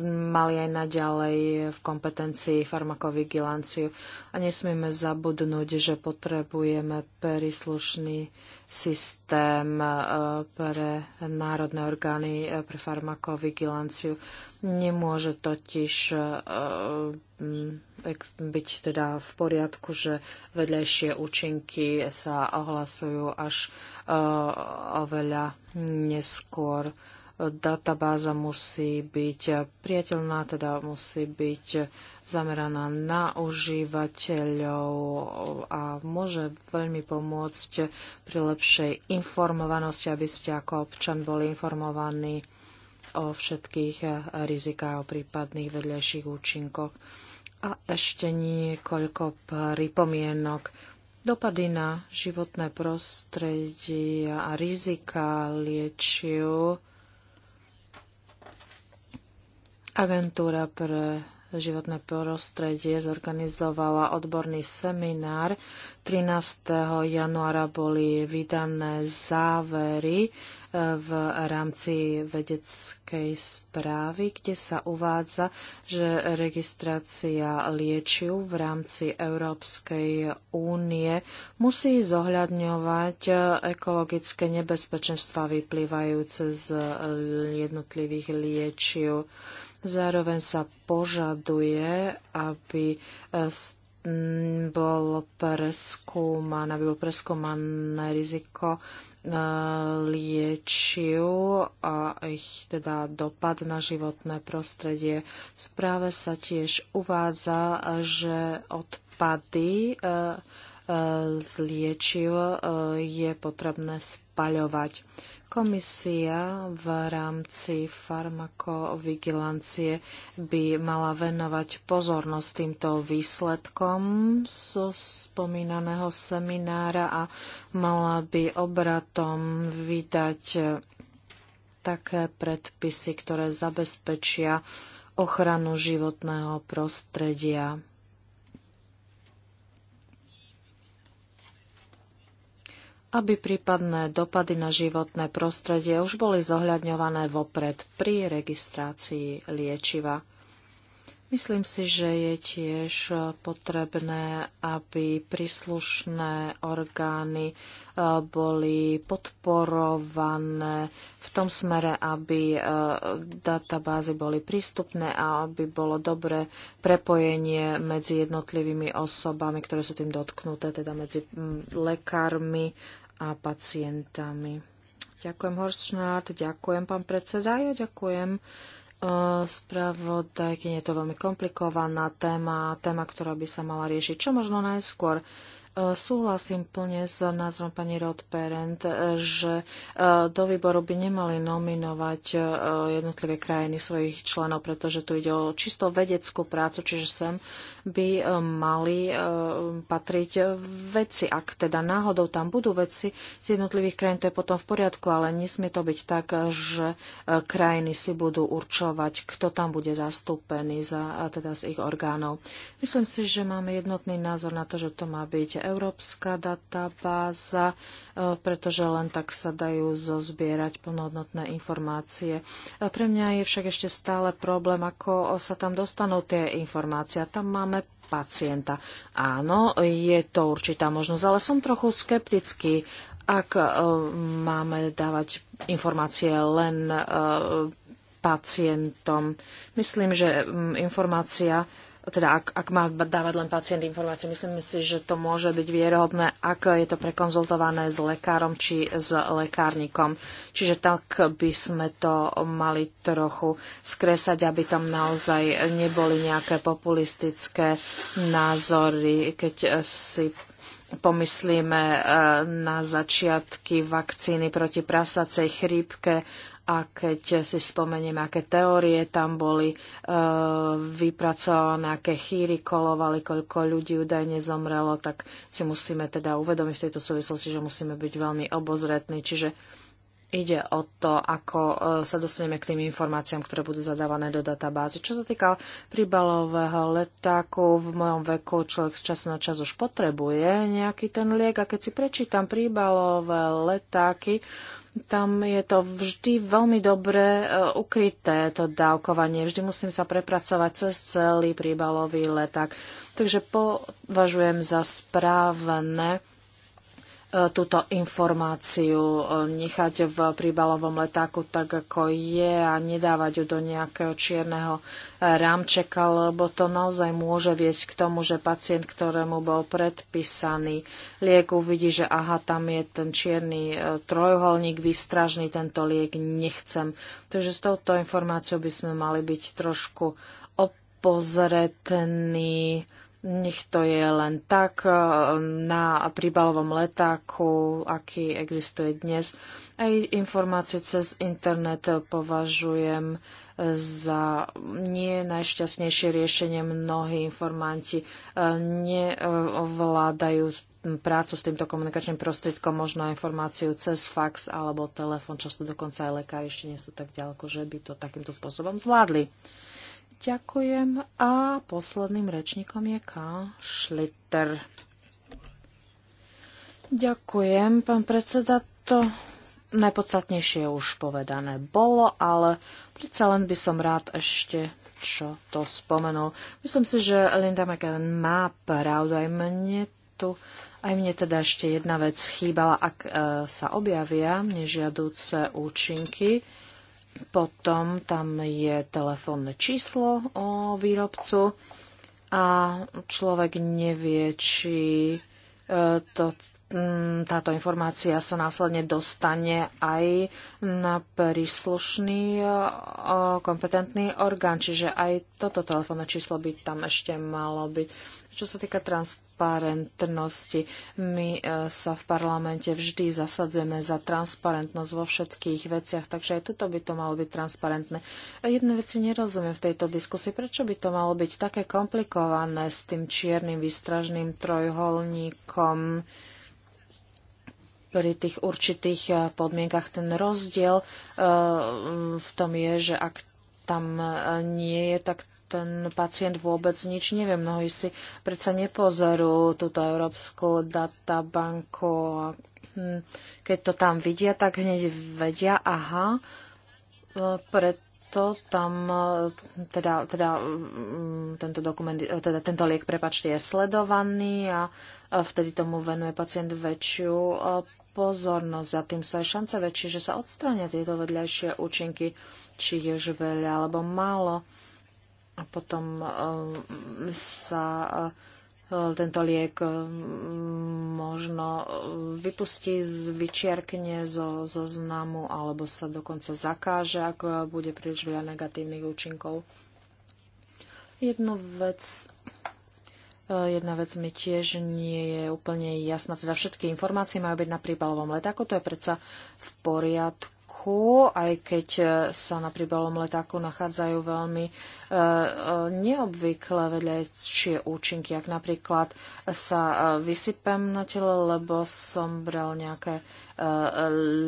mali aj naďalej v kompetencii farmakovigilanciu. A nesmieme zabudnúť, že potrebujeme príslušný systém e, pre národné orgány e, pre farmakovigilanciu. Nemôže totiž byť teda v poriadku, že vedľajšie účinky sa ohlasujú až e, oveľa neskôr. Databáza musí byť priateľná, teda musí byť zameraná na užívateľov a môže veľmi pomôcť pri lepšej informovanosti, aby ste ako občan boli informovaní o všetkých rizikách, o prípadných vedľajších účinkoch. A ešte niekoľko pripomienok. Dopady na životné prostredie a rizika liečiu. Agentúra pre životné prostredie zorganizovala odborný seminár. 13. januára boli vydané závery v rámci vedeckej správy, kde sa uvádza, že registrácia liečiu v rámci Európskej únie musí zohľadňovať ekologické nebezpečenstva vyplývajúce z jednotlivých liečiv. Zároveň sa požaduje, aby bol preskúmané, aby bol preskúmané riziko liečiv a ich teda dopad na životné prostredie. V správe sa tiež uvádza, že odpady e, z liečiv e, je potrebné spaľovať. Komisia v rámci farmakovigilancie by mala venovať pozornosť týmto výsledkom zo spomínaného seminára a mala by obratom vydať také predpisy, ktoré zabezpečia ochranu životného prostredia. aby prípadné dopady na životné prostredie už boli zohľadňované vopred pri registrácii liečiva. Myslím si, že je tiež eh, potrebné, aby príslušné orgány eh, boli podporované v tom smere, aby eh, databázy boli prístupné a aby bolo dobré prepojenie medzi jednotlivými osobami, ktoré sú tým dotknuté, teda medzi mm, lekármi a pacientami. Ďakujem, Horšnát, ďakujem, pán predseda, ja ďakujem spravodajky. Je to veľmi komplikovaná téma, téma, ktorá by sa mala riešiť čo možno najskôr. E, súhlasím plne s názvom pani Rod Perent, e, že e, do výboru by nemali nominovať jednotlivé krajiny svojich členov, pretože tu ide o čisto vedeckú prácu, čiže sem by eh, mali eh, patriť veci. Ak teda náhodou tam budú veci z jednotlivých krajín, to je potom v poriadku, ale nesmie to byť tak, že eh, krajiny si budú určovať, kto tam bude zastúpený za, teda z ich orgánov. Myslím si, že máme jednotný názor na to, že to má byť európska databáza, E, pretože len tak sa dajú zozbierať plnohodnotné informácie. E, pre mňa je však ešte stále problém, ako sa tam dostanú tie informácie. Tam máme pacienta. Áno, je to určitá možnosť, ale som trochu skeptický, ak e, máme dávať informácie len pacientom. Myslím, že informácia teda ak, ak má dávať len pacient informácie, myslím si, že to môže byť vierohodné, ak je to prekonzultované s lekárom či s lekárnikom. Čiže tak by sme to mali trochu skresať, aby tam naozaj neboli nejaké populistické názory, keď si pomyslíme eh, na začiatky vakcíny proti prasacej chrípke a keď si spomeniem, aké teórie tam boli e, vypracované, aké chýry kolovali, koľko ľudí údajne zomrelo, tak si musíme teda uvedomiť v tejto súvislosti, že musíme byť veľmi obozretní. Čiže ide o to, ako e, sa dostaneme k tým informáciám, ktoré budú zadávané do databázy. Čo sa týka príbalového letáku, v mojom veku človek z času na čas už potrebuje nejaký ten liek a keď si prečítam príbalové letáky, tam je to vždy veľmi dobre e, ukryté, to dávkovanie. Vždy musím sa prepracovať cez celý príbalový leták. Takže považujem za správne túto informáciu e, nechať v príbalovom letáku tak, ako je a nedávať ju do nejakého čierneho rámčeka, lebo to naozaj môže viesť k tomu, že pacient, ktorému bol predpísaný liek, uvidí, že aha, tam je ten čierny e, trojuholník vystražný tento liek nechcem. Takže s touto informáciou by sme mali byť trošku opozretní nech to je len tak e, na príbalovom letáku, aký existuje dnes. Aj informácie cez internet považujem za nie najšťastnejšie riešenie. Mnohí informanti e, nevládajú prácu s týmto komunikačným prostriedkom, možno informáciu cez fax alebo telefon, často dokonca aj lekári ešte nie sú tak ďaleko, že by to takýmto spôsobom zvládli. Ďakujem a posledným rečníkom je K. Schlitter. Ďakujem, pán predseda. To najpodstatnejšie už povedané bolo, ale predsa len by som rád ešte čo to spomenul. Myslím si, že Linda McEwen má pravdu, aj mne tu aj mne teda ešte jedna vec chýbala, ak e, sa objavia nežiadúce účinky, potom tam je telefónne číslo o výrobcu a človek nevie, či e, to, táto informácia sa následne dostane aj na príslušný e, kompetentný orgán. Čiže aj toto telefónne číslo by tam ešte malo byť. Čo sa týka trans transparentnosti. My e, sa v parlamente vždy zasadzujeme za transparentnosť vo všetkých veciach, takže aj tuto by to malo byť transparentné. Jedné veci nerozumiem v tejto diskusii. Prečo by to malo byť také komplikované s tým čiernym výstražným trojholníkom? pri tých určitých e, podmienkach ten rozdiel e, v tom je, že ak tam nie je, tak ten pacient vôbec nič nevie. Mnohí si predsa nepozorujú túto európsku databanku. Hm, keď to tam vidia, tak hneď vedia, aha, e, preto tam e, teda, teda, hm, tento, dokument, e, teda tento liek prepačte, je sledovaný a vtedy tomu venuje pacient väčšiu pozornosť a tým sú aj šance väčšie, že sa odstrania tieto vedľajšie účinky, či je veľa alebo málo a potom ehm, sa ehm, tento liek ehm, možno vypustí, vyčiarkne zo zoznamu alebo sa dokonca zakáže, ak bude príliš veľa negatívnych účinkov. Jednu vec, jedna vec mi tiež nie je úplne jasná. Teda všetky informácie majú byť na príbalovom letáku, to je predsa v poriadku letáku, aj keď e, sa na príbalom letáku nachádzajú veľmi e, e, neobvyklé vedľajšie účinky, ak napríklad sa vysypem na tele, lebo som bral nejaké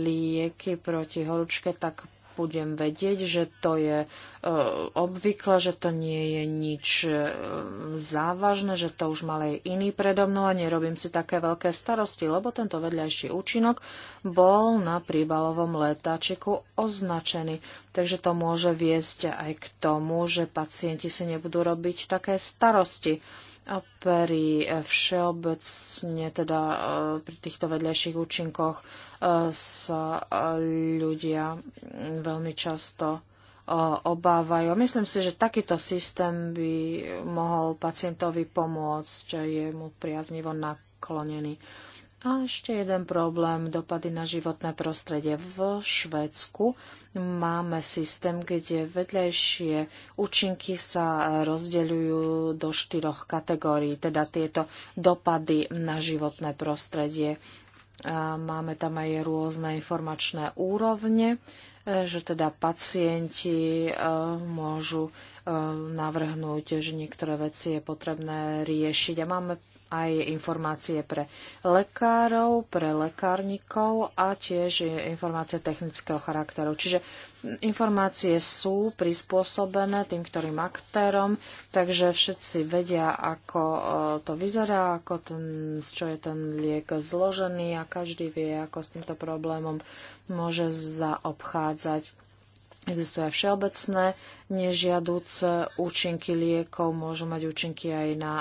lieky proti horúčke, tak budem vedieť, že to je e, obvykle, že to nie je nič e, závažné, že to už mal aj iný predo mnou a nerobím si také veľké starosti, lebo tento vedľajší účinok bol na príbalovom letáčiku označený. Takže to môže viesť aj k tomu, že pacienti si nebudú robiť také starosti. A pri eh, všeobecne, teda eh, pri týchto vedľajších účinkoch eh, sa ľudia mm, veľmi často obávajú. Myslím si, že takýto systém by mohol pacientovi pomôcť, je mu priaznivo naklonený. A ešte jeden problém, dopady na životné prostredie. V Švédsku máme systém, kde vedľajšie účinky sa rozdeľujú do štyroch kategórií, teda tieto dopady na životné prostredie. Máme tam aj rôzne informačné úrovne, e, že teda pacienti e, môžu e, navrhnúť, že niektoré veci je potrebné riešiť. A máme aj informácie pre lekárov, pre lekárnikov a tiež informácie technického charakteru. Čiže informácie sú prispôsobené tým, ktorým aktérom, takže všetci vedia, ako e, to vyzerá, ako ten, z čo je ten liek zložený a každý vie, ako s týmto problémom môže zaobchádzať. Existujú aj všeobecné nežiaduce účinky liekov, môžu mať účinky aj na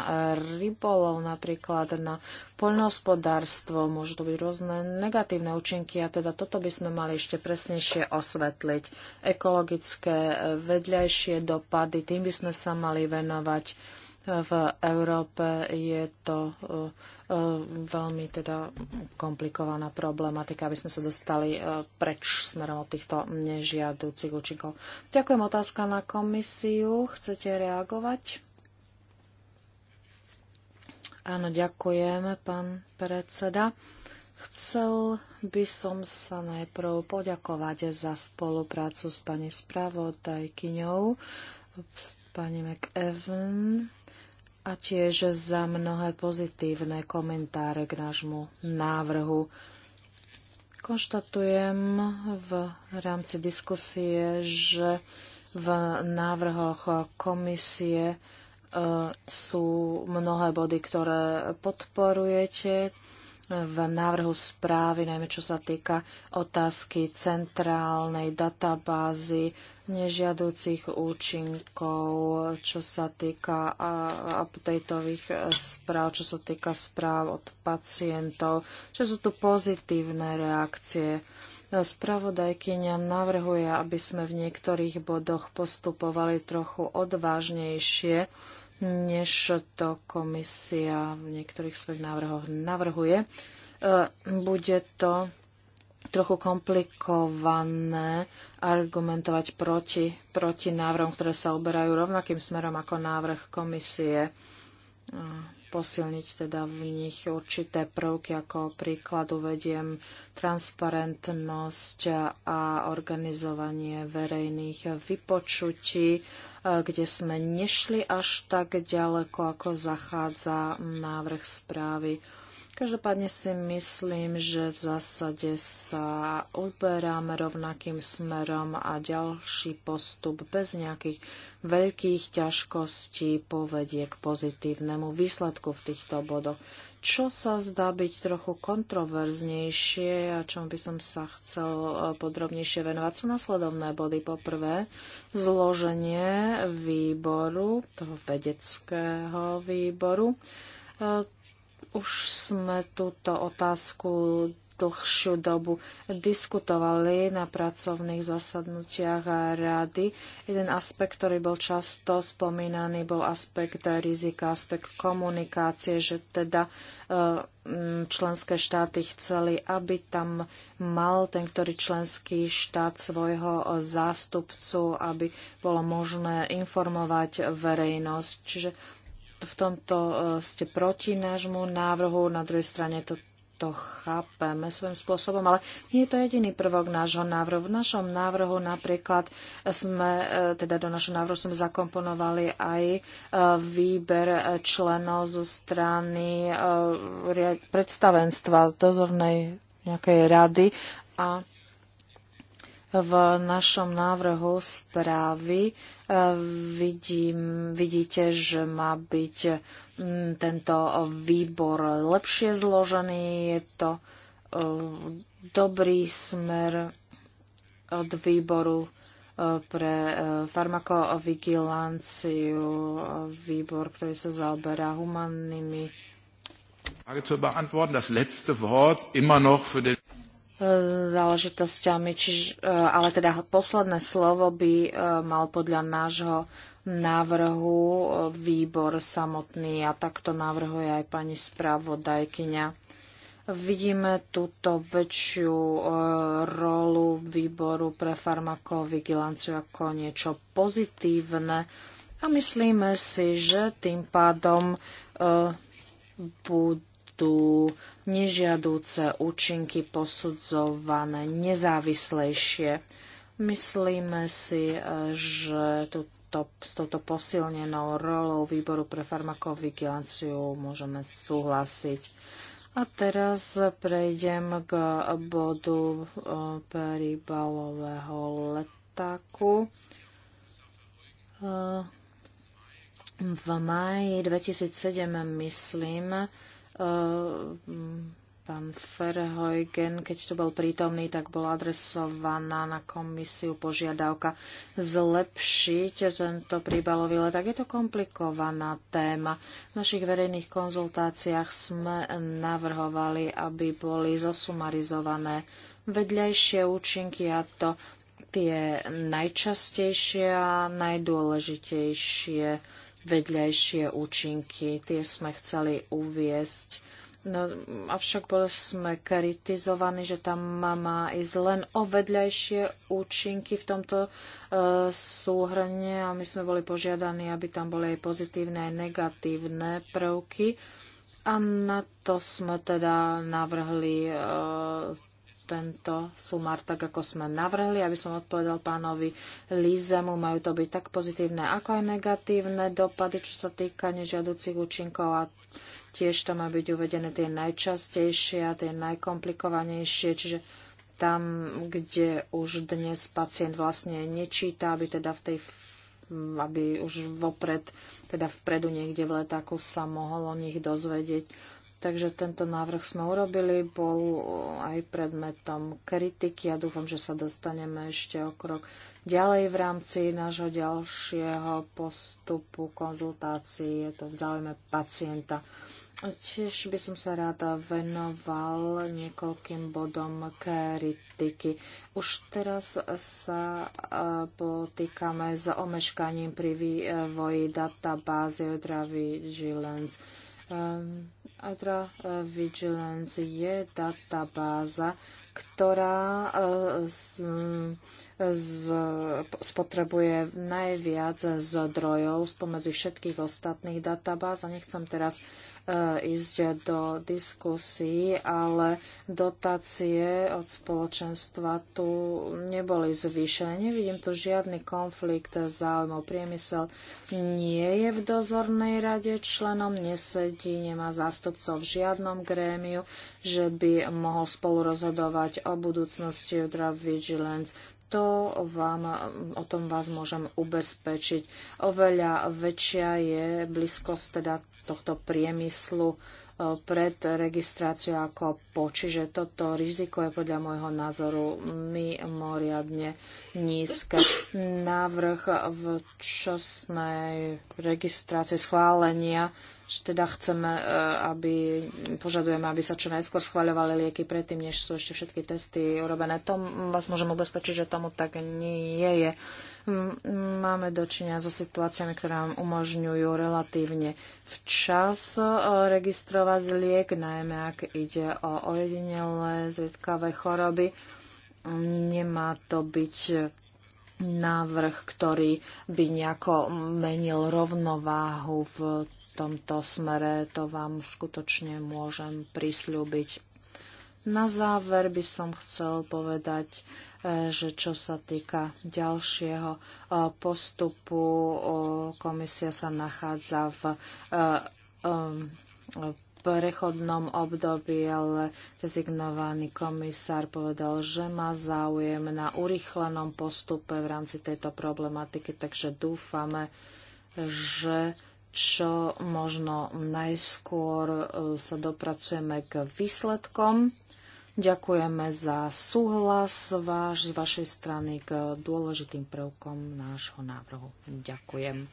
rybolov, napríklad na poľnohospodárstvo, môžu to byť rôzne negatívne účinky a teda toto by sme mali ešte presnejšie osvetliť. Ekologické e, vedľajšie dopady, tým by sme sa mali venovať. V Európe je to e, veľmi teda komplikovaná problematika, aby sme sa dostali e, preč smerom od týchto nežiaducich účinkov. Ďakujem. Otázka na komisiu. Chcete reagovať? Áno, ďakujem, pán predseda. Chcel by som sa najprv poďakovať za spoluprácu s pani spravodajkyňou, pani McEvan a tiež za mnohé pozitívne komentáre k nášmu návrhu. Konštatujem v rámci diskusie, že v návrhoch komisie e, sú mnohé body, ktoré podporujete, v návrhu správy, najmä čo sa týka otázky centrálnej databázy nežiaducich účinkov, čo sa týka updateových správ, čo sa týka správ od pacientov, že sú tu pozitívne reakcie. Spravodajkyňa navrhuje, aby sme v niektorých bodoch postupovali trochu odvážnejšie, než to komisia v niektorých svojich návrhoch navrhuje. E, bude to trochu komplikované argumentovať proti, proti návrhom, ktoré sa uberajú rovnakým smerom ako návrh komisie e, posilniť teda v nich určité prvky, ako príklad uvediem transparentnosť a organizovanie verejných vypočutí, eh, kde sme nešli až tak ďaleko, ako zachádza návrh správy Každopádne si myslím, že v zásade sa uberáme rovnakým smerom a ďalší postup bez nejakých veľkých ťažkostí povedie k pozitívnemu výsledku v týchto bodoch. Čo sa zdá byť trochu kontroverznejšie a čom by som sa chcel e, podrobnejšie venovať, sú nasledovné body. Poprvé, zloženie výboru, toho vedeckého výboru e, už sme túto otázku dlhšiu dobu diskutovali na pracovných zasadnutiach rady. Jeden aspekt, ktorý bol často spomínaný, bol aspekt rizika, aspekt komunikácie, že teda eh, členské štáty chceli, aby tam mal ten, ktorý členský štát svojho zástupcu, aby bolo možné informovať verejnosť. Čiže v tomto e, ste proti nášmu návrhu, na druhej strane to to chápeme svojím spôsobom, ale nie je to jediný prvok nášho návrhu. V našom návrhu napríklad sme, e, teda do našho návrhu sme zakomponovali aj e, výber členov zo strany predstavenstva dozornej nejakej rady a v našom návrhu správy e, vidím, vidíte, že má byť mm, tento výbor lepšie zložený. Je to e, dobrý smer od výboru e, pre farmakovigilanciu, výbor, ktorý sa zaoberá humannými Frage zu beantworten. Das letzte Wort immer noch für den záležitosťami, čiž, e, ale teda posledné slovo by e, mal podľa nášho návrhu e, výbor samotný a takto navrhuje aj pani spravodajkyňa. Vidíme túto väčšiu rolu výboru pre farmakovigilanciu ako niečo pozitívne a myslíme si, že tým pádom budú nežiadúce účinky posudzované nezávislejšie. Myslíme si, e, že tuto, s touto posilnenou rolou výboru pre farmakovigilanciu môžeme súhlasiť. A teraz prejdem k bodu e, peribalového letáku. E, v máji 2007, myslím, Eh, pán Ferhojgen, keď tu bol prítomný, tak bola adresovaná na komisiu požiadavka zlepšiť tento príbalový let. Tak je to komplikovaná téma. V našich verejných konzultáciách sme navrhovali, aby boli zosumarizované vedľajšie účinky a to tie najčastejšie a najdôležitejšie vedľajšie účinky. Tie sme chceli uviesť. No, avšak boli sme kritizovaní, že tam má ísť len o vedľajšie účinky v tomto e, súhrne a my sme boli požiadaní, aby tam boli aj pozitívne, aj negatívne prvky. A na to sme teda navrhli e, tento sumár tak, ako sme navrhli. Aby som odpovedal pánovi Lízemu, majú to byť tak pozitívne, ako aj negatívne dopady, čo sa týka nežiaducich účinkov a tiež tam má byť uvedené tie najčastejšie a tie najkomplikovanejšie, čiže tam, kde už dnes pacient vlastne nečíta, aby teda v tej aby už vopred, teda vpredu niekde v letáku sa mohol o nich dozvedieť. Takže tento návrh sme urobili, bol aj predmetom kritiky a ja dúfam, že sa dostaneme ešte o krok ďalej v rámci nášho ďalšieho postupu konzultácií. Je to v záujme pacienta. Tiež by som sa ráda venoval niekoľkým bodom kritiky. Už teraz sa e, potýkame s omeškaním pri vývoji databázy o Dravigilance. Žilens Ehm, eh, Vigilance je databáza, ktorá eh, z, spotrebuje najviac zdrojov spomedzi všetkých ostatných databáz. A nechcem teraz e, ísť do diskusí, ale dotácie od spoločenstva tu neboli zvýšené. Nevidím tu žiadny konflikt záujmov. Priemysel nie je v dozornej rade členom, nesedí, nemá zástupcov v žiadnom grémiu, že by mohol spolu rozhodovať o budúcnosti Draft Vigilance to vám, o tom vás môžem ubezpečiť. Oveľa väčšia je blízkosť teda tohto priemyslu e, pred registráciou ako po. Čiže toto riziko je podľa môjho názoru mimoriadne nízke. Návrh včasnej registrácie schválenia teda chceme, e, aby, požadujeme, aby sa čo najskôr schváľovali lieky predtým, než sú ešte všetky testy urobené. To vás môžem ubezpečiť, že tomu tak nie je. Máme dočinia so situáciami, ktoré nám umožňujú relatívne včas e, registrovať liek, najmä ak ide o ojedinelé zriedkavé choroby. Nemá to byť návrh, ktorý by nejako menil rovnováhu v tomto smere, to vám skutočne môžem prisľúbiť. Na záver by som chcel povedať, e, že čo sa týka ďalšieho e, postupu, komisia sa nachádza v e, prechodnom období, ale dezignovaný komisár povedal, že má záujem na urychlenom postupe v rámci tejto problematiky, takže dúfame, že čo možno najskôr e, sa dopracujeme k výsledkom. Ďakujeme za súhlas váš z vašej strany k dôležitým prvkom nášho návrhu. Ďakujem.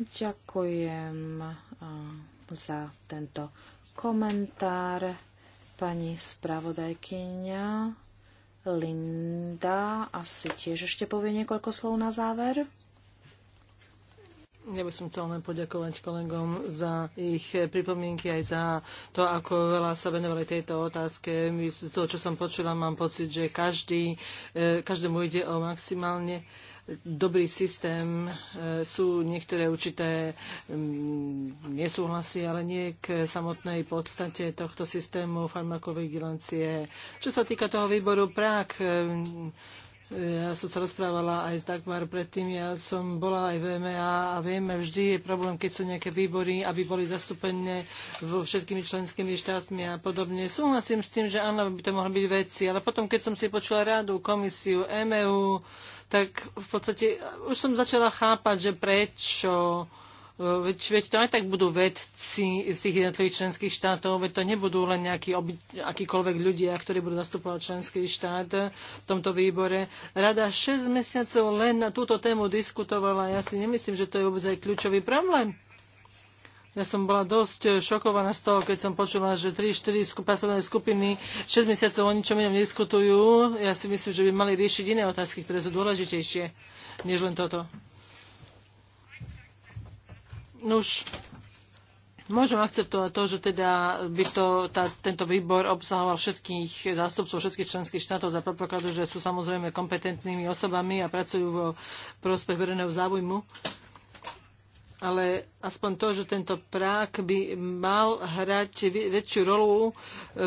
Ďakujem e, za tento komentár pani spravodajkyňa. Linda asi tiež ešte povie niekoľko slov na záver. Ja by som chcel len poďakovať kolegom za ich pripomienky aj za to, ako veľa sa venovali tejto otázke. Z toho, čo som počula, mám pocit, že každý, e, každému ide o maximálne dobrý systém. E, sú niektoré určité nesúhlasy, ale nie k samotnej podstate tohto systému farmakovigilancie. Čo sa týka toho výboru Prák, e, ja som sa rozprávala aj s Dagmar predtým, ja som bola aj v EMA a vieme, vždy je problém, keď sú nejaké výbory, aby boli zastúpené vo všetkými členskými štátmi a podobne. Súhlasím s tým, že áno, by to mohli byť veci, ale potom, keď som si počula rádu, komisiu, EMEU, tak v podstate už som začala chápať, že prečo Veď, veď to aj tak budú vedci z tých jednotlivých členských štátov, veď to nebudú len nejakí akýkoľvek ľudia, ktorí budú zastupovať členský štát v tomto výbore. Rada 6 mesiacov len na túto tému diskutovala. Ja si nemyslím, že to je vôbec aj kľúčový problém. Ja som bola dosť šokovaná z toho, keď som počula, že 3-4 pracovné skupiny 6 mesiacov o ničom inom diskutujú. Ja si myslím, že by mali riešiť iné otázky, ktoré sú dôležitejšie než len toto. Nuž, Môžem akceptovať to, že teda by to, tá, tento výbor obsahoval všetkých zástupcov všetkých členských štátov za predpokladu, že sú samozrejme kompetentnými osobami a pracujú vo prospech verejného záujmu ale aspoň to, že tento prák by mal hrať väčšiu rolu, e,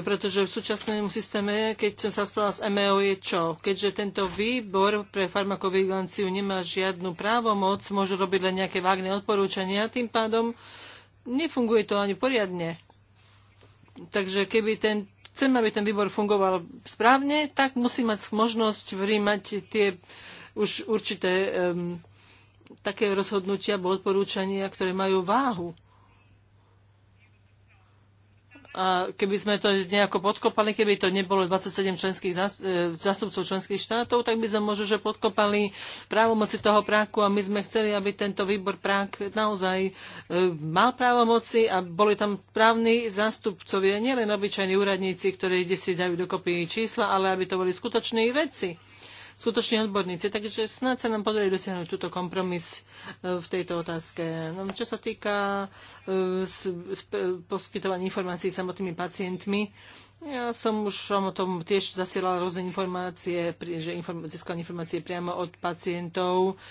pretože v súčasnom systéme, keď som sa spravila s MEO, je čo? Keďže tento výbor pre farmakovigilanciu nemá žiadnu právomoc, môže robiť len nejaké vágne odporúčania, tým pádom nefunguje to ani poriadne. Takže keby ten chcem, aby ten výbor fungoval správne, tak musí mať možnosť vrímať tie už určité um, také rozhodnutia alebo odporúčania, ktoré majú váhu. A keby sme to nejako podkopali, keby to nebolo 27 členských e, zastupcov členských štátov, tak by sme možno, že podkopali právomoci toho práku a my sme chceli, aby tento výbor prák naozaj e, mal právomoci a boli tam právni zástupcovia, nielen obyčajní úradníci, ktorí si dajú dokopy čísla, ale aby to boli skutoční veci skutoční odborníci. Takže snad sa nám podarí dosiahnuť túto kompromis e, v tejto otázke. No, čo sa týka e, e, poskytovania informácií samotnými pacientmi, ja som už vám o tom tiež zasielala rôzne informácie, že inform, získala informácie priamo od pacientov.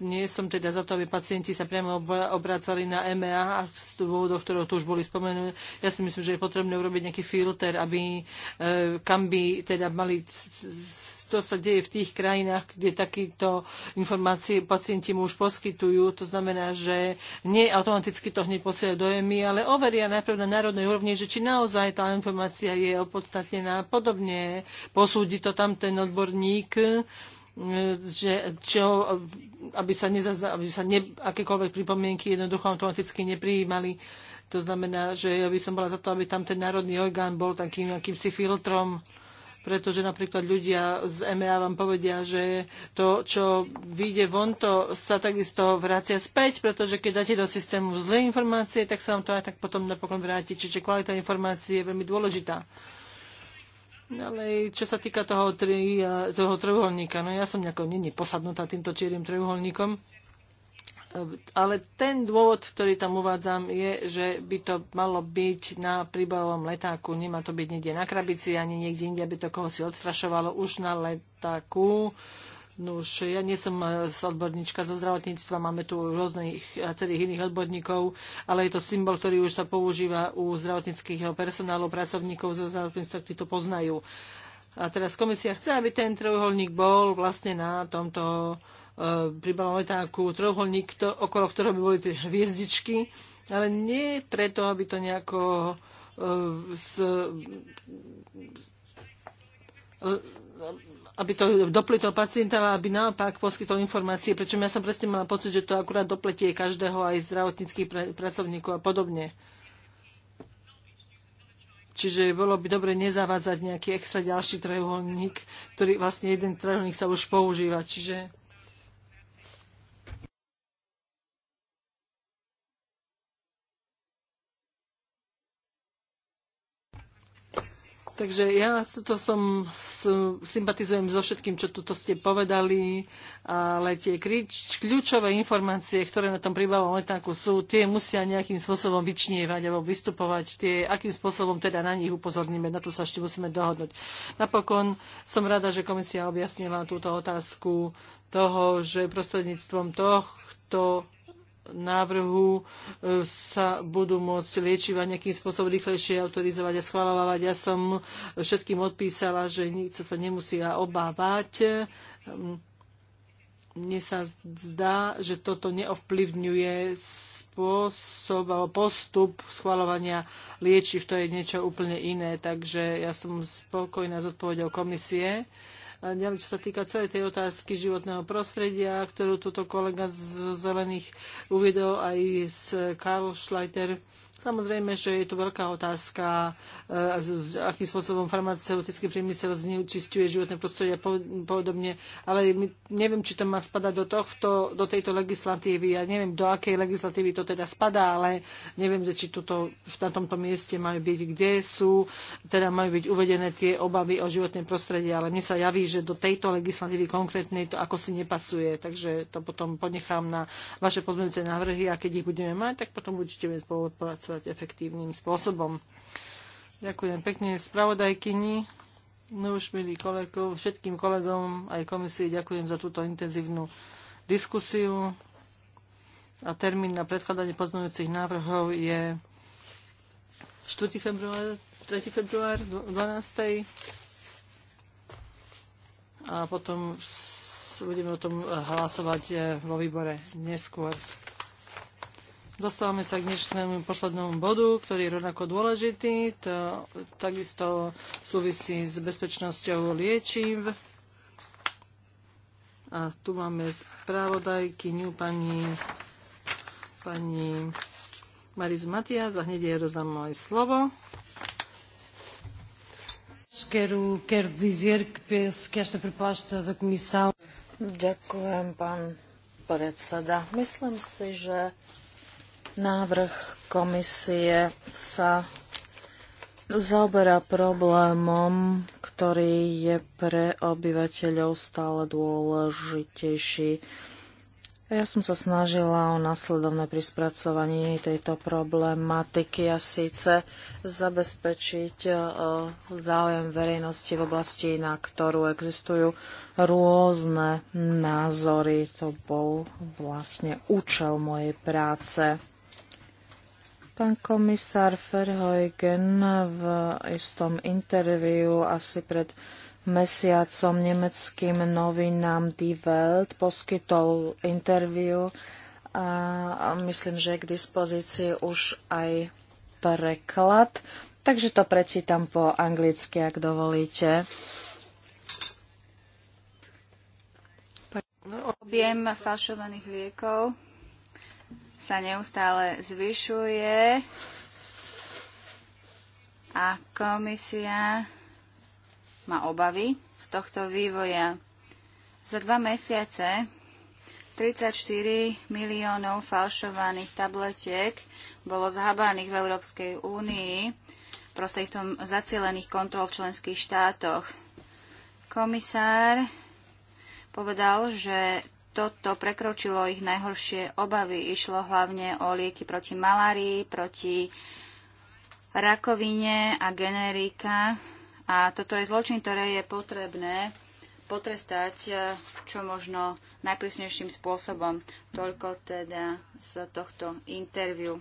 nie som teda za to, aby pacienti sa priamo obrácali na EMEA z dôvodov, ktorého tu už boli spomenuté. Ja si myslím, že je potrebné urobiť nejaký filter, aby, kam by teda mali to sa deje v tých krajinách, kde takýto informácie pacienti mu už poskytujú. To znamená, že nie automaticky to hneď posielajú do EMI, ale overia najprv na národnej úrovni, že či naozaj tá informácia je opodstatnená. Podobne posúdi to tam ten odborník, že, čo, aby sa, nezazna, aby sa ne, akékoľvek pripomienky jednoducho automaticky neprijímali. To znamená, že ja by som bola za to, aby tam ten národný orgán bol takým akýmsi filtrom pretože napríklad ľudia z EMEA vám povedia, že to, čo vyjde von, to sa takisto vracia späť, pretože keď dáte do systému zlé informácie, tak sa vám to aj tak potom napokon vráti. Čiže kvalita informácií je veľmi dôležitá. Ale čo sa týka toho, tri, toho trojuholníka, no ja som nejako není posadnutá týmto čierým trojuholníkom. Ale ten dôvod, ktorý tam uvádzam, je, že by to malo byť na príbalovom letáku. Nemá to byť niekde na krabici, ani niekde inde, aby to koho si odstrašovalo už na letáku. No už ja nie som eh, odborníčka zo zdravotníctva, máme tu rôznych a celých iných odborníkov, ale je to symbol, ktorý už sa používa u zdravotníckých personálov, pracovníkov zo zdravotníctva, ktorí to poznajú. A teraz komisia chce, aby ten trojuholník bol vlastne na tomto E, pribal letáku trojuholník, okolo ktorého by boli tie hviezdičky, ale nie preto, aby to nejako z, e, e, aby to dopletol pacienta, ale aby naopak poskytol informácie, Prečo ja som presne mala pocit, že to akurát dopletie každého aj zdravotníckých pr- pracovníkov a podobne. Čiže bolo by dobre nezavádzať nejaký extra ďalší trojuholník, ktorý vlastne jeden trojuholník sa už používa. Čiže Takže ja to som, sympatizujem so všetkým, čo tuto ste povedali, ale tie kľúčové informácie, ktoré na tom príbavom letáku sú, tie musia nejakým spôsobom vyčnievať alebo vystupovať, tie, akým spôsobom teda na nich upozorníme, na to sa ešte musíme dohodnúť. Napokon som rada, že komisia objasnila túto otázku toho, že prostredníctvom tohto návrhu e, sa budú môcť liečivať nejakým spôsobom rýchlejšie autorizovať a schvalovať. Ja som všetkým odpísala, že nikto sa nemusia obávať. Ehm, mne sa zdá, že toto neovplyvňuje spôsob alebo postup schvalovania liečiv. To je niečo úplne iné. Takže ja som spokojná s odpovedou komisie ďalej, čo sa týka celej tej otázky životného prostredia, ktorú tuto kolega z Zelených uviedol aj z Karl Schleiter, Samozrejme, že je tu veľká otázka, eh, akým spôsobom farmaceutický priemysel zneučistuje životné prostredie a podobne, ale neviem, či to má spadať do, tohto, do tejto legislatívy. Ja neviem, do akej legislatívy to teda spadá, ale neviem, či tuto, na tomto mieste majú byť, kde sú, teda majú byť uvedené tie obavy o životné prostredie, ale mne sa javí, že do tejto legislatívy konkrétnej to ako si nepasuje, takže to potom ponechám na vaše pozmeňujúce návrhy a keď ich budeme mať, tak potom určite spolupracovať pracovať efektívnym spôsobom. Ďakujem pekne spravodajkyni. No už, milí kolegov, všetkým kolegom aj komisii ďakujem za túto intenzívnu diskusiu. A termín na predkladanie pozmeňujúcich návrhov je 4. február, 3. február 12. A potom budeme o tom hlasovať eh, vo výbore neskôr. Dostávame sa k dnešnému poslednému bodu, ktorý je rovnako dôležitý. To takisto súvisí s bezpečnosťou liečiv. A tu máme správodajkyňu pani, pani Marizu Matias a hneď jej rozdám moje slovo. Quero, quero dizer que penso que esta proposta Ďakujem, pán predseda. Myslím si, že Návrh komisie sa zaoberá problémom, ktorý je pre obyvateľov stále dôležitejší. Ja som sa snažila o následovné pri spracovaní tejto problematiky a síce zabezpečiť e, záujem verejnosti v oblasti, na ktorú existujú rôzne názory. To bol vlastne účel mojej práce. Pán komisár Verheugen v istom interviu asi pred mesiacom nemeckým novinám Die Welt poskytol interviu a myslím, že je k dispozícii už aj preklad. Takže to prečítam po anglicky, ak dovolíte. Objem fašovaných liekov sa neustále zvyšuje a komisia má obavy z tohto vývoja. Za dva mesiace 34 miliónov falšovaných tabletiek bolo zhabaných v Európskej únii prostredstvom zacielených kontrol v členských štátoch. Komisár povedal, že toto prekročilo ich najhoršie obavy. Išlo hlavne o lieky proti malárii, proti rakovine a generika. A toto je zločin, ktoré je potrebné potrestať eh, čo možno najprísnejším spôsobom. Toľko teda z tohto interviu.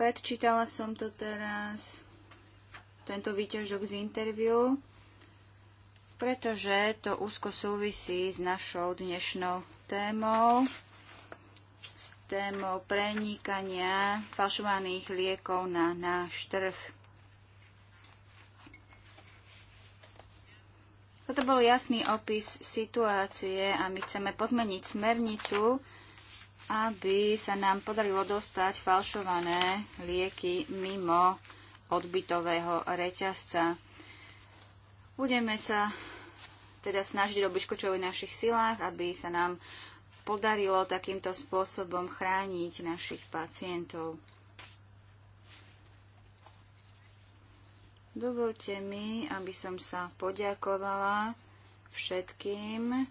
Predčítala som to teraz, tento výťažok z interviu pretože to úzko súvisí s našou dnešnou témou, s témou prenikania falšovaných liekov na náš trh. Toto bol jasný opis situácie a my chceme pozmeniť smernicu, aby sa nám podarilo dostať falšované lieky mimo odbytového reťazca. Budeme sa teda snažiť robiť čo v našich silách, aby sa nám podarilo takýmto spôsobom chrániť našich pacientov. Dovolte mi, aby som sa poďakovala všetkým,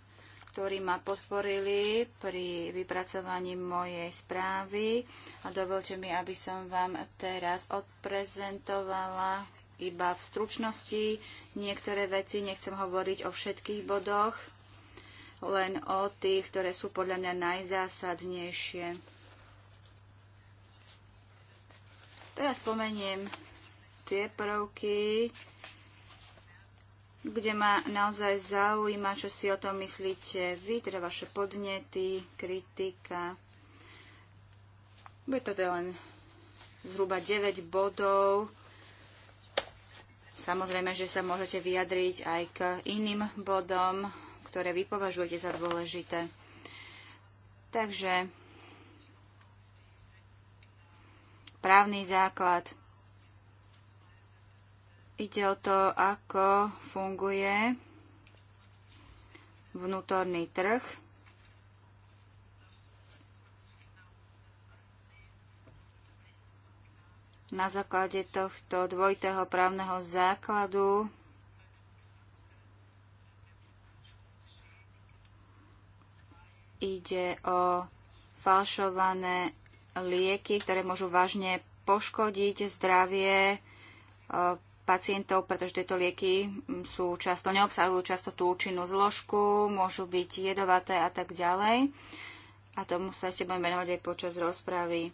ktorí ma podporili pri vypracovaní mojej správy. A dovolte mi, aby som vám teraz odprezentovala iba v stručnosti niektoré veci, nechcem hovoriť o všetkých bodoch, len o tých, ktoré sú podľa mňa najzásadnejšie. Teraz spomeniem tie prvky, kde ma naozaj zaujíma, čo si o tom myslíte vy, teda vaše podnety, kritika. Bude to teda len zhruba 9 bodov, Samozrejme, že sa môžete vyjadriť aj k iným bodom, ktoré vy považujete za dôležité. Takže právny základ. Ide o to, ako funguje vnútorný trh na základe tohto dvojitého právneho základu ide o falšované lieky, ktoré môžu vážne poškodiť zdravie pacientov, pretože tieto lieky mm, sú často, neobsahujú často tú účinnú zložku, môžu byť jedovaté a tak ďalej. A tomu sa ešte budeme venovať aj počas rozpravy.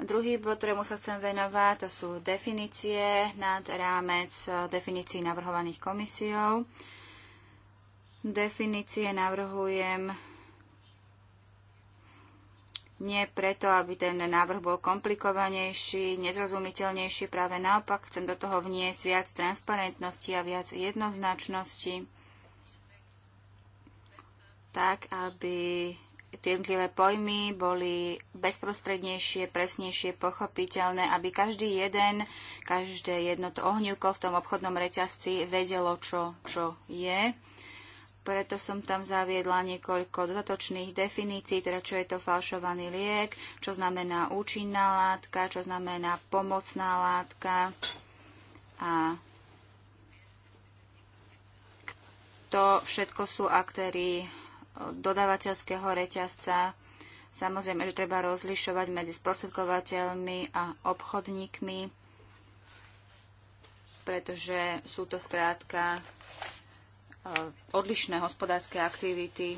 Druhý bod, ktorému sa chcem venovať, to sú definície nad rámec e, definícií navrhovaných komisiou. Definície navrhujem nie preto, aby ten návrh bol komplikovanejší, nezrozumiteľnejší, práve naopak chcem do toho vniesť viac transparentnosti a viac jednoznačnosti, tak aby tie jednotlivé pojmy boli bezprostrednejšie, presnejšie, pochopiteľné, aby každý jeden, každé jedno to ohňuko v tom obchodnom reťazci vedelo, čo, čo je. Preto som tam zaviedla niekoľko dodatočných definícií, teda čo je to falšovaný liek, čo znamená účinná látka, čo znamená pomocná látka a to všetko sú aktéry dodávateľského reťazca. Samozrejme, že treba rozlišovať medzi sprostredkovateľmi a obchodníkmi, pretože sú to skrátka e, odlišné hospodárske aktivity.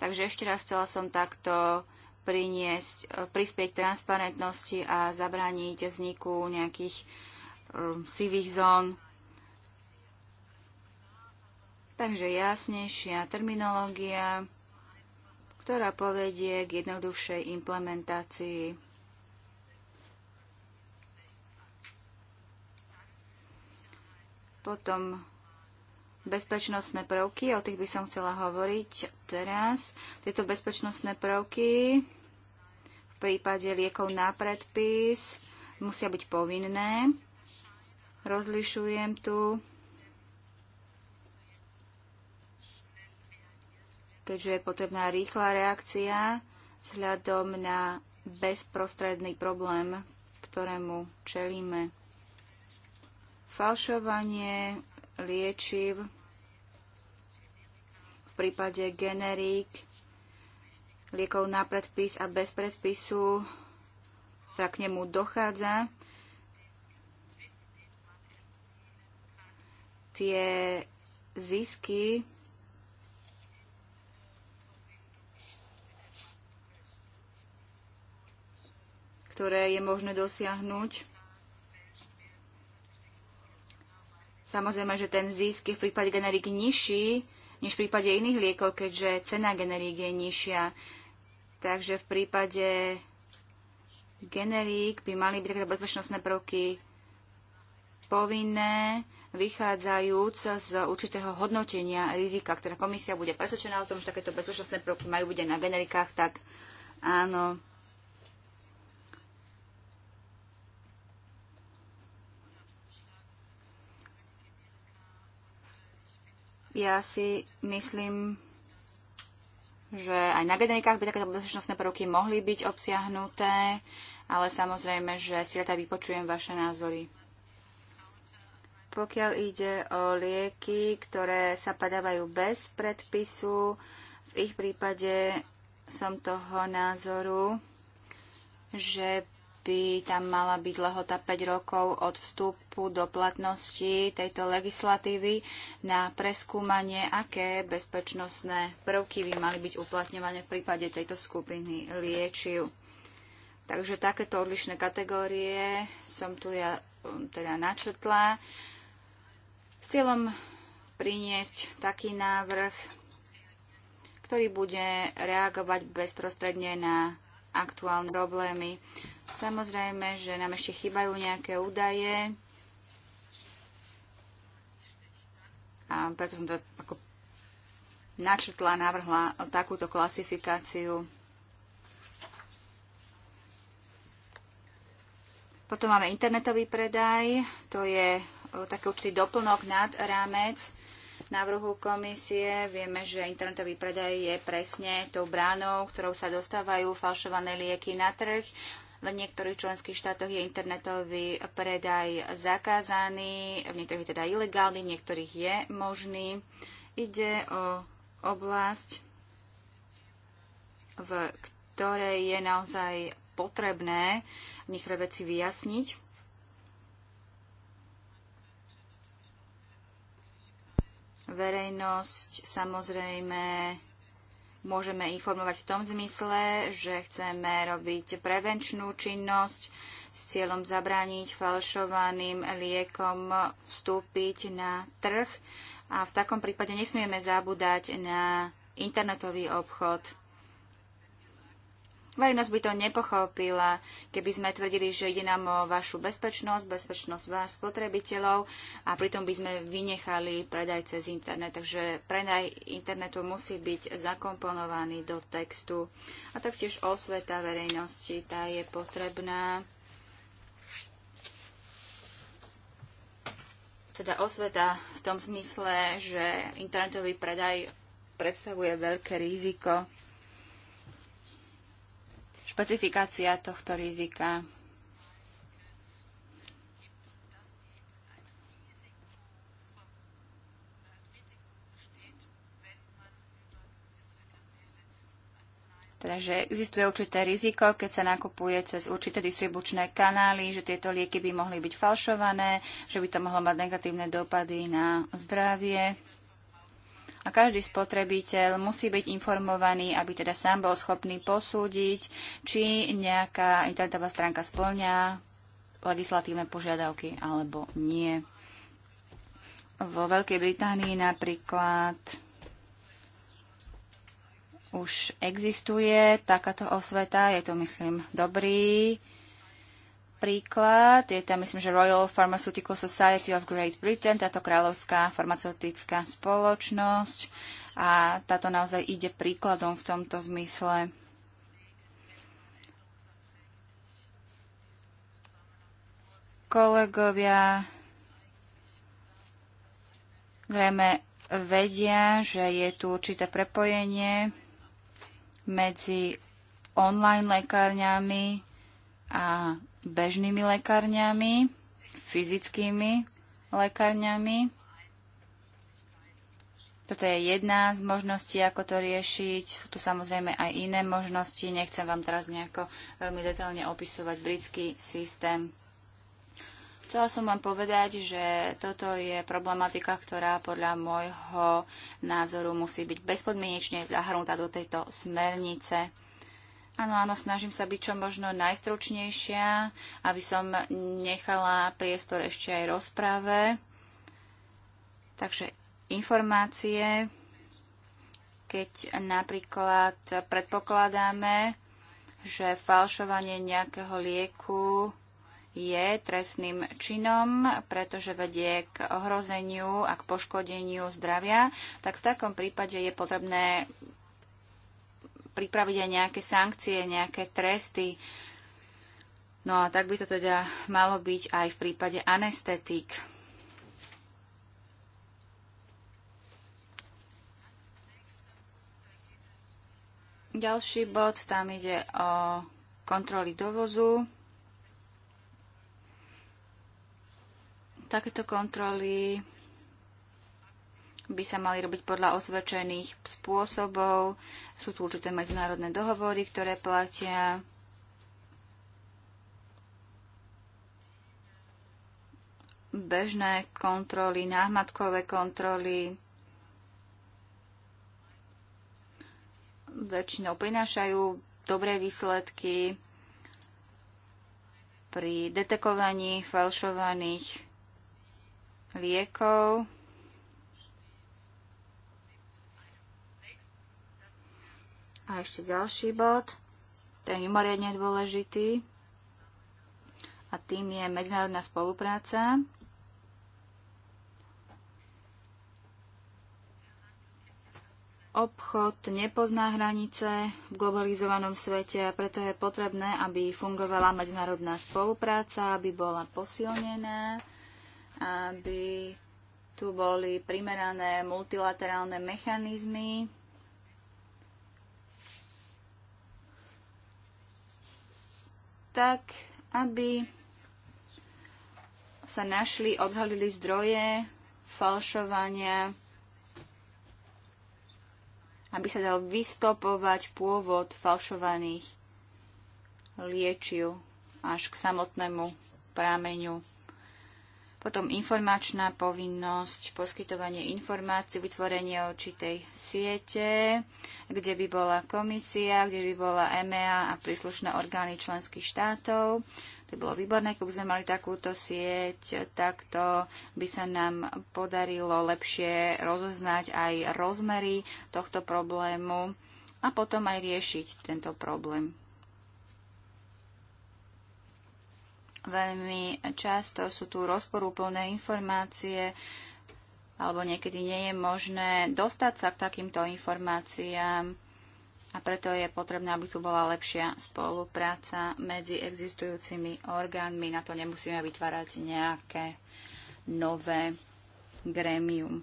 Takže ešte raz chcela som takto priniesť, e, prispieť transparentnosti a zabrániť vzniku nejakých e, sivých zón Takže jasnejšia terminológia, ktorá povedie k jednoduchšej implementácii. Potom bezpečnostné prvky, o tých by som chcela hovoriť teraz. Tieto bezpečnostné prvky v prípade liekov na predpis musia byť povinné. Rozlišujem tu keďže je potrebná rýchla reakcia vzhľadom na bezprostredný problém, ktorému čelíme. Falšovanie liečiv v prípade generík, liekov na predpis a bez predpisu, tak k nemu dochádza. Tie zisky ktoré je možné dosiahnuť. Samozrejme, že ten zisk je v prípade generík nižší než v prípade iných liekov, keďže cena generík je nižšia. Takže v prípade generík by mali byť takéto bezpečnostné prvky povinné, vychádzajúc z určitého hodnotenia rizika, ktorá komisia bude presvedčená o tom, že takéto bezpečnostné prvky majú byť aj na generikách, tak áno, Ja si myslím, že aj na generikách by takéto bezpečnostné prvky mohli byť obsiahnuté, ale samozrejme, že si rada vypočujem vaše názory. Pokiaľ ide o lieky, ktoré sa padávajú bez predpisu, v ich prípade som toho názoru, že by tam mala byť lehota 5 rokov od vstupu do platnosti tejto legislatívy na preskúmanie, aké bezpečnostné prvky by mali byť uplatňované v prípade tejto skupiny liečiv. Takže takéto odlišné kategórie som tu ja um, teda načrtla s cieľom priniesť taký návrh, ktorý bude reagovať bezprostredne na aktuálne problémy. Samozrejme, že nám ešte chýbajú nejaké údaje a preto som to ako načrtla, navrhla takúto klasifikáciu. Potom máme internetový predaj, to je e, taký určitý doplnok nad rámec návrhu komisie. Vieme, že internetový predaj je presne tou bránou, ktorou sa dostávajú falšované lieky na trh. V niektorých členských štátoch je internetový predaj zakázaný, v niektorých teda ilegálny, v niektorých je možný. Ide o oblasť, v ktorej je naozaj potrebné niektoré veci vyjasniť. verejnosť samozrejme Môžeme informovať v tom zmysle, že chceme robiť prevenčnú činnosť s cieľom zabrániť falšovaným liekom vstúpiť na trh. A v takom prípade nesmieme zabúdať na internetový obchod Verejnosť by to nepochopila, keby sme tvrdili, že ide nám o vašu bezpečnosť, bezpečnosť vás, spotrebiteľov a pritom by sme vynechali predaj cez internet. Takže predaj internetu musí byť zakomponovaný do textu. A taktiež osveta verejnosti, tá je potrebná. Teda osveta v tom smysle, že internetový predaj predstavuje veľké riziko špecifikácia tohto rizika. Teda, že existuje určité riziko, keď sa nakupuje cez určité distribučné kanály, že tieto lieky by mohli byť falšované, že by to mohlo mať negatívne dopady na zdravie a každý spotrebiteľ musí byť informovaný, aby teda sám bol schopný posúdiť, či nejaká internetová stránka splňa legislatívne požiadavky alebo nie. Vo Veľkej Británii napríklad už existuje takáto osveta, je to myslím dobrý príklad. Je tam, myslím, že Royal Pharmaceutical Society of Great Britain, táto kráľovská farmaceutická spoločnosť. A táto naozaj ide príkladom v tomto zmysle. Kolegovia zrejme vedia, že je tu určité prepojenie medzi online lekárňami a bežnými lekárňami, fyzickými lekárňami. Toto je jedna z možností, ako to riešiť. Sú tu samozrejme aj iné možnosti. Nechcem vám teraz nejako veľmi detailne opisovať britský systém. Chcela som vám povedať, že toto je problematika, ktorá podľa môjho názoru musí byť bezpodmienečne zahrnutá do tejto smernice. Áno, áno, snažím sa byť čo možno najstručnejšia, aby som nechala priestor ešte aj rozprave. Takže informácie, keď napríklad predpokladáme, že falšovanie nejakého lieku je trestným činom, pretože vedie k ohrozeniu a k poškodeniu zdravia, tak v takom prípade je potrebné pripraviť aj nejaké sankcie, nejaké tresty. No a tak by to teda malo byť aj v prípade anestetík. Ďalší bod, tam ide o kontroly dovozu. Takéto kontroly by sa mali robiť podľa osvedčených spôsobov. Sú tu určité medzinárodné dohovory, ktoré platia. bežné kontroly, náhmatkové kontroly väčšinou prinášajú dobré výsledky pri detekovaní falšovaných liekov. A ešte ďalší bod, ten je mimoriadne dôležitý, a tým je medzinárodná spolupráca. Obchod nepozná hranice v globalizovanom svete a preto je potrebné, aby fungovala medzinárodná spolupráca, aby bola posilnená, aby tu boli primerané multilaterálne mechanizmy, tak, aby sa našli, odhalili zdroje falšovania, aby sa dal vystopovať pôvod falšovaných liečiv až k samotnému prámeniu potom informačná povinnosť, poskytovanie informácií, vytvorenie určitej siete, kde by bola komisia, kde by bola EMEA a príslušné orgány členských štátov. To bolo výborné, keby sme mali takúto sieť, takto by sa nám podarilo lepšie rozoznať aj rozmery tohto problému a potom aj riešiť tento problém. Veľmi často sú tu rozporúplné informácie, alebo niekedy nie je možné dostať sa k takýmto informáciám a preto je potrebné, aby tu bola lepšia spolupráca medzi existujúcimi orgánmi. Na to nemusíme vytvárať nejaké nové grémium.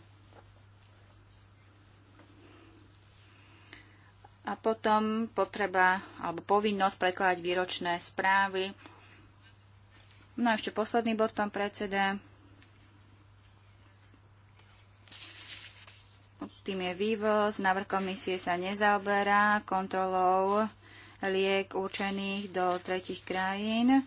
A potom potreba alebo povinnosť prekladať výročné správy No a ešte posledný bod, pán predseda. Tým je vývoz. Návrh komisie sa nezaoberá kontrolou liek určených do tretich krajín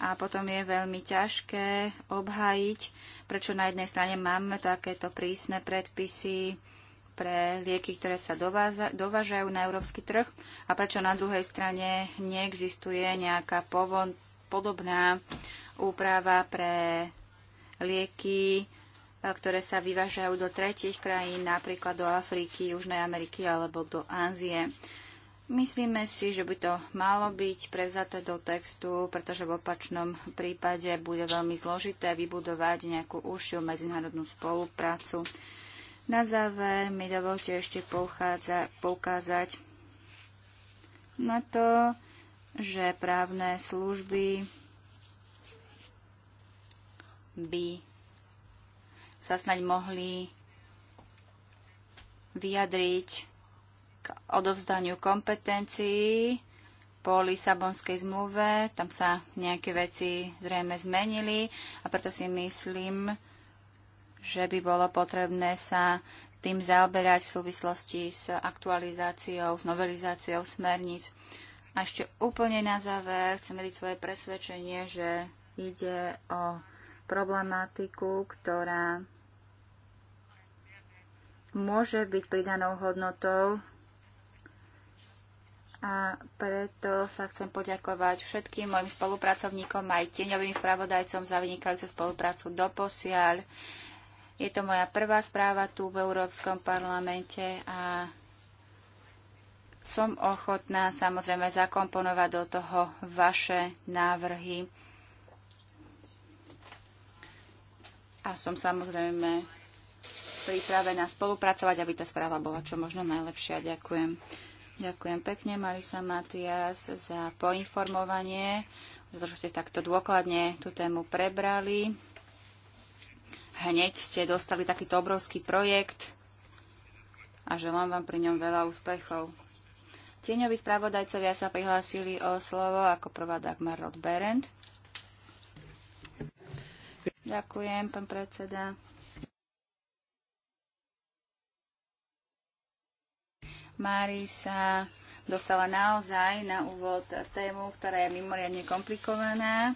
a potom je veľmi ťažké obhajiť, prečo na jednej strane máme takéto prísne predpisy pre lieky, ktoré sa dováza, dovážajú na európsky trh a prečo na druhej strane neexistuje nejaká povod, podobná úprava pre lieky, ktoré sa vyvážajú do tretich krajín, napríklad do Afriky, Južnej Ameriky alebo do Ázie. Myslíme si, že by to malo byť prevzaté do textu, pretože v opačnom prípade bude veľmi zložité vybudovať nejakú užšiu medzinárodnú spoluprácu. Na záver mi dovolte ešte poukázať na to, že právne služby by sa snaď mohli vyjadriť k odovzdaniu kompetencií po Lisabonskej zmluve. Tam sa nejaké veci zrejme zmenili a preto si myslím, že by bolo potrebné sa tým zaoberať v súvislosti s aktualizáciou, s novelizáciou smerníc. A ešte úplne na záver chcem vedieť svoje presvedčenie, že ide o problematiku, ktorá môže byť pridanou hodnotou a preto sa chcem poďakovať všetkým mojim spolupracovníkom aj tieňovým spravodajcom za vynikajúcu spoluprácu doposiaľ. Je to moja prvá správa tu v Európskom parlamente a som ochotná samozrejme zakomponovať do toho vaše návrhy. A som samozrejme pripravená spolupracovať, aby tá správa bola čo možno najlepšia. Ďakujem. Ďakujem pekne, Marisa Matias, za poinformovanie, za to, že ste takto dôkladne tú tému prebrali. Hneď ste dostali takýto obrovský projekt a želám vám pri ňom veľa úspechov. Tieňoví spravodajcovia sa prihlásili o slovo ako prvá Dagmar Rod Berend. Ďakujem, pán predseda. Marisa dostala naozaj na úvod tému, ktorá je mimoriadne komplikovaná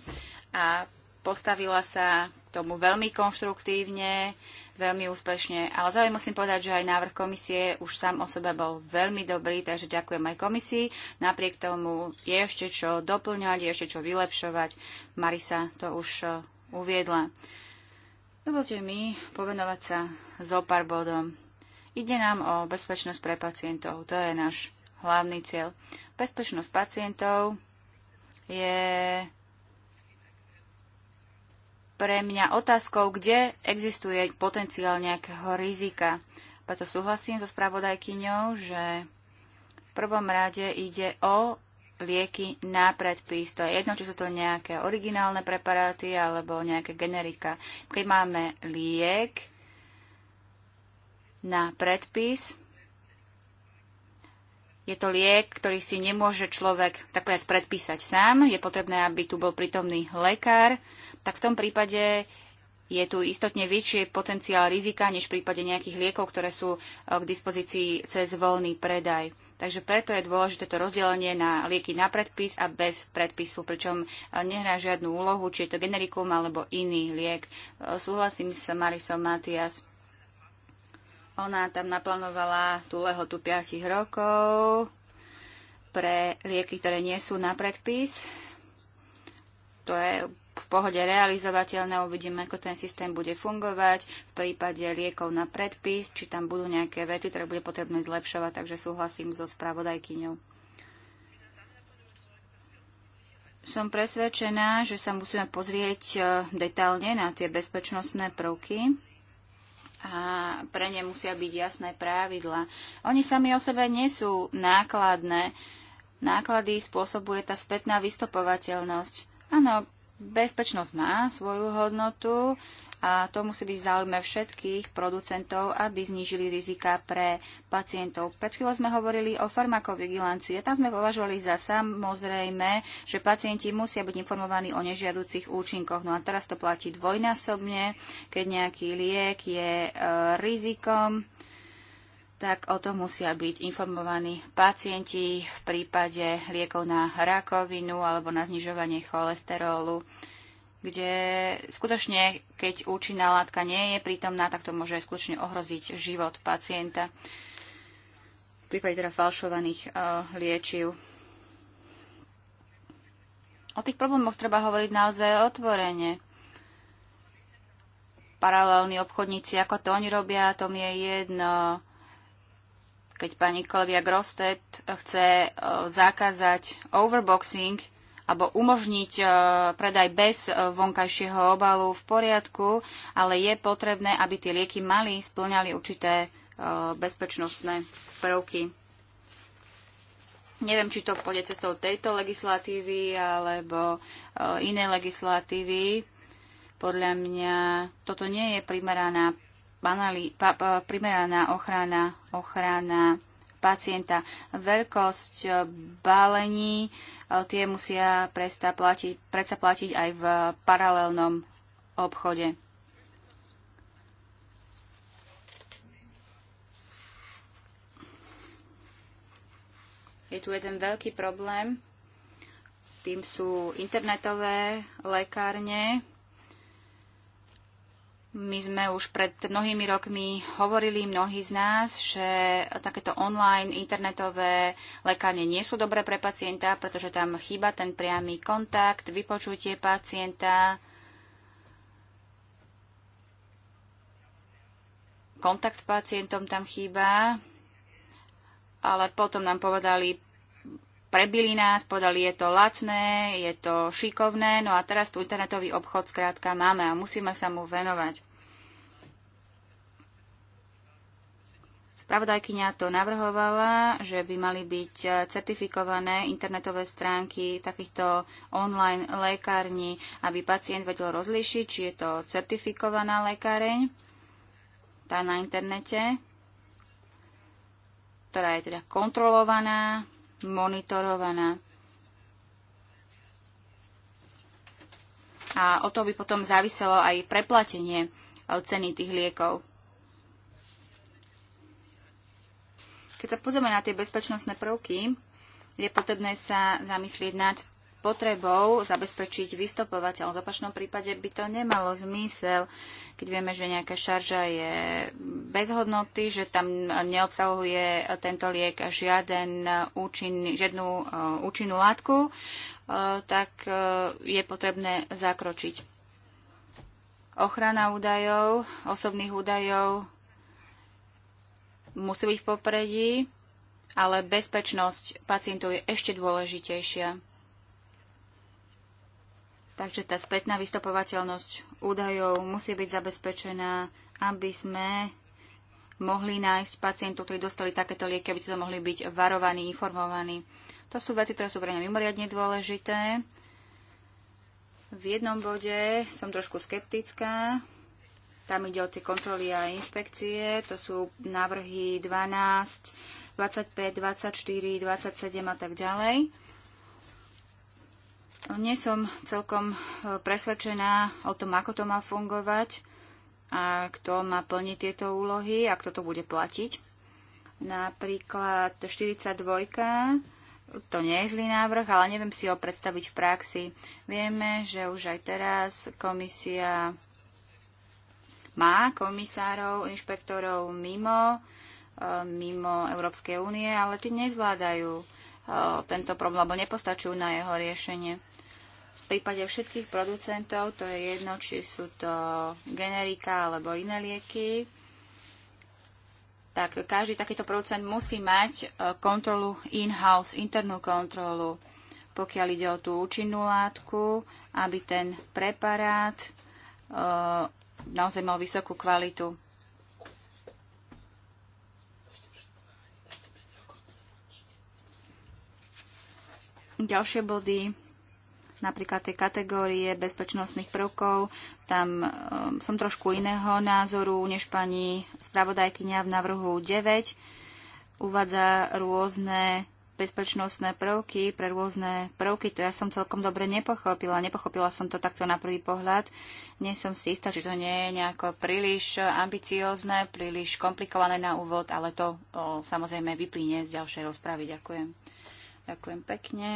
a postavila sa tomu veľmi konštruktívne, veľmi úspešne. Ale zároveň musím povedať, že aj návrh komisie už sám o sebe bol veľmi dobrý, takže ďakujem aj komisii. Napriek tomu je ešte čo doplňovať, je ešte čo vylepšovať. Marisa to už e, uviedla. Dovolte mi povenovať sa zo pár bodom. Ide nám o bezpečnosť pre pacientov. To je náš hlavný cieľ. Bezpečnosť pacientov je pre mňa otázkou, kde existuje potenciál nejakého rizika. Preto súhlasím so spravodajkyňou, že v prvom rade ide o lieky na predpis. To je jedno, či sú to nejaké originálne preparáty alebo nejaké generika. Keď máme liek na predpis, je to liek, ktorý si nemôže človek tak povedať predpísať sám. Je potrebné, aby tu bol prítomný lekár, tak v tom prípade je tu istotne väčšie potenciál rizika než v prípade nejakých liekov, ktoré sú e, k dispozícii cez voľný predaj. Takže preto je dôležité to rozdelenie na lieky na predpis a bez predpisu, pričom e, nehrá žiadnu úlohu, či je to generikum alebo iný liek. E, súhlasím s Marisom Matias. Ona tam naplánovala tú lehotu 5 rokov pre lieky, ktoré nie sú na predpis. To je v pohode realizovateľné. Uvidíme, ako ten systém bude fungovať v prípade liekov na predpis, či tam budú nejaké vety, ktoré bude potrebné zlepšovať, takže súhlasím so spravodajkyňou. Som presvedčená, že sa musíme pozrieť e, detálne na tie bezpečnostné prvky a pre ne musia byť jasné právidla. Oni sami o sebe nie sú nákladné. Náklady spôsobuje tá spätná vystopovateľnosť. Áno, Bezpečnosť má svoju hodnotu a to musí byť v záujme všetkých producentov, aby znížili rizika pre pacientov. Pred chvíľou sme hovorili o farmakovigilancii. Tam sme považovali za samozrejme, že pacienti musia byť informovaní o nežiaducich účinkoch. No a teraz to platí dvojnásobne, keď nejaký liek je e, rizikom tak o tom musia byť informovaní pacienti v prípade liekov na rakovinu alebo na znižovanie cholesterolu, kde skutočne, keď účinná látka nie je prítomná, tak to môže skutočne ohroziť život pacienta v prípade teda falšovaných e, liečiv. O tých problémoch treba hovoriť naozaj otvorene paralelní obchodníci, ako to oni robia, to mi je jedno keď pani kolegia Grosted chce e, zakázať overboxing alebo umožniť e, predaj bez e, vonkajšieho obalu v poriadku, ale je potrebné, aby tie lieky mali, splňali určité bezpečnostné prvky. Neviem, či to pôjde cestou tejto legislatívy alebo inej legislatívy. Podľa mňa toto nie je primeraná banali, pa, pa, primeraná ochrana, ochrana pacienta. Veľkosť eh, balení, eh, tie musia platiť, predsa platiť aj v paralelnom obchode. Je tu jeden veľký problém, tým sú internetové lekárne, my sme už pred mnohými rokmi hovorili mnohí z nás, že takéto online internetové lekárne nie sú dobré pre pacienta, pretože tam chýba ten priamy kontakt, vypočutie pacienta, kontakt s pacientom tam chýba, ale potom nám povedali, prebili nás, povedali, je to lacné, je to šikovné, no a teraz tu internetový obchod zkrátka máme a musíme sa mu venovať. Spravodajkyňa to navrhovala, že by mali byť eh, certifikované internetové stránky takýchto online lekární, aby pacient vedel rozlíšiť, či je to certifikovaná lekáreň, tá na internete, ktorá je teda kontrolovaná, monitorovaná. A o to by potom záviselo aj preplatenie e, ceny tých liekov. Keď sa pozrieme na tie bezpečnostné prvky, je potrebné sa zamyslieť nad potrebou zabezpečiť vystopovateľ. V opačnom prípade by to nemalo zmysel, keď vieme, že nejaká šarža je bez hodnoty, že tam neobsahuje tento liek žiaden účin, žiadnu eh, účinnú látku, eh, tak eh, je potrebné zakročiť. Ochrana údajov, osobných údajov musí byť v popredí ale bezpečnosť pacientov je ešte dôležitejšia. Takže tá spätná vystopovateľnosť údajov musí byť zabezpečená, aby sme mohli nájsť pacientov, ktorí dostali takéto lieky, aby si to mohli byť varovaní, informovaní. To sú veci, ktoré sú pre mňa mimoriadne dôležité. V jednom bode som trošku skeptická. Tam ide o tie kontroly a inšpekcie. To sú návrhy 12, 25, 24, 27 a tak ďalej. Nie som celkom e, presvedčená o tom, ako to má fungovať a kto má plniť tieto úlohy a kto to bude platiť. Napríklad 42 to nie je zlý návrh, ale neviem si ho predstaviť v praxi. Vieme, že už aj teraz komisia má komisárov, inšpektorov mimo, e, mimo Európskej únie, ale tí nezvládajú tento problém, alebo nepostačujú na jeho riešenie. V prípade všetkých producentov to je jedno, či sú to generika alebo iné lieky, tak každý takýto producent musí mať e, kontrolu in-house, internú kontrolu, pokiaľ ide o tú účinnú látku, aby ten preparát e, naozaj mal vysokú kvalitu. ďalšie body, napríklad tie kategórie bezpečnostných prvkov. Tam um, som trošku iného názoru než pani spravodajkyňa v návrhu 9. Uvádza rôzne bezpečnostné prvky pre rôzne prvky. To ja som celkom dobre nepochopila. Nepochopila som to takto na prvý pohľad. Nie som si istá, či to nie je nejako príliš ambiciózne, príliš komplikované na úvod, ale to o, samozrejme vyplíne z ďalšej rozpravy. Ďakujem. Ďakujem pekne.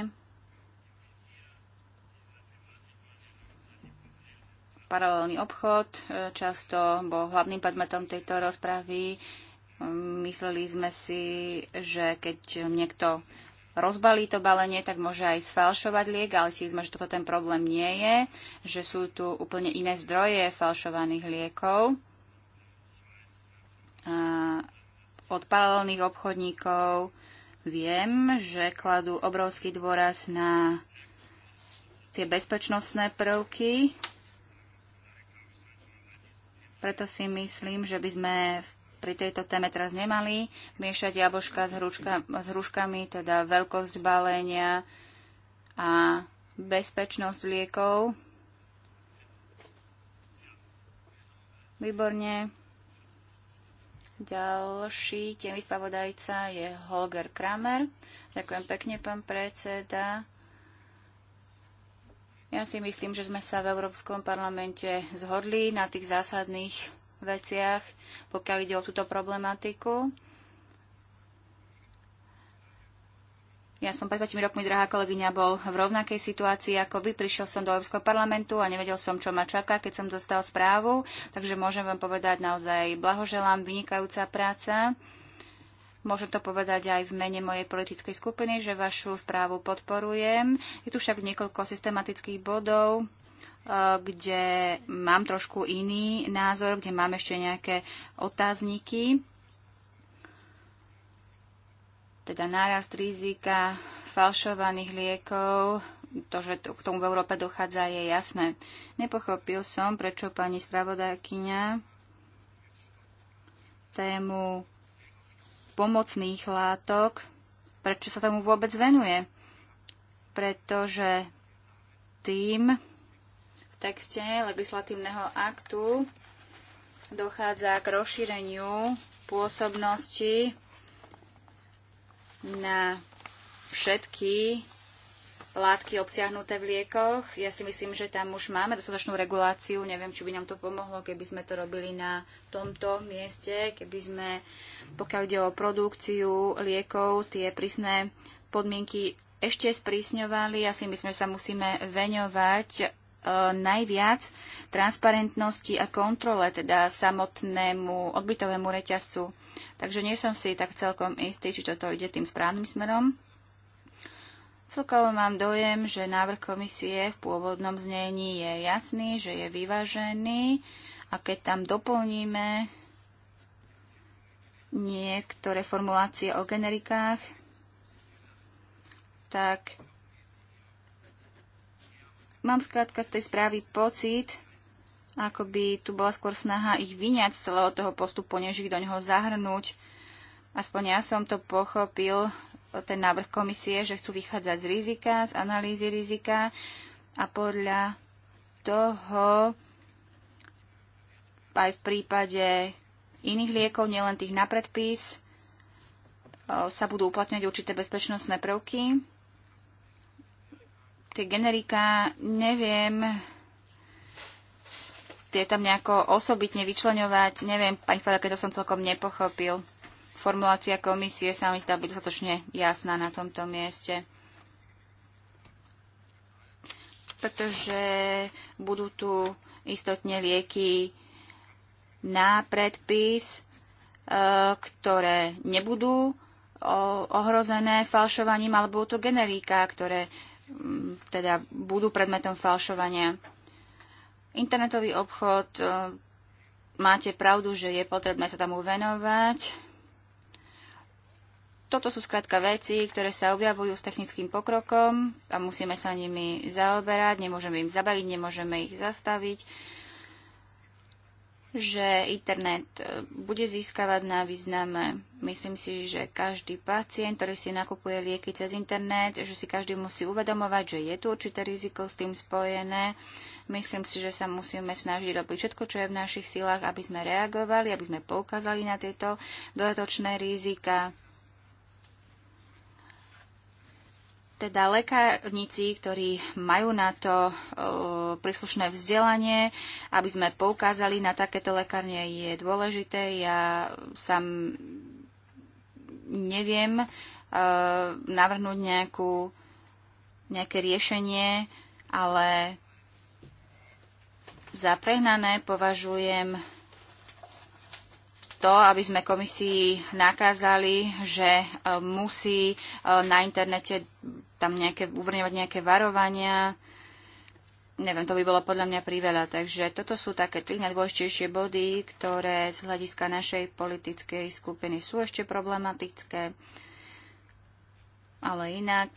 Paralelný obchod e, často bol hlavným predmetom tejto rozpravy. Mysleli sme si, že keď niekto rozbalí to balenie, tak môže aj sfalšovať liek, ale si sme, že toto ten problém nie je, že sú tu úplne iné zdroje falšovaných liekov. A od paralelných obchodníkov Viem, že kladú obrovský dôraz na tie bezpečnostné prvky, preto si myslím, že by sme pri tejto téme teraz nemali miešať jabožka s, hručka, s hruškami, teda veľkosť balenia a bezpečnosť liekov. Výborne. Ďalší tieňový spravodajca je Holger Kramer. Ďakujem pekne, pán predseda. Ja si myslím, že sme sa v Európskom parlamente zhodli na tých zásadných veciach, pokiaľ ide o túto problematiku. Ja som pred 5 rokmi, drahá kolegyňa, bol v rovnakej situácii ako vy. Prišiel som do Európskeho parlamentu a nevedel som, čo ma čaká, keď som dostal správu. Takže môžem vám povedať naozaj blahoželám, vynikajúca práca. Môžem to povedať aj v mene mojej politickej skupiny, že vašu správu podporujem. Je tu však niekoľko systematických bodov, e, kde mám trošku iný názor, kde mám ešte nejaké otázniky teda nárast rizika falšovaných liekov, to, že to, k tomu v Európe dochádza, je jasné. Nepochopil som, prečo pani spravodajkyňa tému pomocných látok, prečo sa tomu vôbec venuje. Pretože tým v texte legislatívneho aktu dochádza k rozšíreniu pôsobnosti na všetky látky obsiahnuté v liekoch. Ja si myslím, že tam už máme dostatočnú reguláciu. Neviem, či by nám to pomohlo, keby sme to robili na tomto mieste, keby sme, pokiaľ ide o produkciu liekov, tie prísne podmienky ešte sprísňovali. Ja si myslím, že sa musíme veňovať e, najviac transparentnosti a kontrole, teda samotnému odbytovému reťazcu. Takže nie som si tak celkom istý, či toto ide tým správnym smerom. Celkovo mám dojem, že návrh komisie v pôvodnom znení je jasný, že je vyvážený a keď tam doplníme niektoré formulácie o generikách, tak mám skrátka z tej správy pocit, ako by tu bola skôr snaha ich vyňať z celého toho postupu, než ich do neho zahrnúť. Aspoň ja som to pochopil, ten návrh komisie, že chcú vychádzať z rizika, z analýzy rizika a podľa toho aj v prípade iných liekov, nielen tých na predpis, sa budú uplatňovať určité bezpečnostné prvky. Tie generika, neviem, tie tam nejako osobitne vyčleňovať. Neviem, pani Sklada, keď to som celkom nepochopil. Formulácia komisie sa mi zdá byť dostatočne jasná na tomto mieste. Pretože budú tu istotne lieky na predpis, e, ktoré nebudú ohrozené falšovaním, alebo budú to generíka, ktoré teda budú predmetom falšovania internetový obchod, e, máte pravdu, že je potrebné sa tam venovať. Toto sú skrátka veci, ktoré sa objavujú s technickým pokrokom a musíme sa nimi zaoberať, nemôžeme im zabaviť, nemôžeme ich zastaviť že internet e, bude získavať na význame. Myslím si, že každý pacient, ktorý si nakupuje lieky cez internet, že si každý musí uvedomovať, že je tu určité riziko s tým spojené Myslím si, že sa musíme snažiť robiť všetko, čo je v našich silách, aby sme reagovali, aby sme poukázali na tieto dodatočné rizika. teda lekárnici, ktorí majú na to e, príslušné vzdelanie, aby sme poukázali na takéto lekárne je dôležité. Ja sám neviem e, navrhnúť nejakú, nejaké riešenie, ale za prehnané považujem to, aby sme komisii nakázali, že e, musí e, na internete tam nejaké, uvrňovať nejaké varovania. Neviem, to by bolo podľa mňa priveľa. Takže toto sú také tri najdôležitejšie body, ktoré z hľadiska našej politickej skupiny sú ešte problematické. Ale inak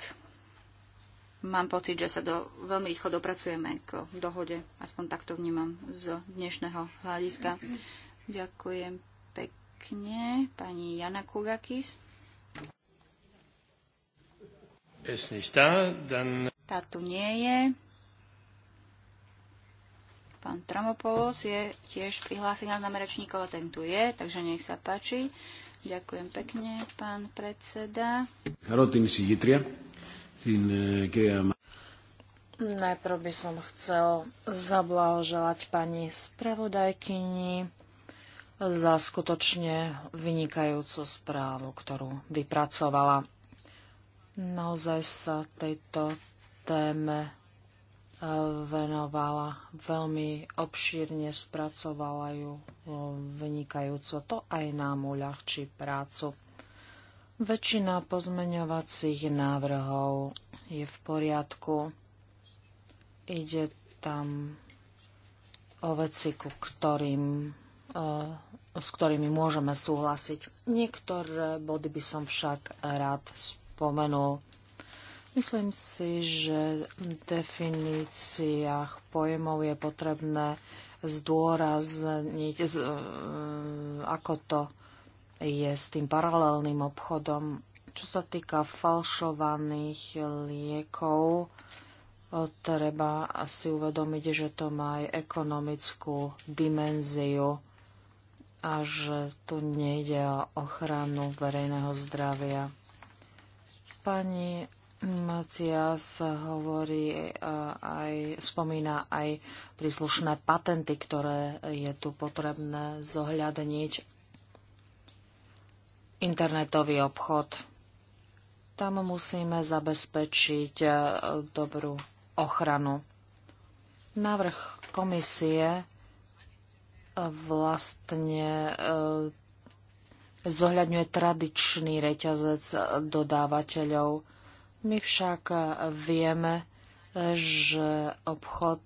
Mám pocit, že sa do, veľmi rýchlo dopracujeme k dohode. Aspoň takto vnímam z dnešného hľadiska. Ďakujem pekne. Pani Jana Kugakis. Tá tu nie je. Pán Tramopoulos je tiež prihlásený na rečníkov a ten tu je, takže nech sa páči. Ďakujem pekne, pán predseda. Rotím si Jitria. Eh, Najprv by som chcel zablahoželať pani spravodajkyni za skutočne vynikajúcu správu, ktorú vypracovala. Naozaj sa tejto téme eh, venovala veľmi obšírne, spracovala ju eh, vynikajúco. To aj nám uľahčí prácu. Väčšina pozmeňovacích návrhov je v poriadku. Ide tam o veci, ku ktorým, eh, s ktorými môžeme súhlasiť. Niektoré body by som však rád spomenul. Myslím si, že v definíciách pojmov je potrebné zdôrazniť, eh, ako to je s tým paralelným obchodom. Čo sa týka falšovaných liekov, treba si uvedomiť, že to má aj ekonomickú dimenziu a že tu nejde o ochranu verejného zdravia. Pani Matias hovorí e, aj, spomína aj príslušné patenty, ktoré je tu potrebné zohľadniť internetový obchod. Tam musíme zabezpečiť e, dobrú ochranu. Návrh komisie e, vlastne e, zohľadňuje tradičný reťazec dodávateľov. My však vieme, že obchod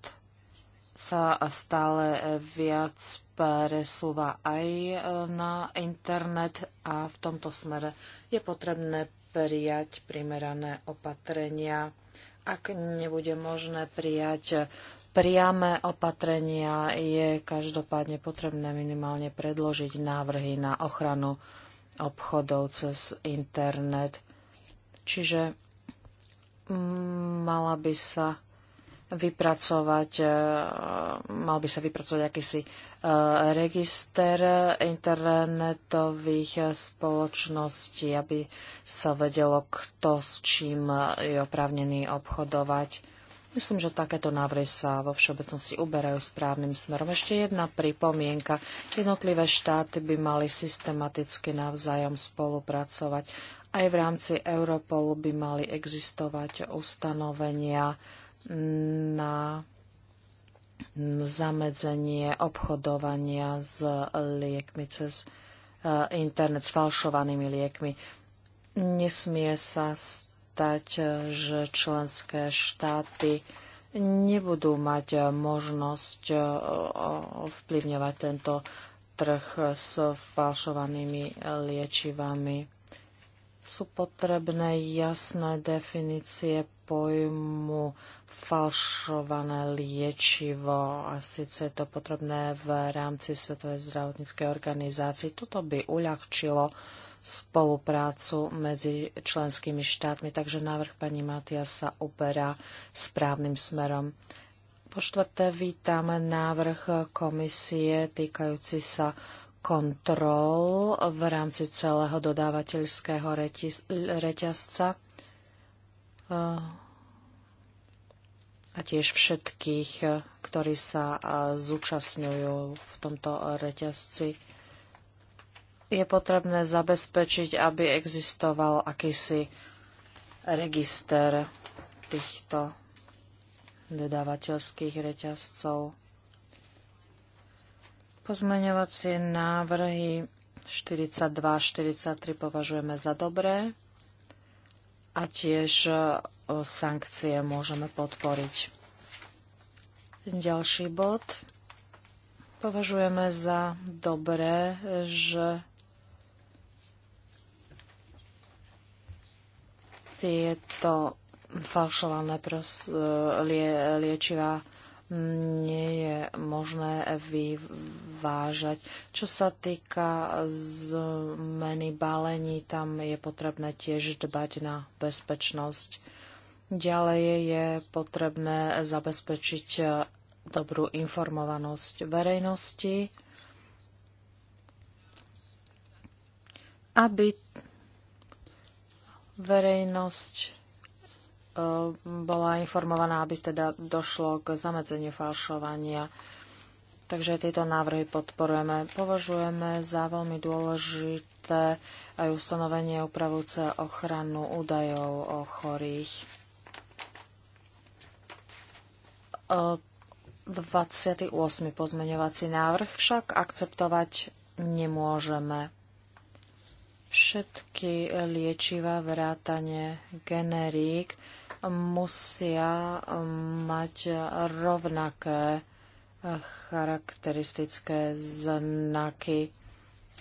sa stále viac presúva aj e, na internet a v tomto smere je potrebné prijať primerané opatrenia. Ak nebude možné prijať priame opatrenia, je každopádne potrebné minimálne predložiť návrhy na ochranu obchodov cez internet. Čiže mala by sa vypracovať, e, mal by sa vypracovať akýsi e, register internetových spoločností, aby sa vedelo, kto s čím je oprávnený obchodovať. Myslím, že takéto návrhy sa vo všeobecnosti uberajú správnym smerom. Ešte jedna pripomienka. Jednotlivé štáty by mali systematicky navzájom spolupracovať. Aj v rámci Europolu by mali existovať ustanovenia, na zamedzenie obchodovania s liekmi cez e, internet s falšovanými liekmi. Nesmie sa stať, e, že členské štáty nebudú mať e, možnosť ovplyvňovať tento trh s falšovanými liečivami. Sú potrebné jasné definície pojmu falšované liečivo a síce je to potrebné v rámci Svetovej zdravotníckej organizácie. Toto by uľahčilo spoluprácu medzi členskými štátmi, takže návrh pani Matia sa uberá správnym smerom. Po štvrté vítame návrh komisie týkajúci sa kontrol v rámci celého dodávateľského reťazca a tiež všetkých, e, ktorí sa e, zúčastňujú v tomto reťazci. Je potrebné zabezpečiť, aby existoval akýsi register týchto dodávateľských reťazcov. Pozmeňovacie návrhy 42-43 považujeme za dobré a tiež e, sankcie môžeme podporiť. Ďalší bod. Považujeme za dobré, že tieto falšované pros- e, lie- liečivá nie je možné vyvážať. Čo sa týka zmeny balení, tam je potrebné tiež dbať na bezpečnosť. Ďalej je potrebné zabezpečiť dobrú informovanosť verejnosti, aby verejnosť E, bola informovaná, aby teda došlo k zamedzeniu falšovania. Takže tieto návrhy podporujeme. Považujeme za veľmi dôležité aj ustanovenie upravujúce ochranu údajov o chorých. 28. E, pozmeňovací návrh však akceptovať nemôžeme. Všetky liečiva vrátane generík musia um, mať rovnaké eh, charakteristické znaky.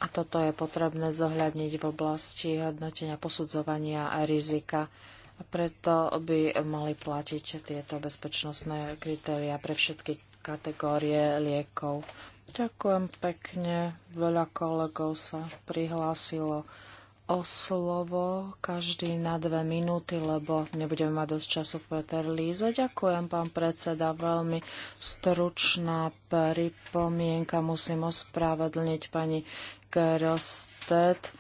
A toto je potrebné zohľadniť v oblasti hodnotenia posudzovania a rizika. A preto by mali platiť tieto bezpečnostné kritéria pre všetky kategórie liekov. Ďakujem pekne, veľa kolegov sa prihlásilo o slovo každý na dve minúty, lebo nebudeme mať dosť času Peter Líze. Ďakujem, pán predseda, veľmi stručná pripomienka. Musím ospravedlniť pani Kerostet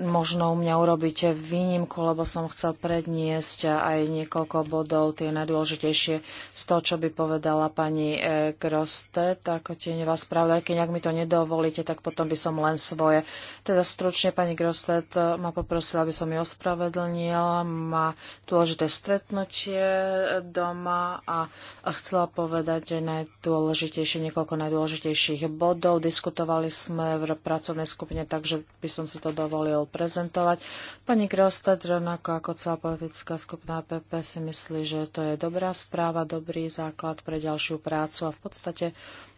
možno u mňa urobiť výnimku, lebo som chcel predniesť aj niekoľko bodov, tie najdôležitejšie z toho, čo by povedala pani eh, Grostet, ako tieňová keď Ak mi to nedovolíte, tak potom by som len svoje. Teda stručne pani Grostet ma poprosila, aby som ju ospravedlnila. Má dôležité stretnutie eh, doma a chcela povedať, že najdôležitejšie, niekoľko najdôležitejších bodov. Diskutovali sme v pracovnej skupine, takže by som si to dovolil prezentovať. Pani Krostad, rovnako ako celá politická skupina PP, si myslí, že to je dobrá správa, dobrý základ pre ďalšiu prácu a v podstate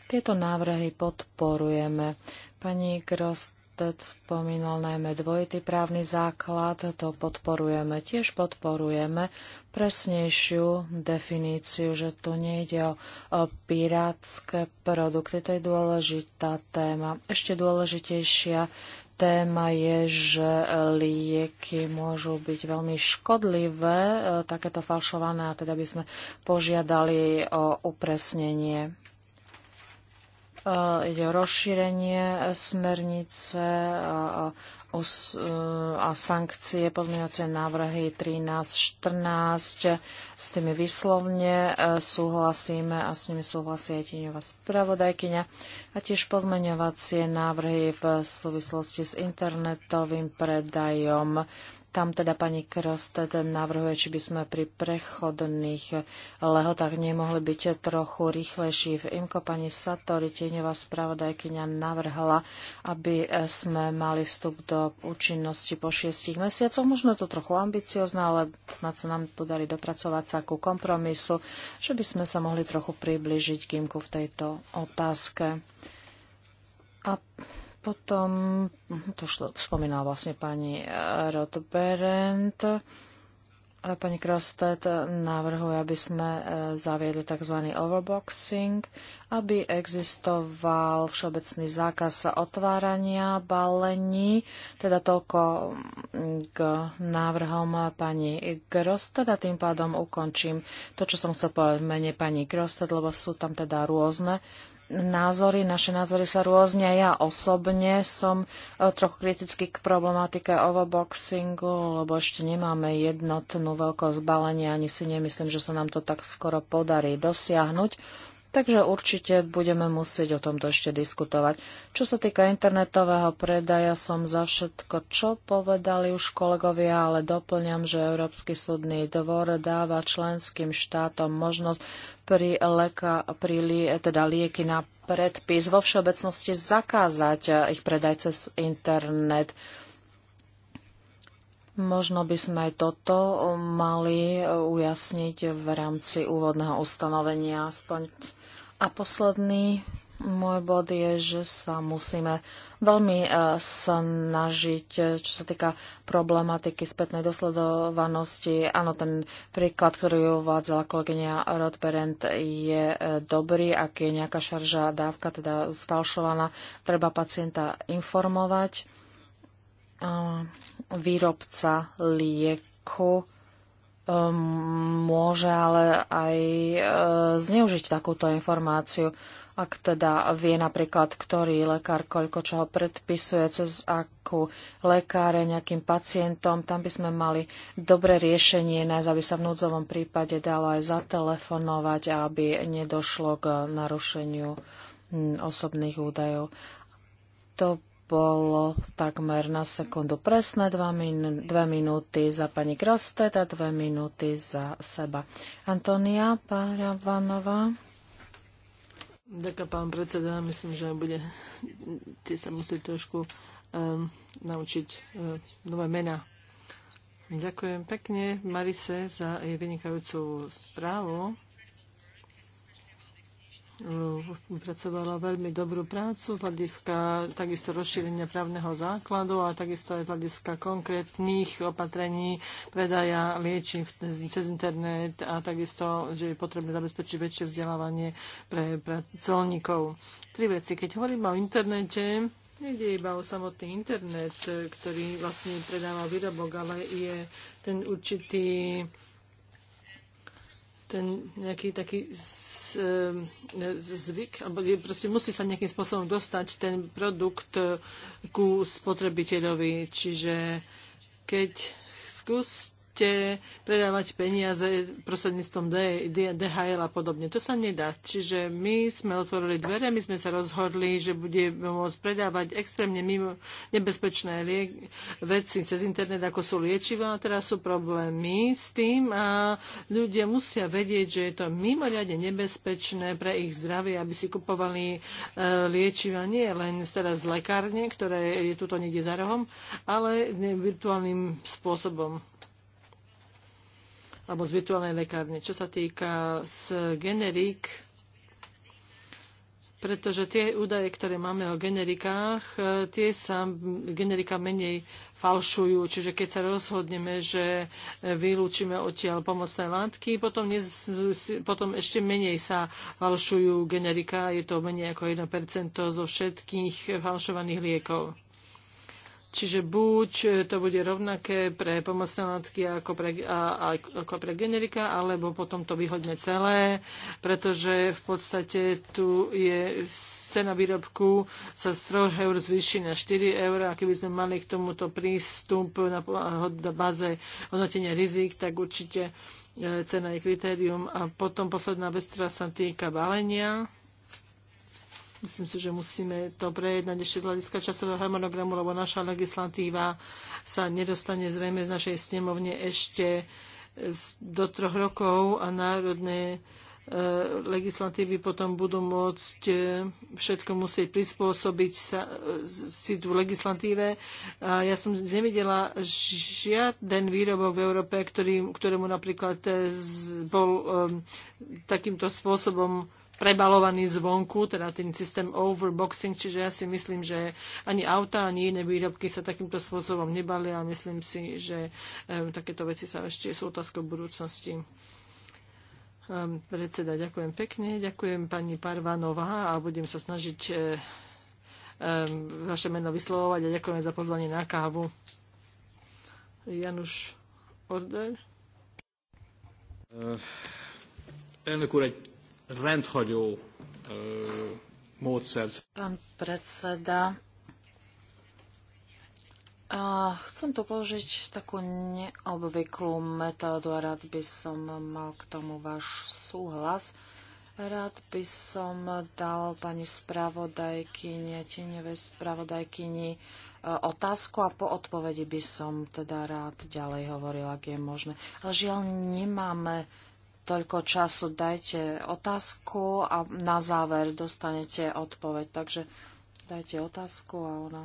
tieto návrhy podporujeme. Pani Grosted spomínal najmä dvojitý právny základ, to podporujeme. Tiež podporujeme presnejšiu definíciu, že tu nejde o, o pirátske produkty. To je dôležitá téma. Ešte dôležitejšia téma je, že lieky môžu byť veľmi škodlivé, e, takéto falšované, a teda by sme požiadali o upresnenie. E, ide o rozšírenie smernice, Eh, a sankcie, podmienovacie návrhy 13, 14. S tými vyslovne eh, súhlasíme a s nimi súhlasí aj tieňová spravodajkyňa. A tiež pozmeňovacie návrhy v súvislosti s internetovým predajom tam teda pani Krosted navrhuje, či by sme pri prechodných lehotách nemohli byť trochu rýchlejší. V IMKO pani Satori, tieňová spravodajkyňa, navrhla, aby sme mali vstup do účinnosti po šiestich mesiacoch. Možno to trochu ambiciozne, ale snad sa nám podarí dopracovať sa ku kompromisu, že by sme sa mohli trochu približiť k IMKU v tejto otázke. A potom, to už spomínala vlastne pani eh, Rotberent, pani Krosted navrhuje, aby sme eh, zaviedli tzv. overboxing, aby existoval všeobecný zákaz otvárania balení, teda toľko mm, k návrhom pani Grosted a tým pádom ukončím to, čo som chcel povedať v mene pani Grosted, lebo sú tam teda rôzne názory, naše názory sa rôzne. Ja osobne som e, trochu kritický k problematike overboxingu, lebo ešte nemáme jednotnú veľkosť balenia, ani si nemyslím, že sa nám to tak skoro podarí dosiahnuť. Takže určite budeme musieť o tomto ešte diskutovať. Čo sa týka internetového predaja, som za všetko, čo povedali už kolegovia, ale doplňam, že Európsky súdny dvor dáva členským štátom možnosť pri, leka, pri lie, teda lieky na predpis vo všeobecnosti zakázať eh, ich predaj cez internet. Možno by sme aj toto eh, mali eh, ujasniť v rámci úvodného ustanovenia, aspoň a posledný môj bod je, že sa musíme veľmi e, snažiť, e, čo sa týka problematiky spätnej dosledovanosti. Áno, ten príklad, ktorý uvádzala kolegyňa Rodberend, je e, dobrý. Ak je nejaká šarža dávka, teda sfalšovaná, treba pacienta informovať. Výrobca lieku Ehm, môže ale aj eh, zneužiť takúto informáciu. Ak teda vie napríklad, ktorý lekár koľko čoho predpisuje, cez akú lekáre nejakým pacientom, tam by sme mali dobré riešenie, nájsť, aby sa v núdzovom prípade dalo aj zatelefonovať, aby nedošlo k narušeniu hm, osobných údajov. To bolo takmer na sekundu presné, 2, min- 2 minúty za pani Grostet a 2 minúty za seba. Antonia Paravanova. Ďakujem, pán predseda. Myslím, že bude, ty sa musí trošku um, naučiť um, nové mená. Ďakujem pekne Marise za jej vynikajúcu správu. Ehm, pracovala veľmi dobrú prácu z hľadiska takisto rozšírenia právneho základu a takisto aj z hľadiska konkrétnych opatrení predaja liečiv cez internet a takisto, že je potrebné zabezpečiť väčšie vzdelávanie pre pracovníkov. Tri veci. Keď hovorím o internete, Nejde iba o samotný internet, ktorý vlastne predáva výrobok, ale je ten určitý ten nejaký taký z, z, zvyk, alebo proste musí sa nejakým spôsobom dostať ten produkt eh, ku spotrebiteľovi. Čiže keď skús, budete predávať peniaze prostredníctvom DHL a podobne. To sa nedá. Čiže my sme otvorili dvere, my sme sa rozhodli, že budeme môcť predávať extrémne mimo nebezpečné liek, veci cez internet, ako sú liečivá. Teraz sú problémy s tým a ľudia musia vedieť, že je to mimoriadne nebezpečné pre ich zdravie, aby si kupovali e, liečivá, nie len teraz z lekárne, ktoré je tuto niekde za rohom, ale virtuálnym spôsobom alebo z virtuálnej lekárne. Čo sa týka z generík, pretože tie údaje, ktoré máme o generikách, e, tie sa generika menej falšujú. Čiže keď sa rozhodneme, že e, vylúčime odtiaľ pomocné látky, potom, nie, potom ešte menej sa falšujú generika. Je to menej ako 1% zo všetkých falšovaných liekov. Čiže buď e, to bude rovnaké pre pomocné látky ako pre, a, a, ako pre generika, alebo potom to vyhodne celé, pretože v podstate tu je cena výrobku sa z 3 eur zvýši na 4 eur a keby sme mali k tomuto prístup na, na báze hodnotenia rizik, tak určite e, cena je kritérium. A potom posledná vec, ktorá sa týka balenia Myslím si, že musíme to prejednať ešte z hľadiska časového harmonogramu, lebo naša legislatíva sa nedostane zrejme z našej snemovne ešte do troch rokov a národné e, legislatívy potom budú môcť e, všetko musieť prispôsobiť sa, e, si tú legislatíve. A ja som nevidela žiaden výrobok v Európe, ktorý, ktorému napríklad z, bol um, takýmto spôsobom prebalovaný zvonku, teda ten systém overboxing, čiže ja si myslím, že ani auta, ani iné výrobky sa takýmto spôsobom nebali a myslím si, že um, takéto veci sa ešte sú otázkou budúcnosti. Um, predseda, ďakujem pekne, ďakujem pani Parvanová a budem sa snažiť um, vaše meno vyslovovať a ďakujem za pozvanie na kávu. Januš Order. Uh, elnök úr, egy rendhagyó módszer. Pán predseda, a chcem tu použiť takú neobvyklú metódu a rád by som mal k tomu váš súhlas. Rád by som dal pani spravodajkyni, tieňovej spravodajkyni e, otázku a po odpovedi by som teda rád ďalej hovoril, ak je možné. Ale žiaľ, nemáme toľko času, dajte otázku a na záver dostanete odpoveď. Takže dajte otázku a ona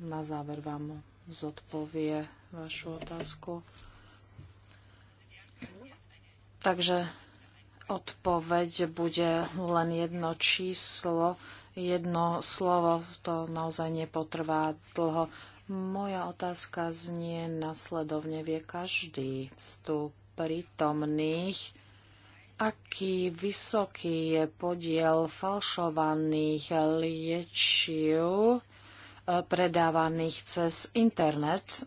na záver vám zodpovie vašu otázku. Takže odpoveď bude len jedno číslo, jedno slovo, to naozaj nepotrvá dlho. Moja otázka znie nasledovne, vie každý z prítomných, aký vysoký je podiel falšovaných liečiv eh, predávaných cez internet.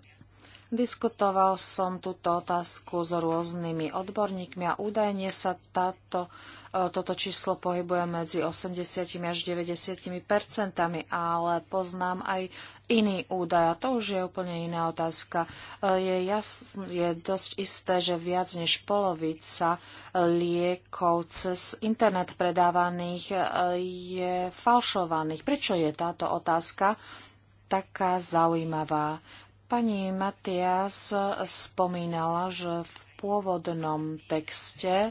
Diskutoval som túto otázku s rôznymi odborníkmi a údajne sa táto, eh, toto číslo pohybuje medzi 80 až 90 percentami, ale poznám aj iný údaj, a to už je úplne iná otázka. E, je, jasný, je dosť isté, že viac než polovica liekov cez internet predávaných e, je falšovaných. Prečo je táto otázka taká zaujímavá? Pani Matias spomínala, že v pôvodnom texte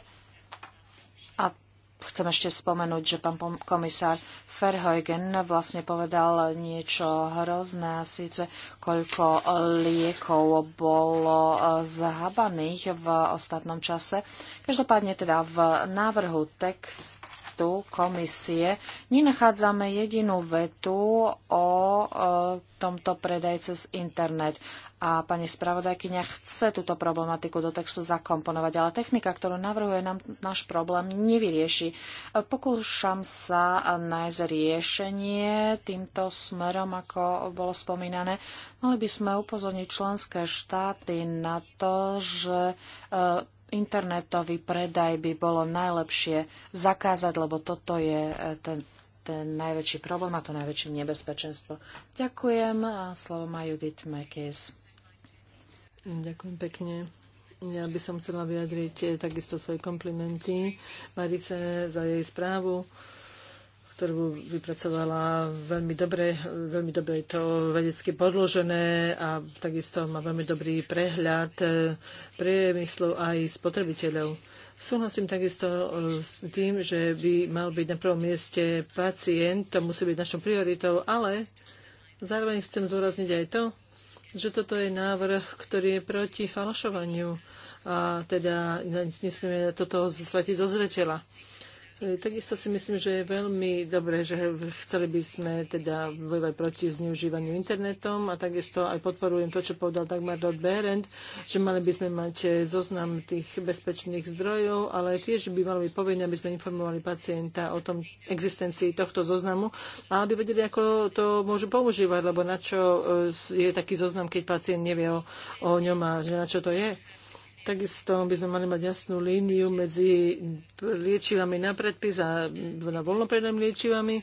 chcem ešte spomenúť, že pán komisár Verheugen vlastne povedal niečo hrozné, a síce koľko liekov bolo e, zahabaných v ostatnom čase. Každopádne teda v návrhu textu komisie nenachádzame jedinú vetu o, o e, tomto predajce z internet a pani spravodajkyňa chce túto problematiku do textu zakomponovať, ale technika, ktorú navrhuje nám náš problém, nevyrieši. Pokúšam sa nájsť riešenie týmto smerom, ako bolo spomínané. Mali by sme upozorniť členské štáty na to, že e, internetový predaj by bolo najlepšie zakázať, lebo toto je e, ten ten najväčší problém a to najväčšie nebezpečenstvo. Ďakujem a slovo má Judith Mekis. Ďakujem pekne. Ja by som chcela vyjadriť eh, takisto svoje komplimenty Marice, za jej správu ktorú vypracovala veľmi dobre, veľmi dobre je to vedecky podložené a takisto má veľmi dobrý prehľad eh, priemyslu aj spotrebiteľov. Súhlasím takisto eh, s tým, že by mal byť na prvom mieste pacient, to musí byť našou prioritou, ale zároveň chcem zdôrazniť aj to, že toto je návrh, ktorý je proti falšovaniu a teda nesmieme toto sletiť zo zreteľa. E, takisto si myslím, že je veľmi dobré, že chceli by sme teda bojovať proti zneužívaniu internetom a takisto aj podporujem to, čo povedal Dagmar Dodd Berend, že mali by sme mať e, zoznam tých bezpečných zdrojov, ale tiež by malo byť povinné, aby sme informovali pacienta o tom existencii tohto zoznamu a aby vedeli, ako to môžu používať, lebo na čo e, je taký zoznam, keď pacient nevie o, o ňom a že na čo to je. Takisto by sme mali mať jasnú líniu medzi liečivami na predpis a na voľnopredným liečivami.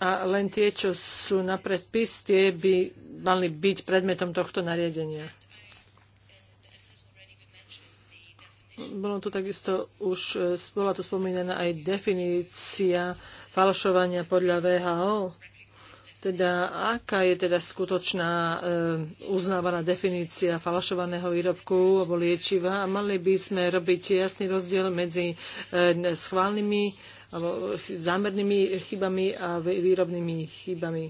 A len tie, čo sú na predpis, tie by mali byť predmetom tohto nariadenia. Bolo tu takisto už, bola tu spomínaná aj definícia falšovania podľa VHO teda aká je teda skutočná e, uznávaná definícia falašovaného výrobku alebo liečiva a mali by sme robiť jasný rozdiel medzi e, schválnymi alebo zámernými chybami a výrobnými chybami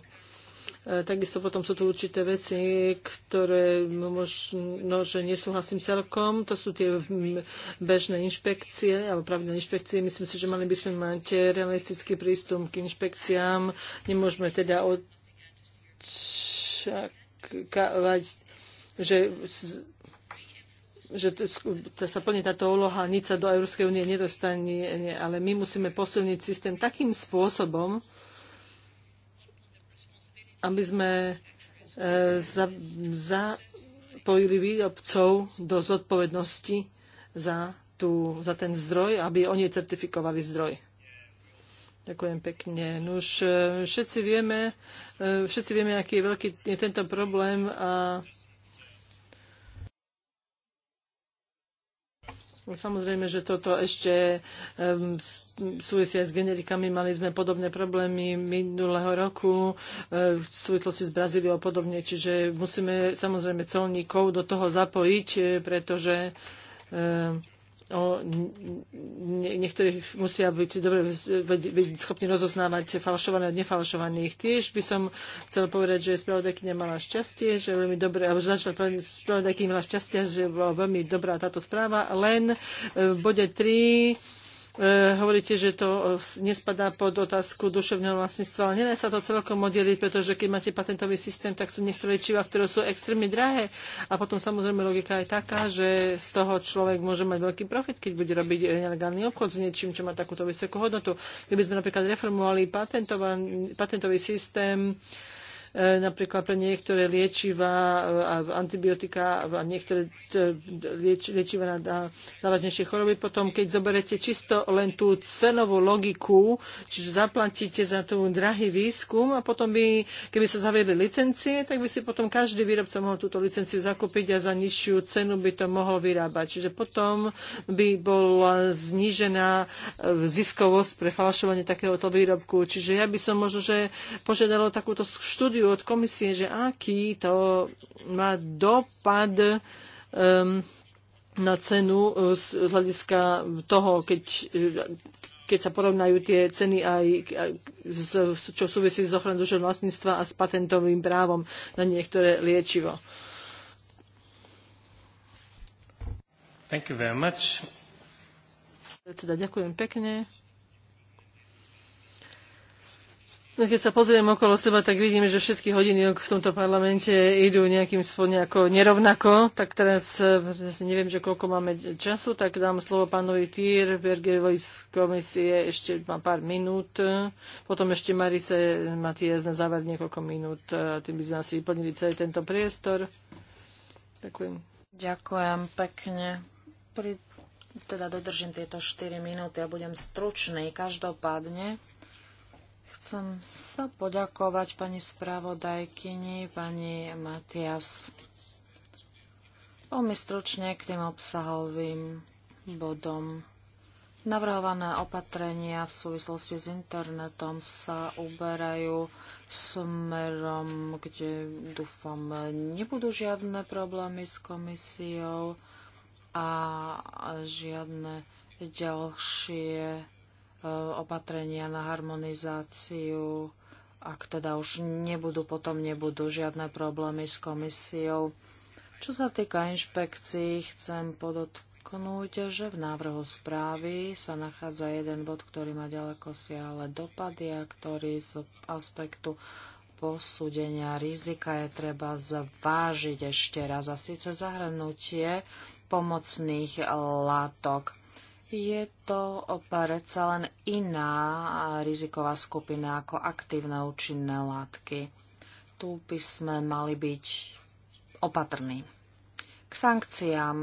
E, takisto potom sú tu určité veci, ktoré možno, že nesúhlasím celkom. To sú tie mm, bežné inšpekcie alebo pravidelné inšpekcie. Myslím si, že mali by sme mať realistický prístup k inšpekciám. Nemôžeme teda očakávať, že že to sa plní táto úloha, nič sa do Európskej únie nedostane, ale my musíme posilniť systém takým spôsobom, aby sme e, zapojili výrobcov do zodpovednosti za, tú, za ten zdroj, aby oni certifikovali zdroj. Ďakujem pekne. No už e, všetci vieme, e, všetci vieme, aký je veľký je tento problém a No, samozrejme, že toto ešte um, súvisia s generikami. Mali sme podobné problémy minulého roku eh, v súvislosti s Brazíliou a podobne. Čiže musíme samozrejme celníkov do toho zapojiť, eh, pretože eh, o, niektorí musia byť dobre byť schopní rozoznávať falšované od nefalšovaných. Tiež by som chcel povedať, že spravodajkynia mala šťastie, že veľmi dobre, alebo začala spravodajkynia mala šťastie, že bola veľmi dobrá táto správa, len e, v bode 3 Eh, hovoríte, že to eh, nespadá pod otázku duševného vlastníctva, ale nedá sa to celkom oddeliť, pretože keď máte patentový systém, tak sú niektoré čiva, ktoré sú extrémne drahé. A potom samozrejme logika je taká, že z toho človek môže mať veľký profit, keď bude robiť eh, nelegálny obchod s niečím, čo má takúto vysokú hodnotu. Keby sme napríklad reformovali patentový systém, E, napríklad pre niektoré liečiva e, a antibiotika a niektoré e, lieč, liečiva na závažnejšie choroby. Potom, keď zoberete čisto len tú cenovú logiku, čiže zaplatíte za tú drahý výskum a potom by, keby sa zaviedli licencie, tak by si potom každý výrobca mohol túto licenciu zakúpiť a za nižšiu cenu by to mohol vyrábať. Čiže potom by bola znížená ziskovosť pre falšovanie takéhoto výrobku. Čiže ja by som možno, že požiadalo takúto štúdiu štúdiu od komisie, že aký to má dopad um, na cenu uh, z hľadiska toho, keď, uh, keď sa porovnajú tie ceny aj, z, čo súvisí s ochranou duševného vlastníctva a s patentovým právom na niektoré liečivo. Thank you very much. Teda ďakujem pekne. No, keď sa pozriem okolo seba, tak vidím, že všetky hodiny v tomto parlamente idú nejakým nejako nerovnako. Tak teraz eh, neviem, že koľko máme času, tak dám slovo pánovi Týr, Bergevoj z komisie, ešte mám pár minút. Potom ešte Marise Matias na záver niekoľko minút. Eh, a tým by sme asi vyplnili celý tento priestor. Ďakujem. Ďakujem pekne. Pri, teda dodržím tieto 4 minúty a budem stručný. Každopádne Chcem sa poďakovať pani spravodajkyni, pani Matias. Veľmi stručne k tým obsahovým bodom. Navrhované opatrenia v súvislosti s internetom sa uberajú smerom, kde dúfam nebudú žiadne problémy s komisiou a žiadne ďalšie E, opatrenia na harmonizáciu, ak teda už nebudú, potom nebudú žiadne problémy s komisiou. Čo sa týka inšpekcií, chcem podotknúť, že v návrhu správy sa nachádza jeden bod, ktorý má ďaleko siahle dopady a ktorý z aspektu posúdenia rizika je treba zvážiť ešte raz a síce zahrnutie pomocných látok je to predsa len iná riziková skupina ako aktívne účinné látky. Tu by sme mali byť opatrní. K sankciám.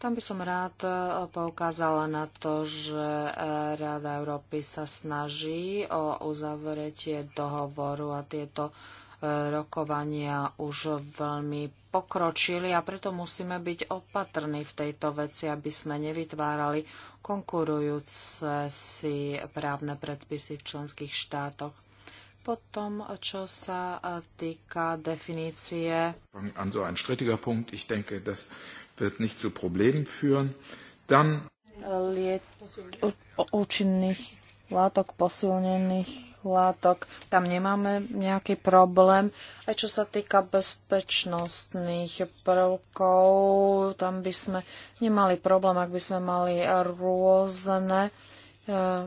Tam by som rád poukázala na to, že Rada Európy sa snaží o uzavretie dohovoru a tieto rokovania už veľmi pokročili a preto musíme byť opatrní v tejto veci, aby sme nevytvárali konkurujúce si právne predpisy v členských štátoch. Potom, čo sa týka definície. liet, účinných látok, posilnených látok. Tam nemáme nejaký problém. Aj čo sa týka bezpečnostných prvkov, tam by sme nemali problém, ak by sme mali rôzne eh,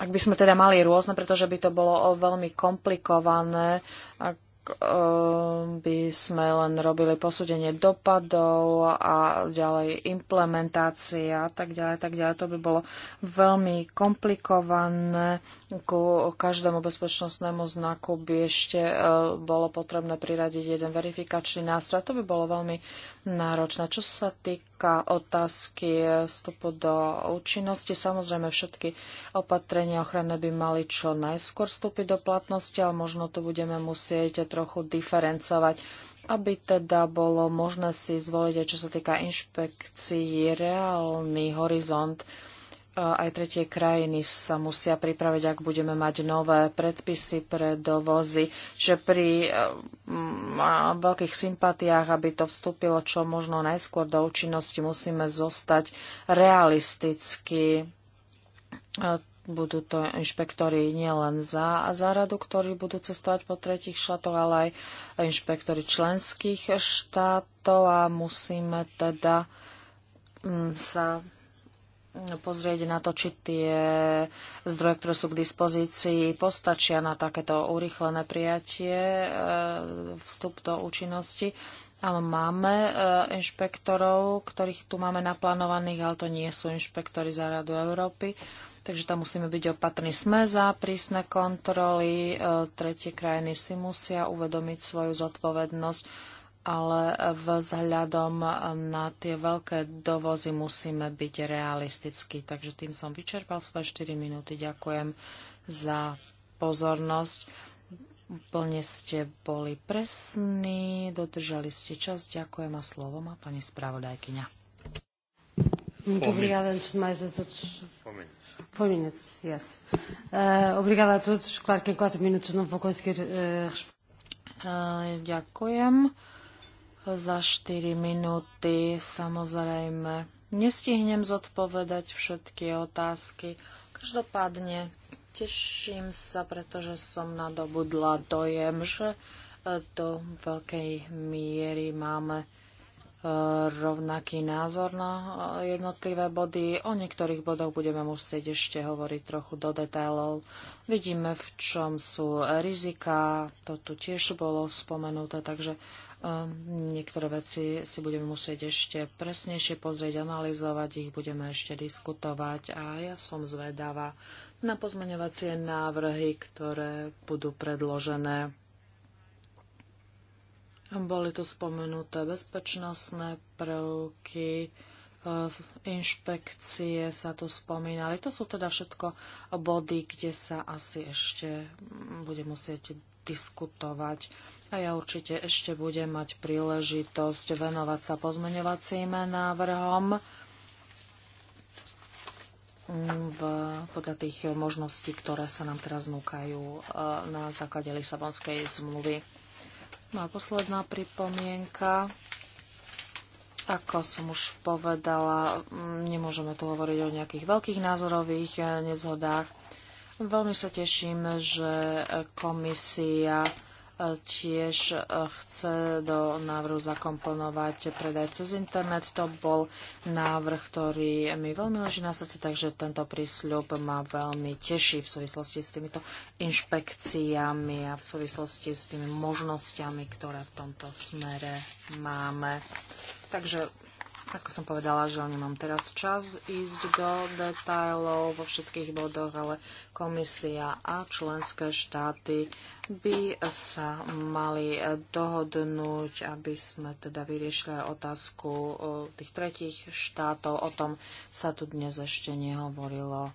ak by sme teda mali rôzne, pretože by to bolo veľmi komplikované, ak Eh, by sme len robili posúdenie dopadov a ďalej implementácia a tak ďalej, tak ďalej. To by bolo veľmi komplikované. Ku každému bezpečnostnému znaku by ešte eh, bolo potrebné priradiť jeden verifikačný nástroj. To by bolo veľmi náročné. Čo sa týka otázky vstupu do účinnosti, samozrejme všetky opatrenia ochranné by mali čo najskôr vstúpiť do platnosti, ale možno to budeme musieť trochu diferencovať, aby teda bolo možné si zvoliť, aj čo sa týka inšpekcií, reálny horizont. Aj tretie krajiny sa musia pripraviť, ak budeme mať nové predpisy pre dovozy, že pri eh, veľkých sympatiách, aby to vstúpilo čo možno najskôr do účinnosti, musíme zostať realisticky budú to inšpektori nielen za záradu, ktorí budú cestovať po tretich štátoch, ale aj inšpektori členských štátov a musíme teda mm, sa pozrieť na to, či tie zdroje, ktoré sú k dispozícii, postačia na takéto urýchlené prijatie, e, vstup do účinnosti. Áno, máme e, inšpektorov, ktorých tu máme naplánovaných, ale to nie sú inšpektory za Radu Európy takže tam musíme byť opatrní. Sme za prísne kontroly, e, tretie krajiny si musia uvedomiť svoju zodpovednosť, ale vzhľadom na tie veľké dovozy musíme byť realistickí. Takže tým som vyčerpal svoje 4 minúty. Ďakujem za pozornosť. Plne ste boli presní, dodržali ste čas. Ďakujem a slovo má pani spravodajkyňa obrigada, antes de mais, a todos. Four minutes. yes. Uh, obrigada a todos. Claro que em quatro minutos não vou conseguir uh, responder. Ah, ďakujem. Za 4 minúty samozrejme nestihnem zodpovedať všetky otázky. Každopádne teším sa, pretože som nadobudla dojem, že eh, do veľkej miery máme rovnaký názor na e, jednotlivé body. O niektorých bodoch budeme musieť ešte hovoriť trochu do detailov. Vidíme, v čom sú rizika. To tu tiež bolo spomenuté, takže Niektoré veci si budeme musieť ešte presnejšie pozrieť, analyzovať, ich budeme ešte diskutovať a ja som zvedáva na pozmeňovacie návrhy, ktoré budú predložené. Boli tu spomenuté bezpečnostné prvky, e, inšpekcie sa tu spomínali. To sú teda všetko body, kde sa asi ešte bude musieť diskutovať. A ja určite ešte budem mať príležitosť venovať sa pozmeňovacím návrhom v, podľa tých možností, ktoré sa nám teraz núkajú e, na základe Lisabonskej zmluvy. No a posledná pripomienka. Ako som už povedala, mm, nemôžeme tu hovoriť o nejakých veľkých názorových eh, nezhodách. Veľmi sa teším, že eh, komisia tiež eh, chce do návrhu zakomponovať predaj cez internet. To bol návrh, ktorý mi veľmi leží na srdci, takže tento prísľub ma veľmi teší v súvislosti s týmito inšpekciami a v súvislosti s tými možnosťami, ktoré v tomto smere máme. Takže ako som povedala, že nemám teraz čas ísť do detajlov vo všetkých bodoch, ale komisia a členské štáty by sa mali dohodnúť, aby sme teda vyriešili otázku tých tretích štátov. O tom sa tu dnes ešte nehovorilo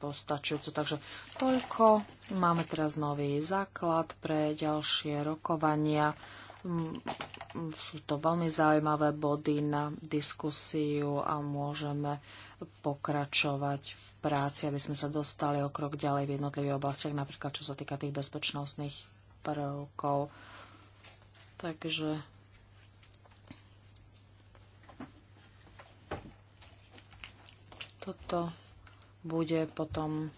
postačujúco. Takže toľko. Máme teraz nový základ pre ďalšie rokovania. Mm, sú to veľmi zaujímavé body na diskusiu a môžeme pokračovať v práci, aby sme sa dostali o krok ďalej v jednotlivých oblastiach, napríklad čo sa týka tých bezpečnostných prvkov. Takže toto bude potom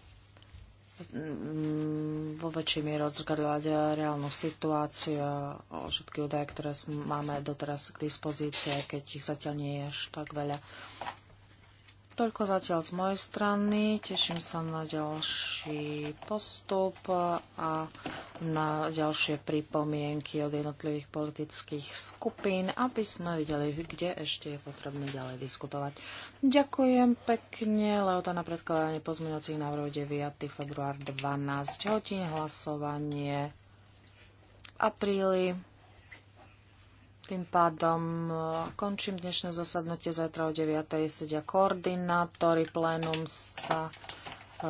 Mm, vo väčšej miere odzrkadľovať reálnu situáciu a všetky údaje, ktoré máme doteraz k dispozícii, keď ich zatiaľ nie je až tak veľa. Toľko zatiaľ z mojej strany. Teším sa na ďalší postup a na ďalšie pripomienky od jednotlivých politických skupín, aby sme videli, kde ešte je potrebné ďalej diskutovať. Ďakujem pekne. Leota na predkladanie pozmeňovacích návrhov 9. február 12 hodín. Hlasovanie v apríli. Tým pádom e, končím dnešné zasadnutie. Zajtra o 9.00 sedia koordinátory. Plénum sa e,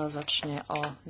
začne o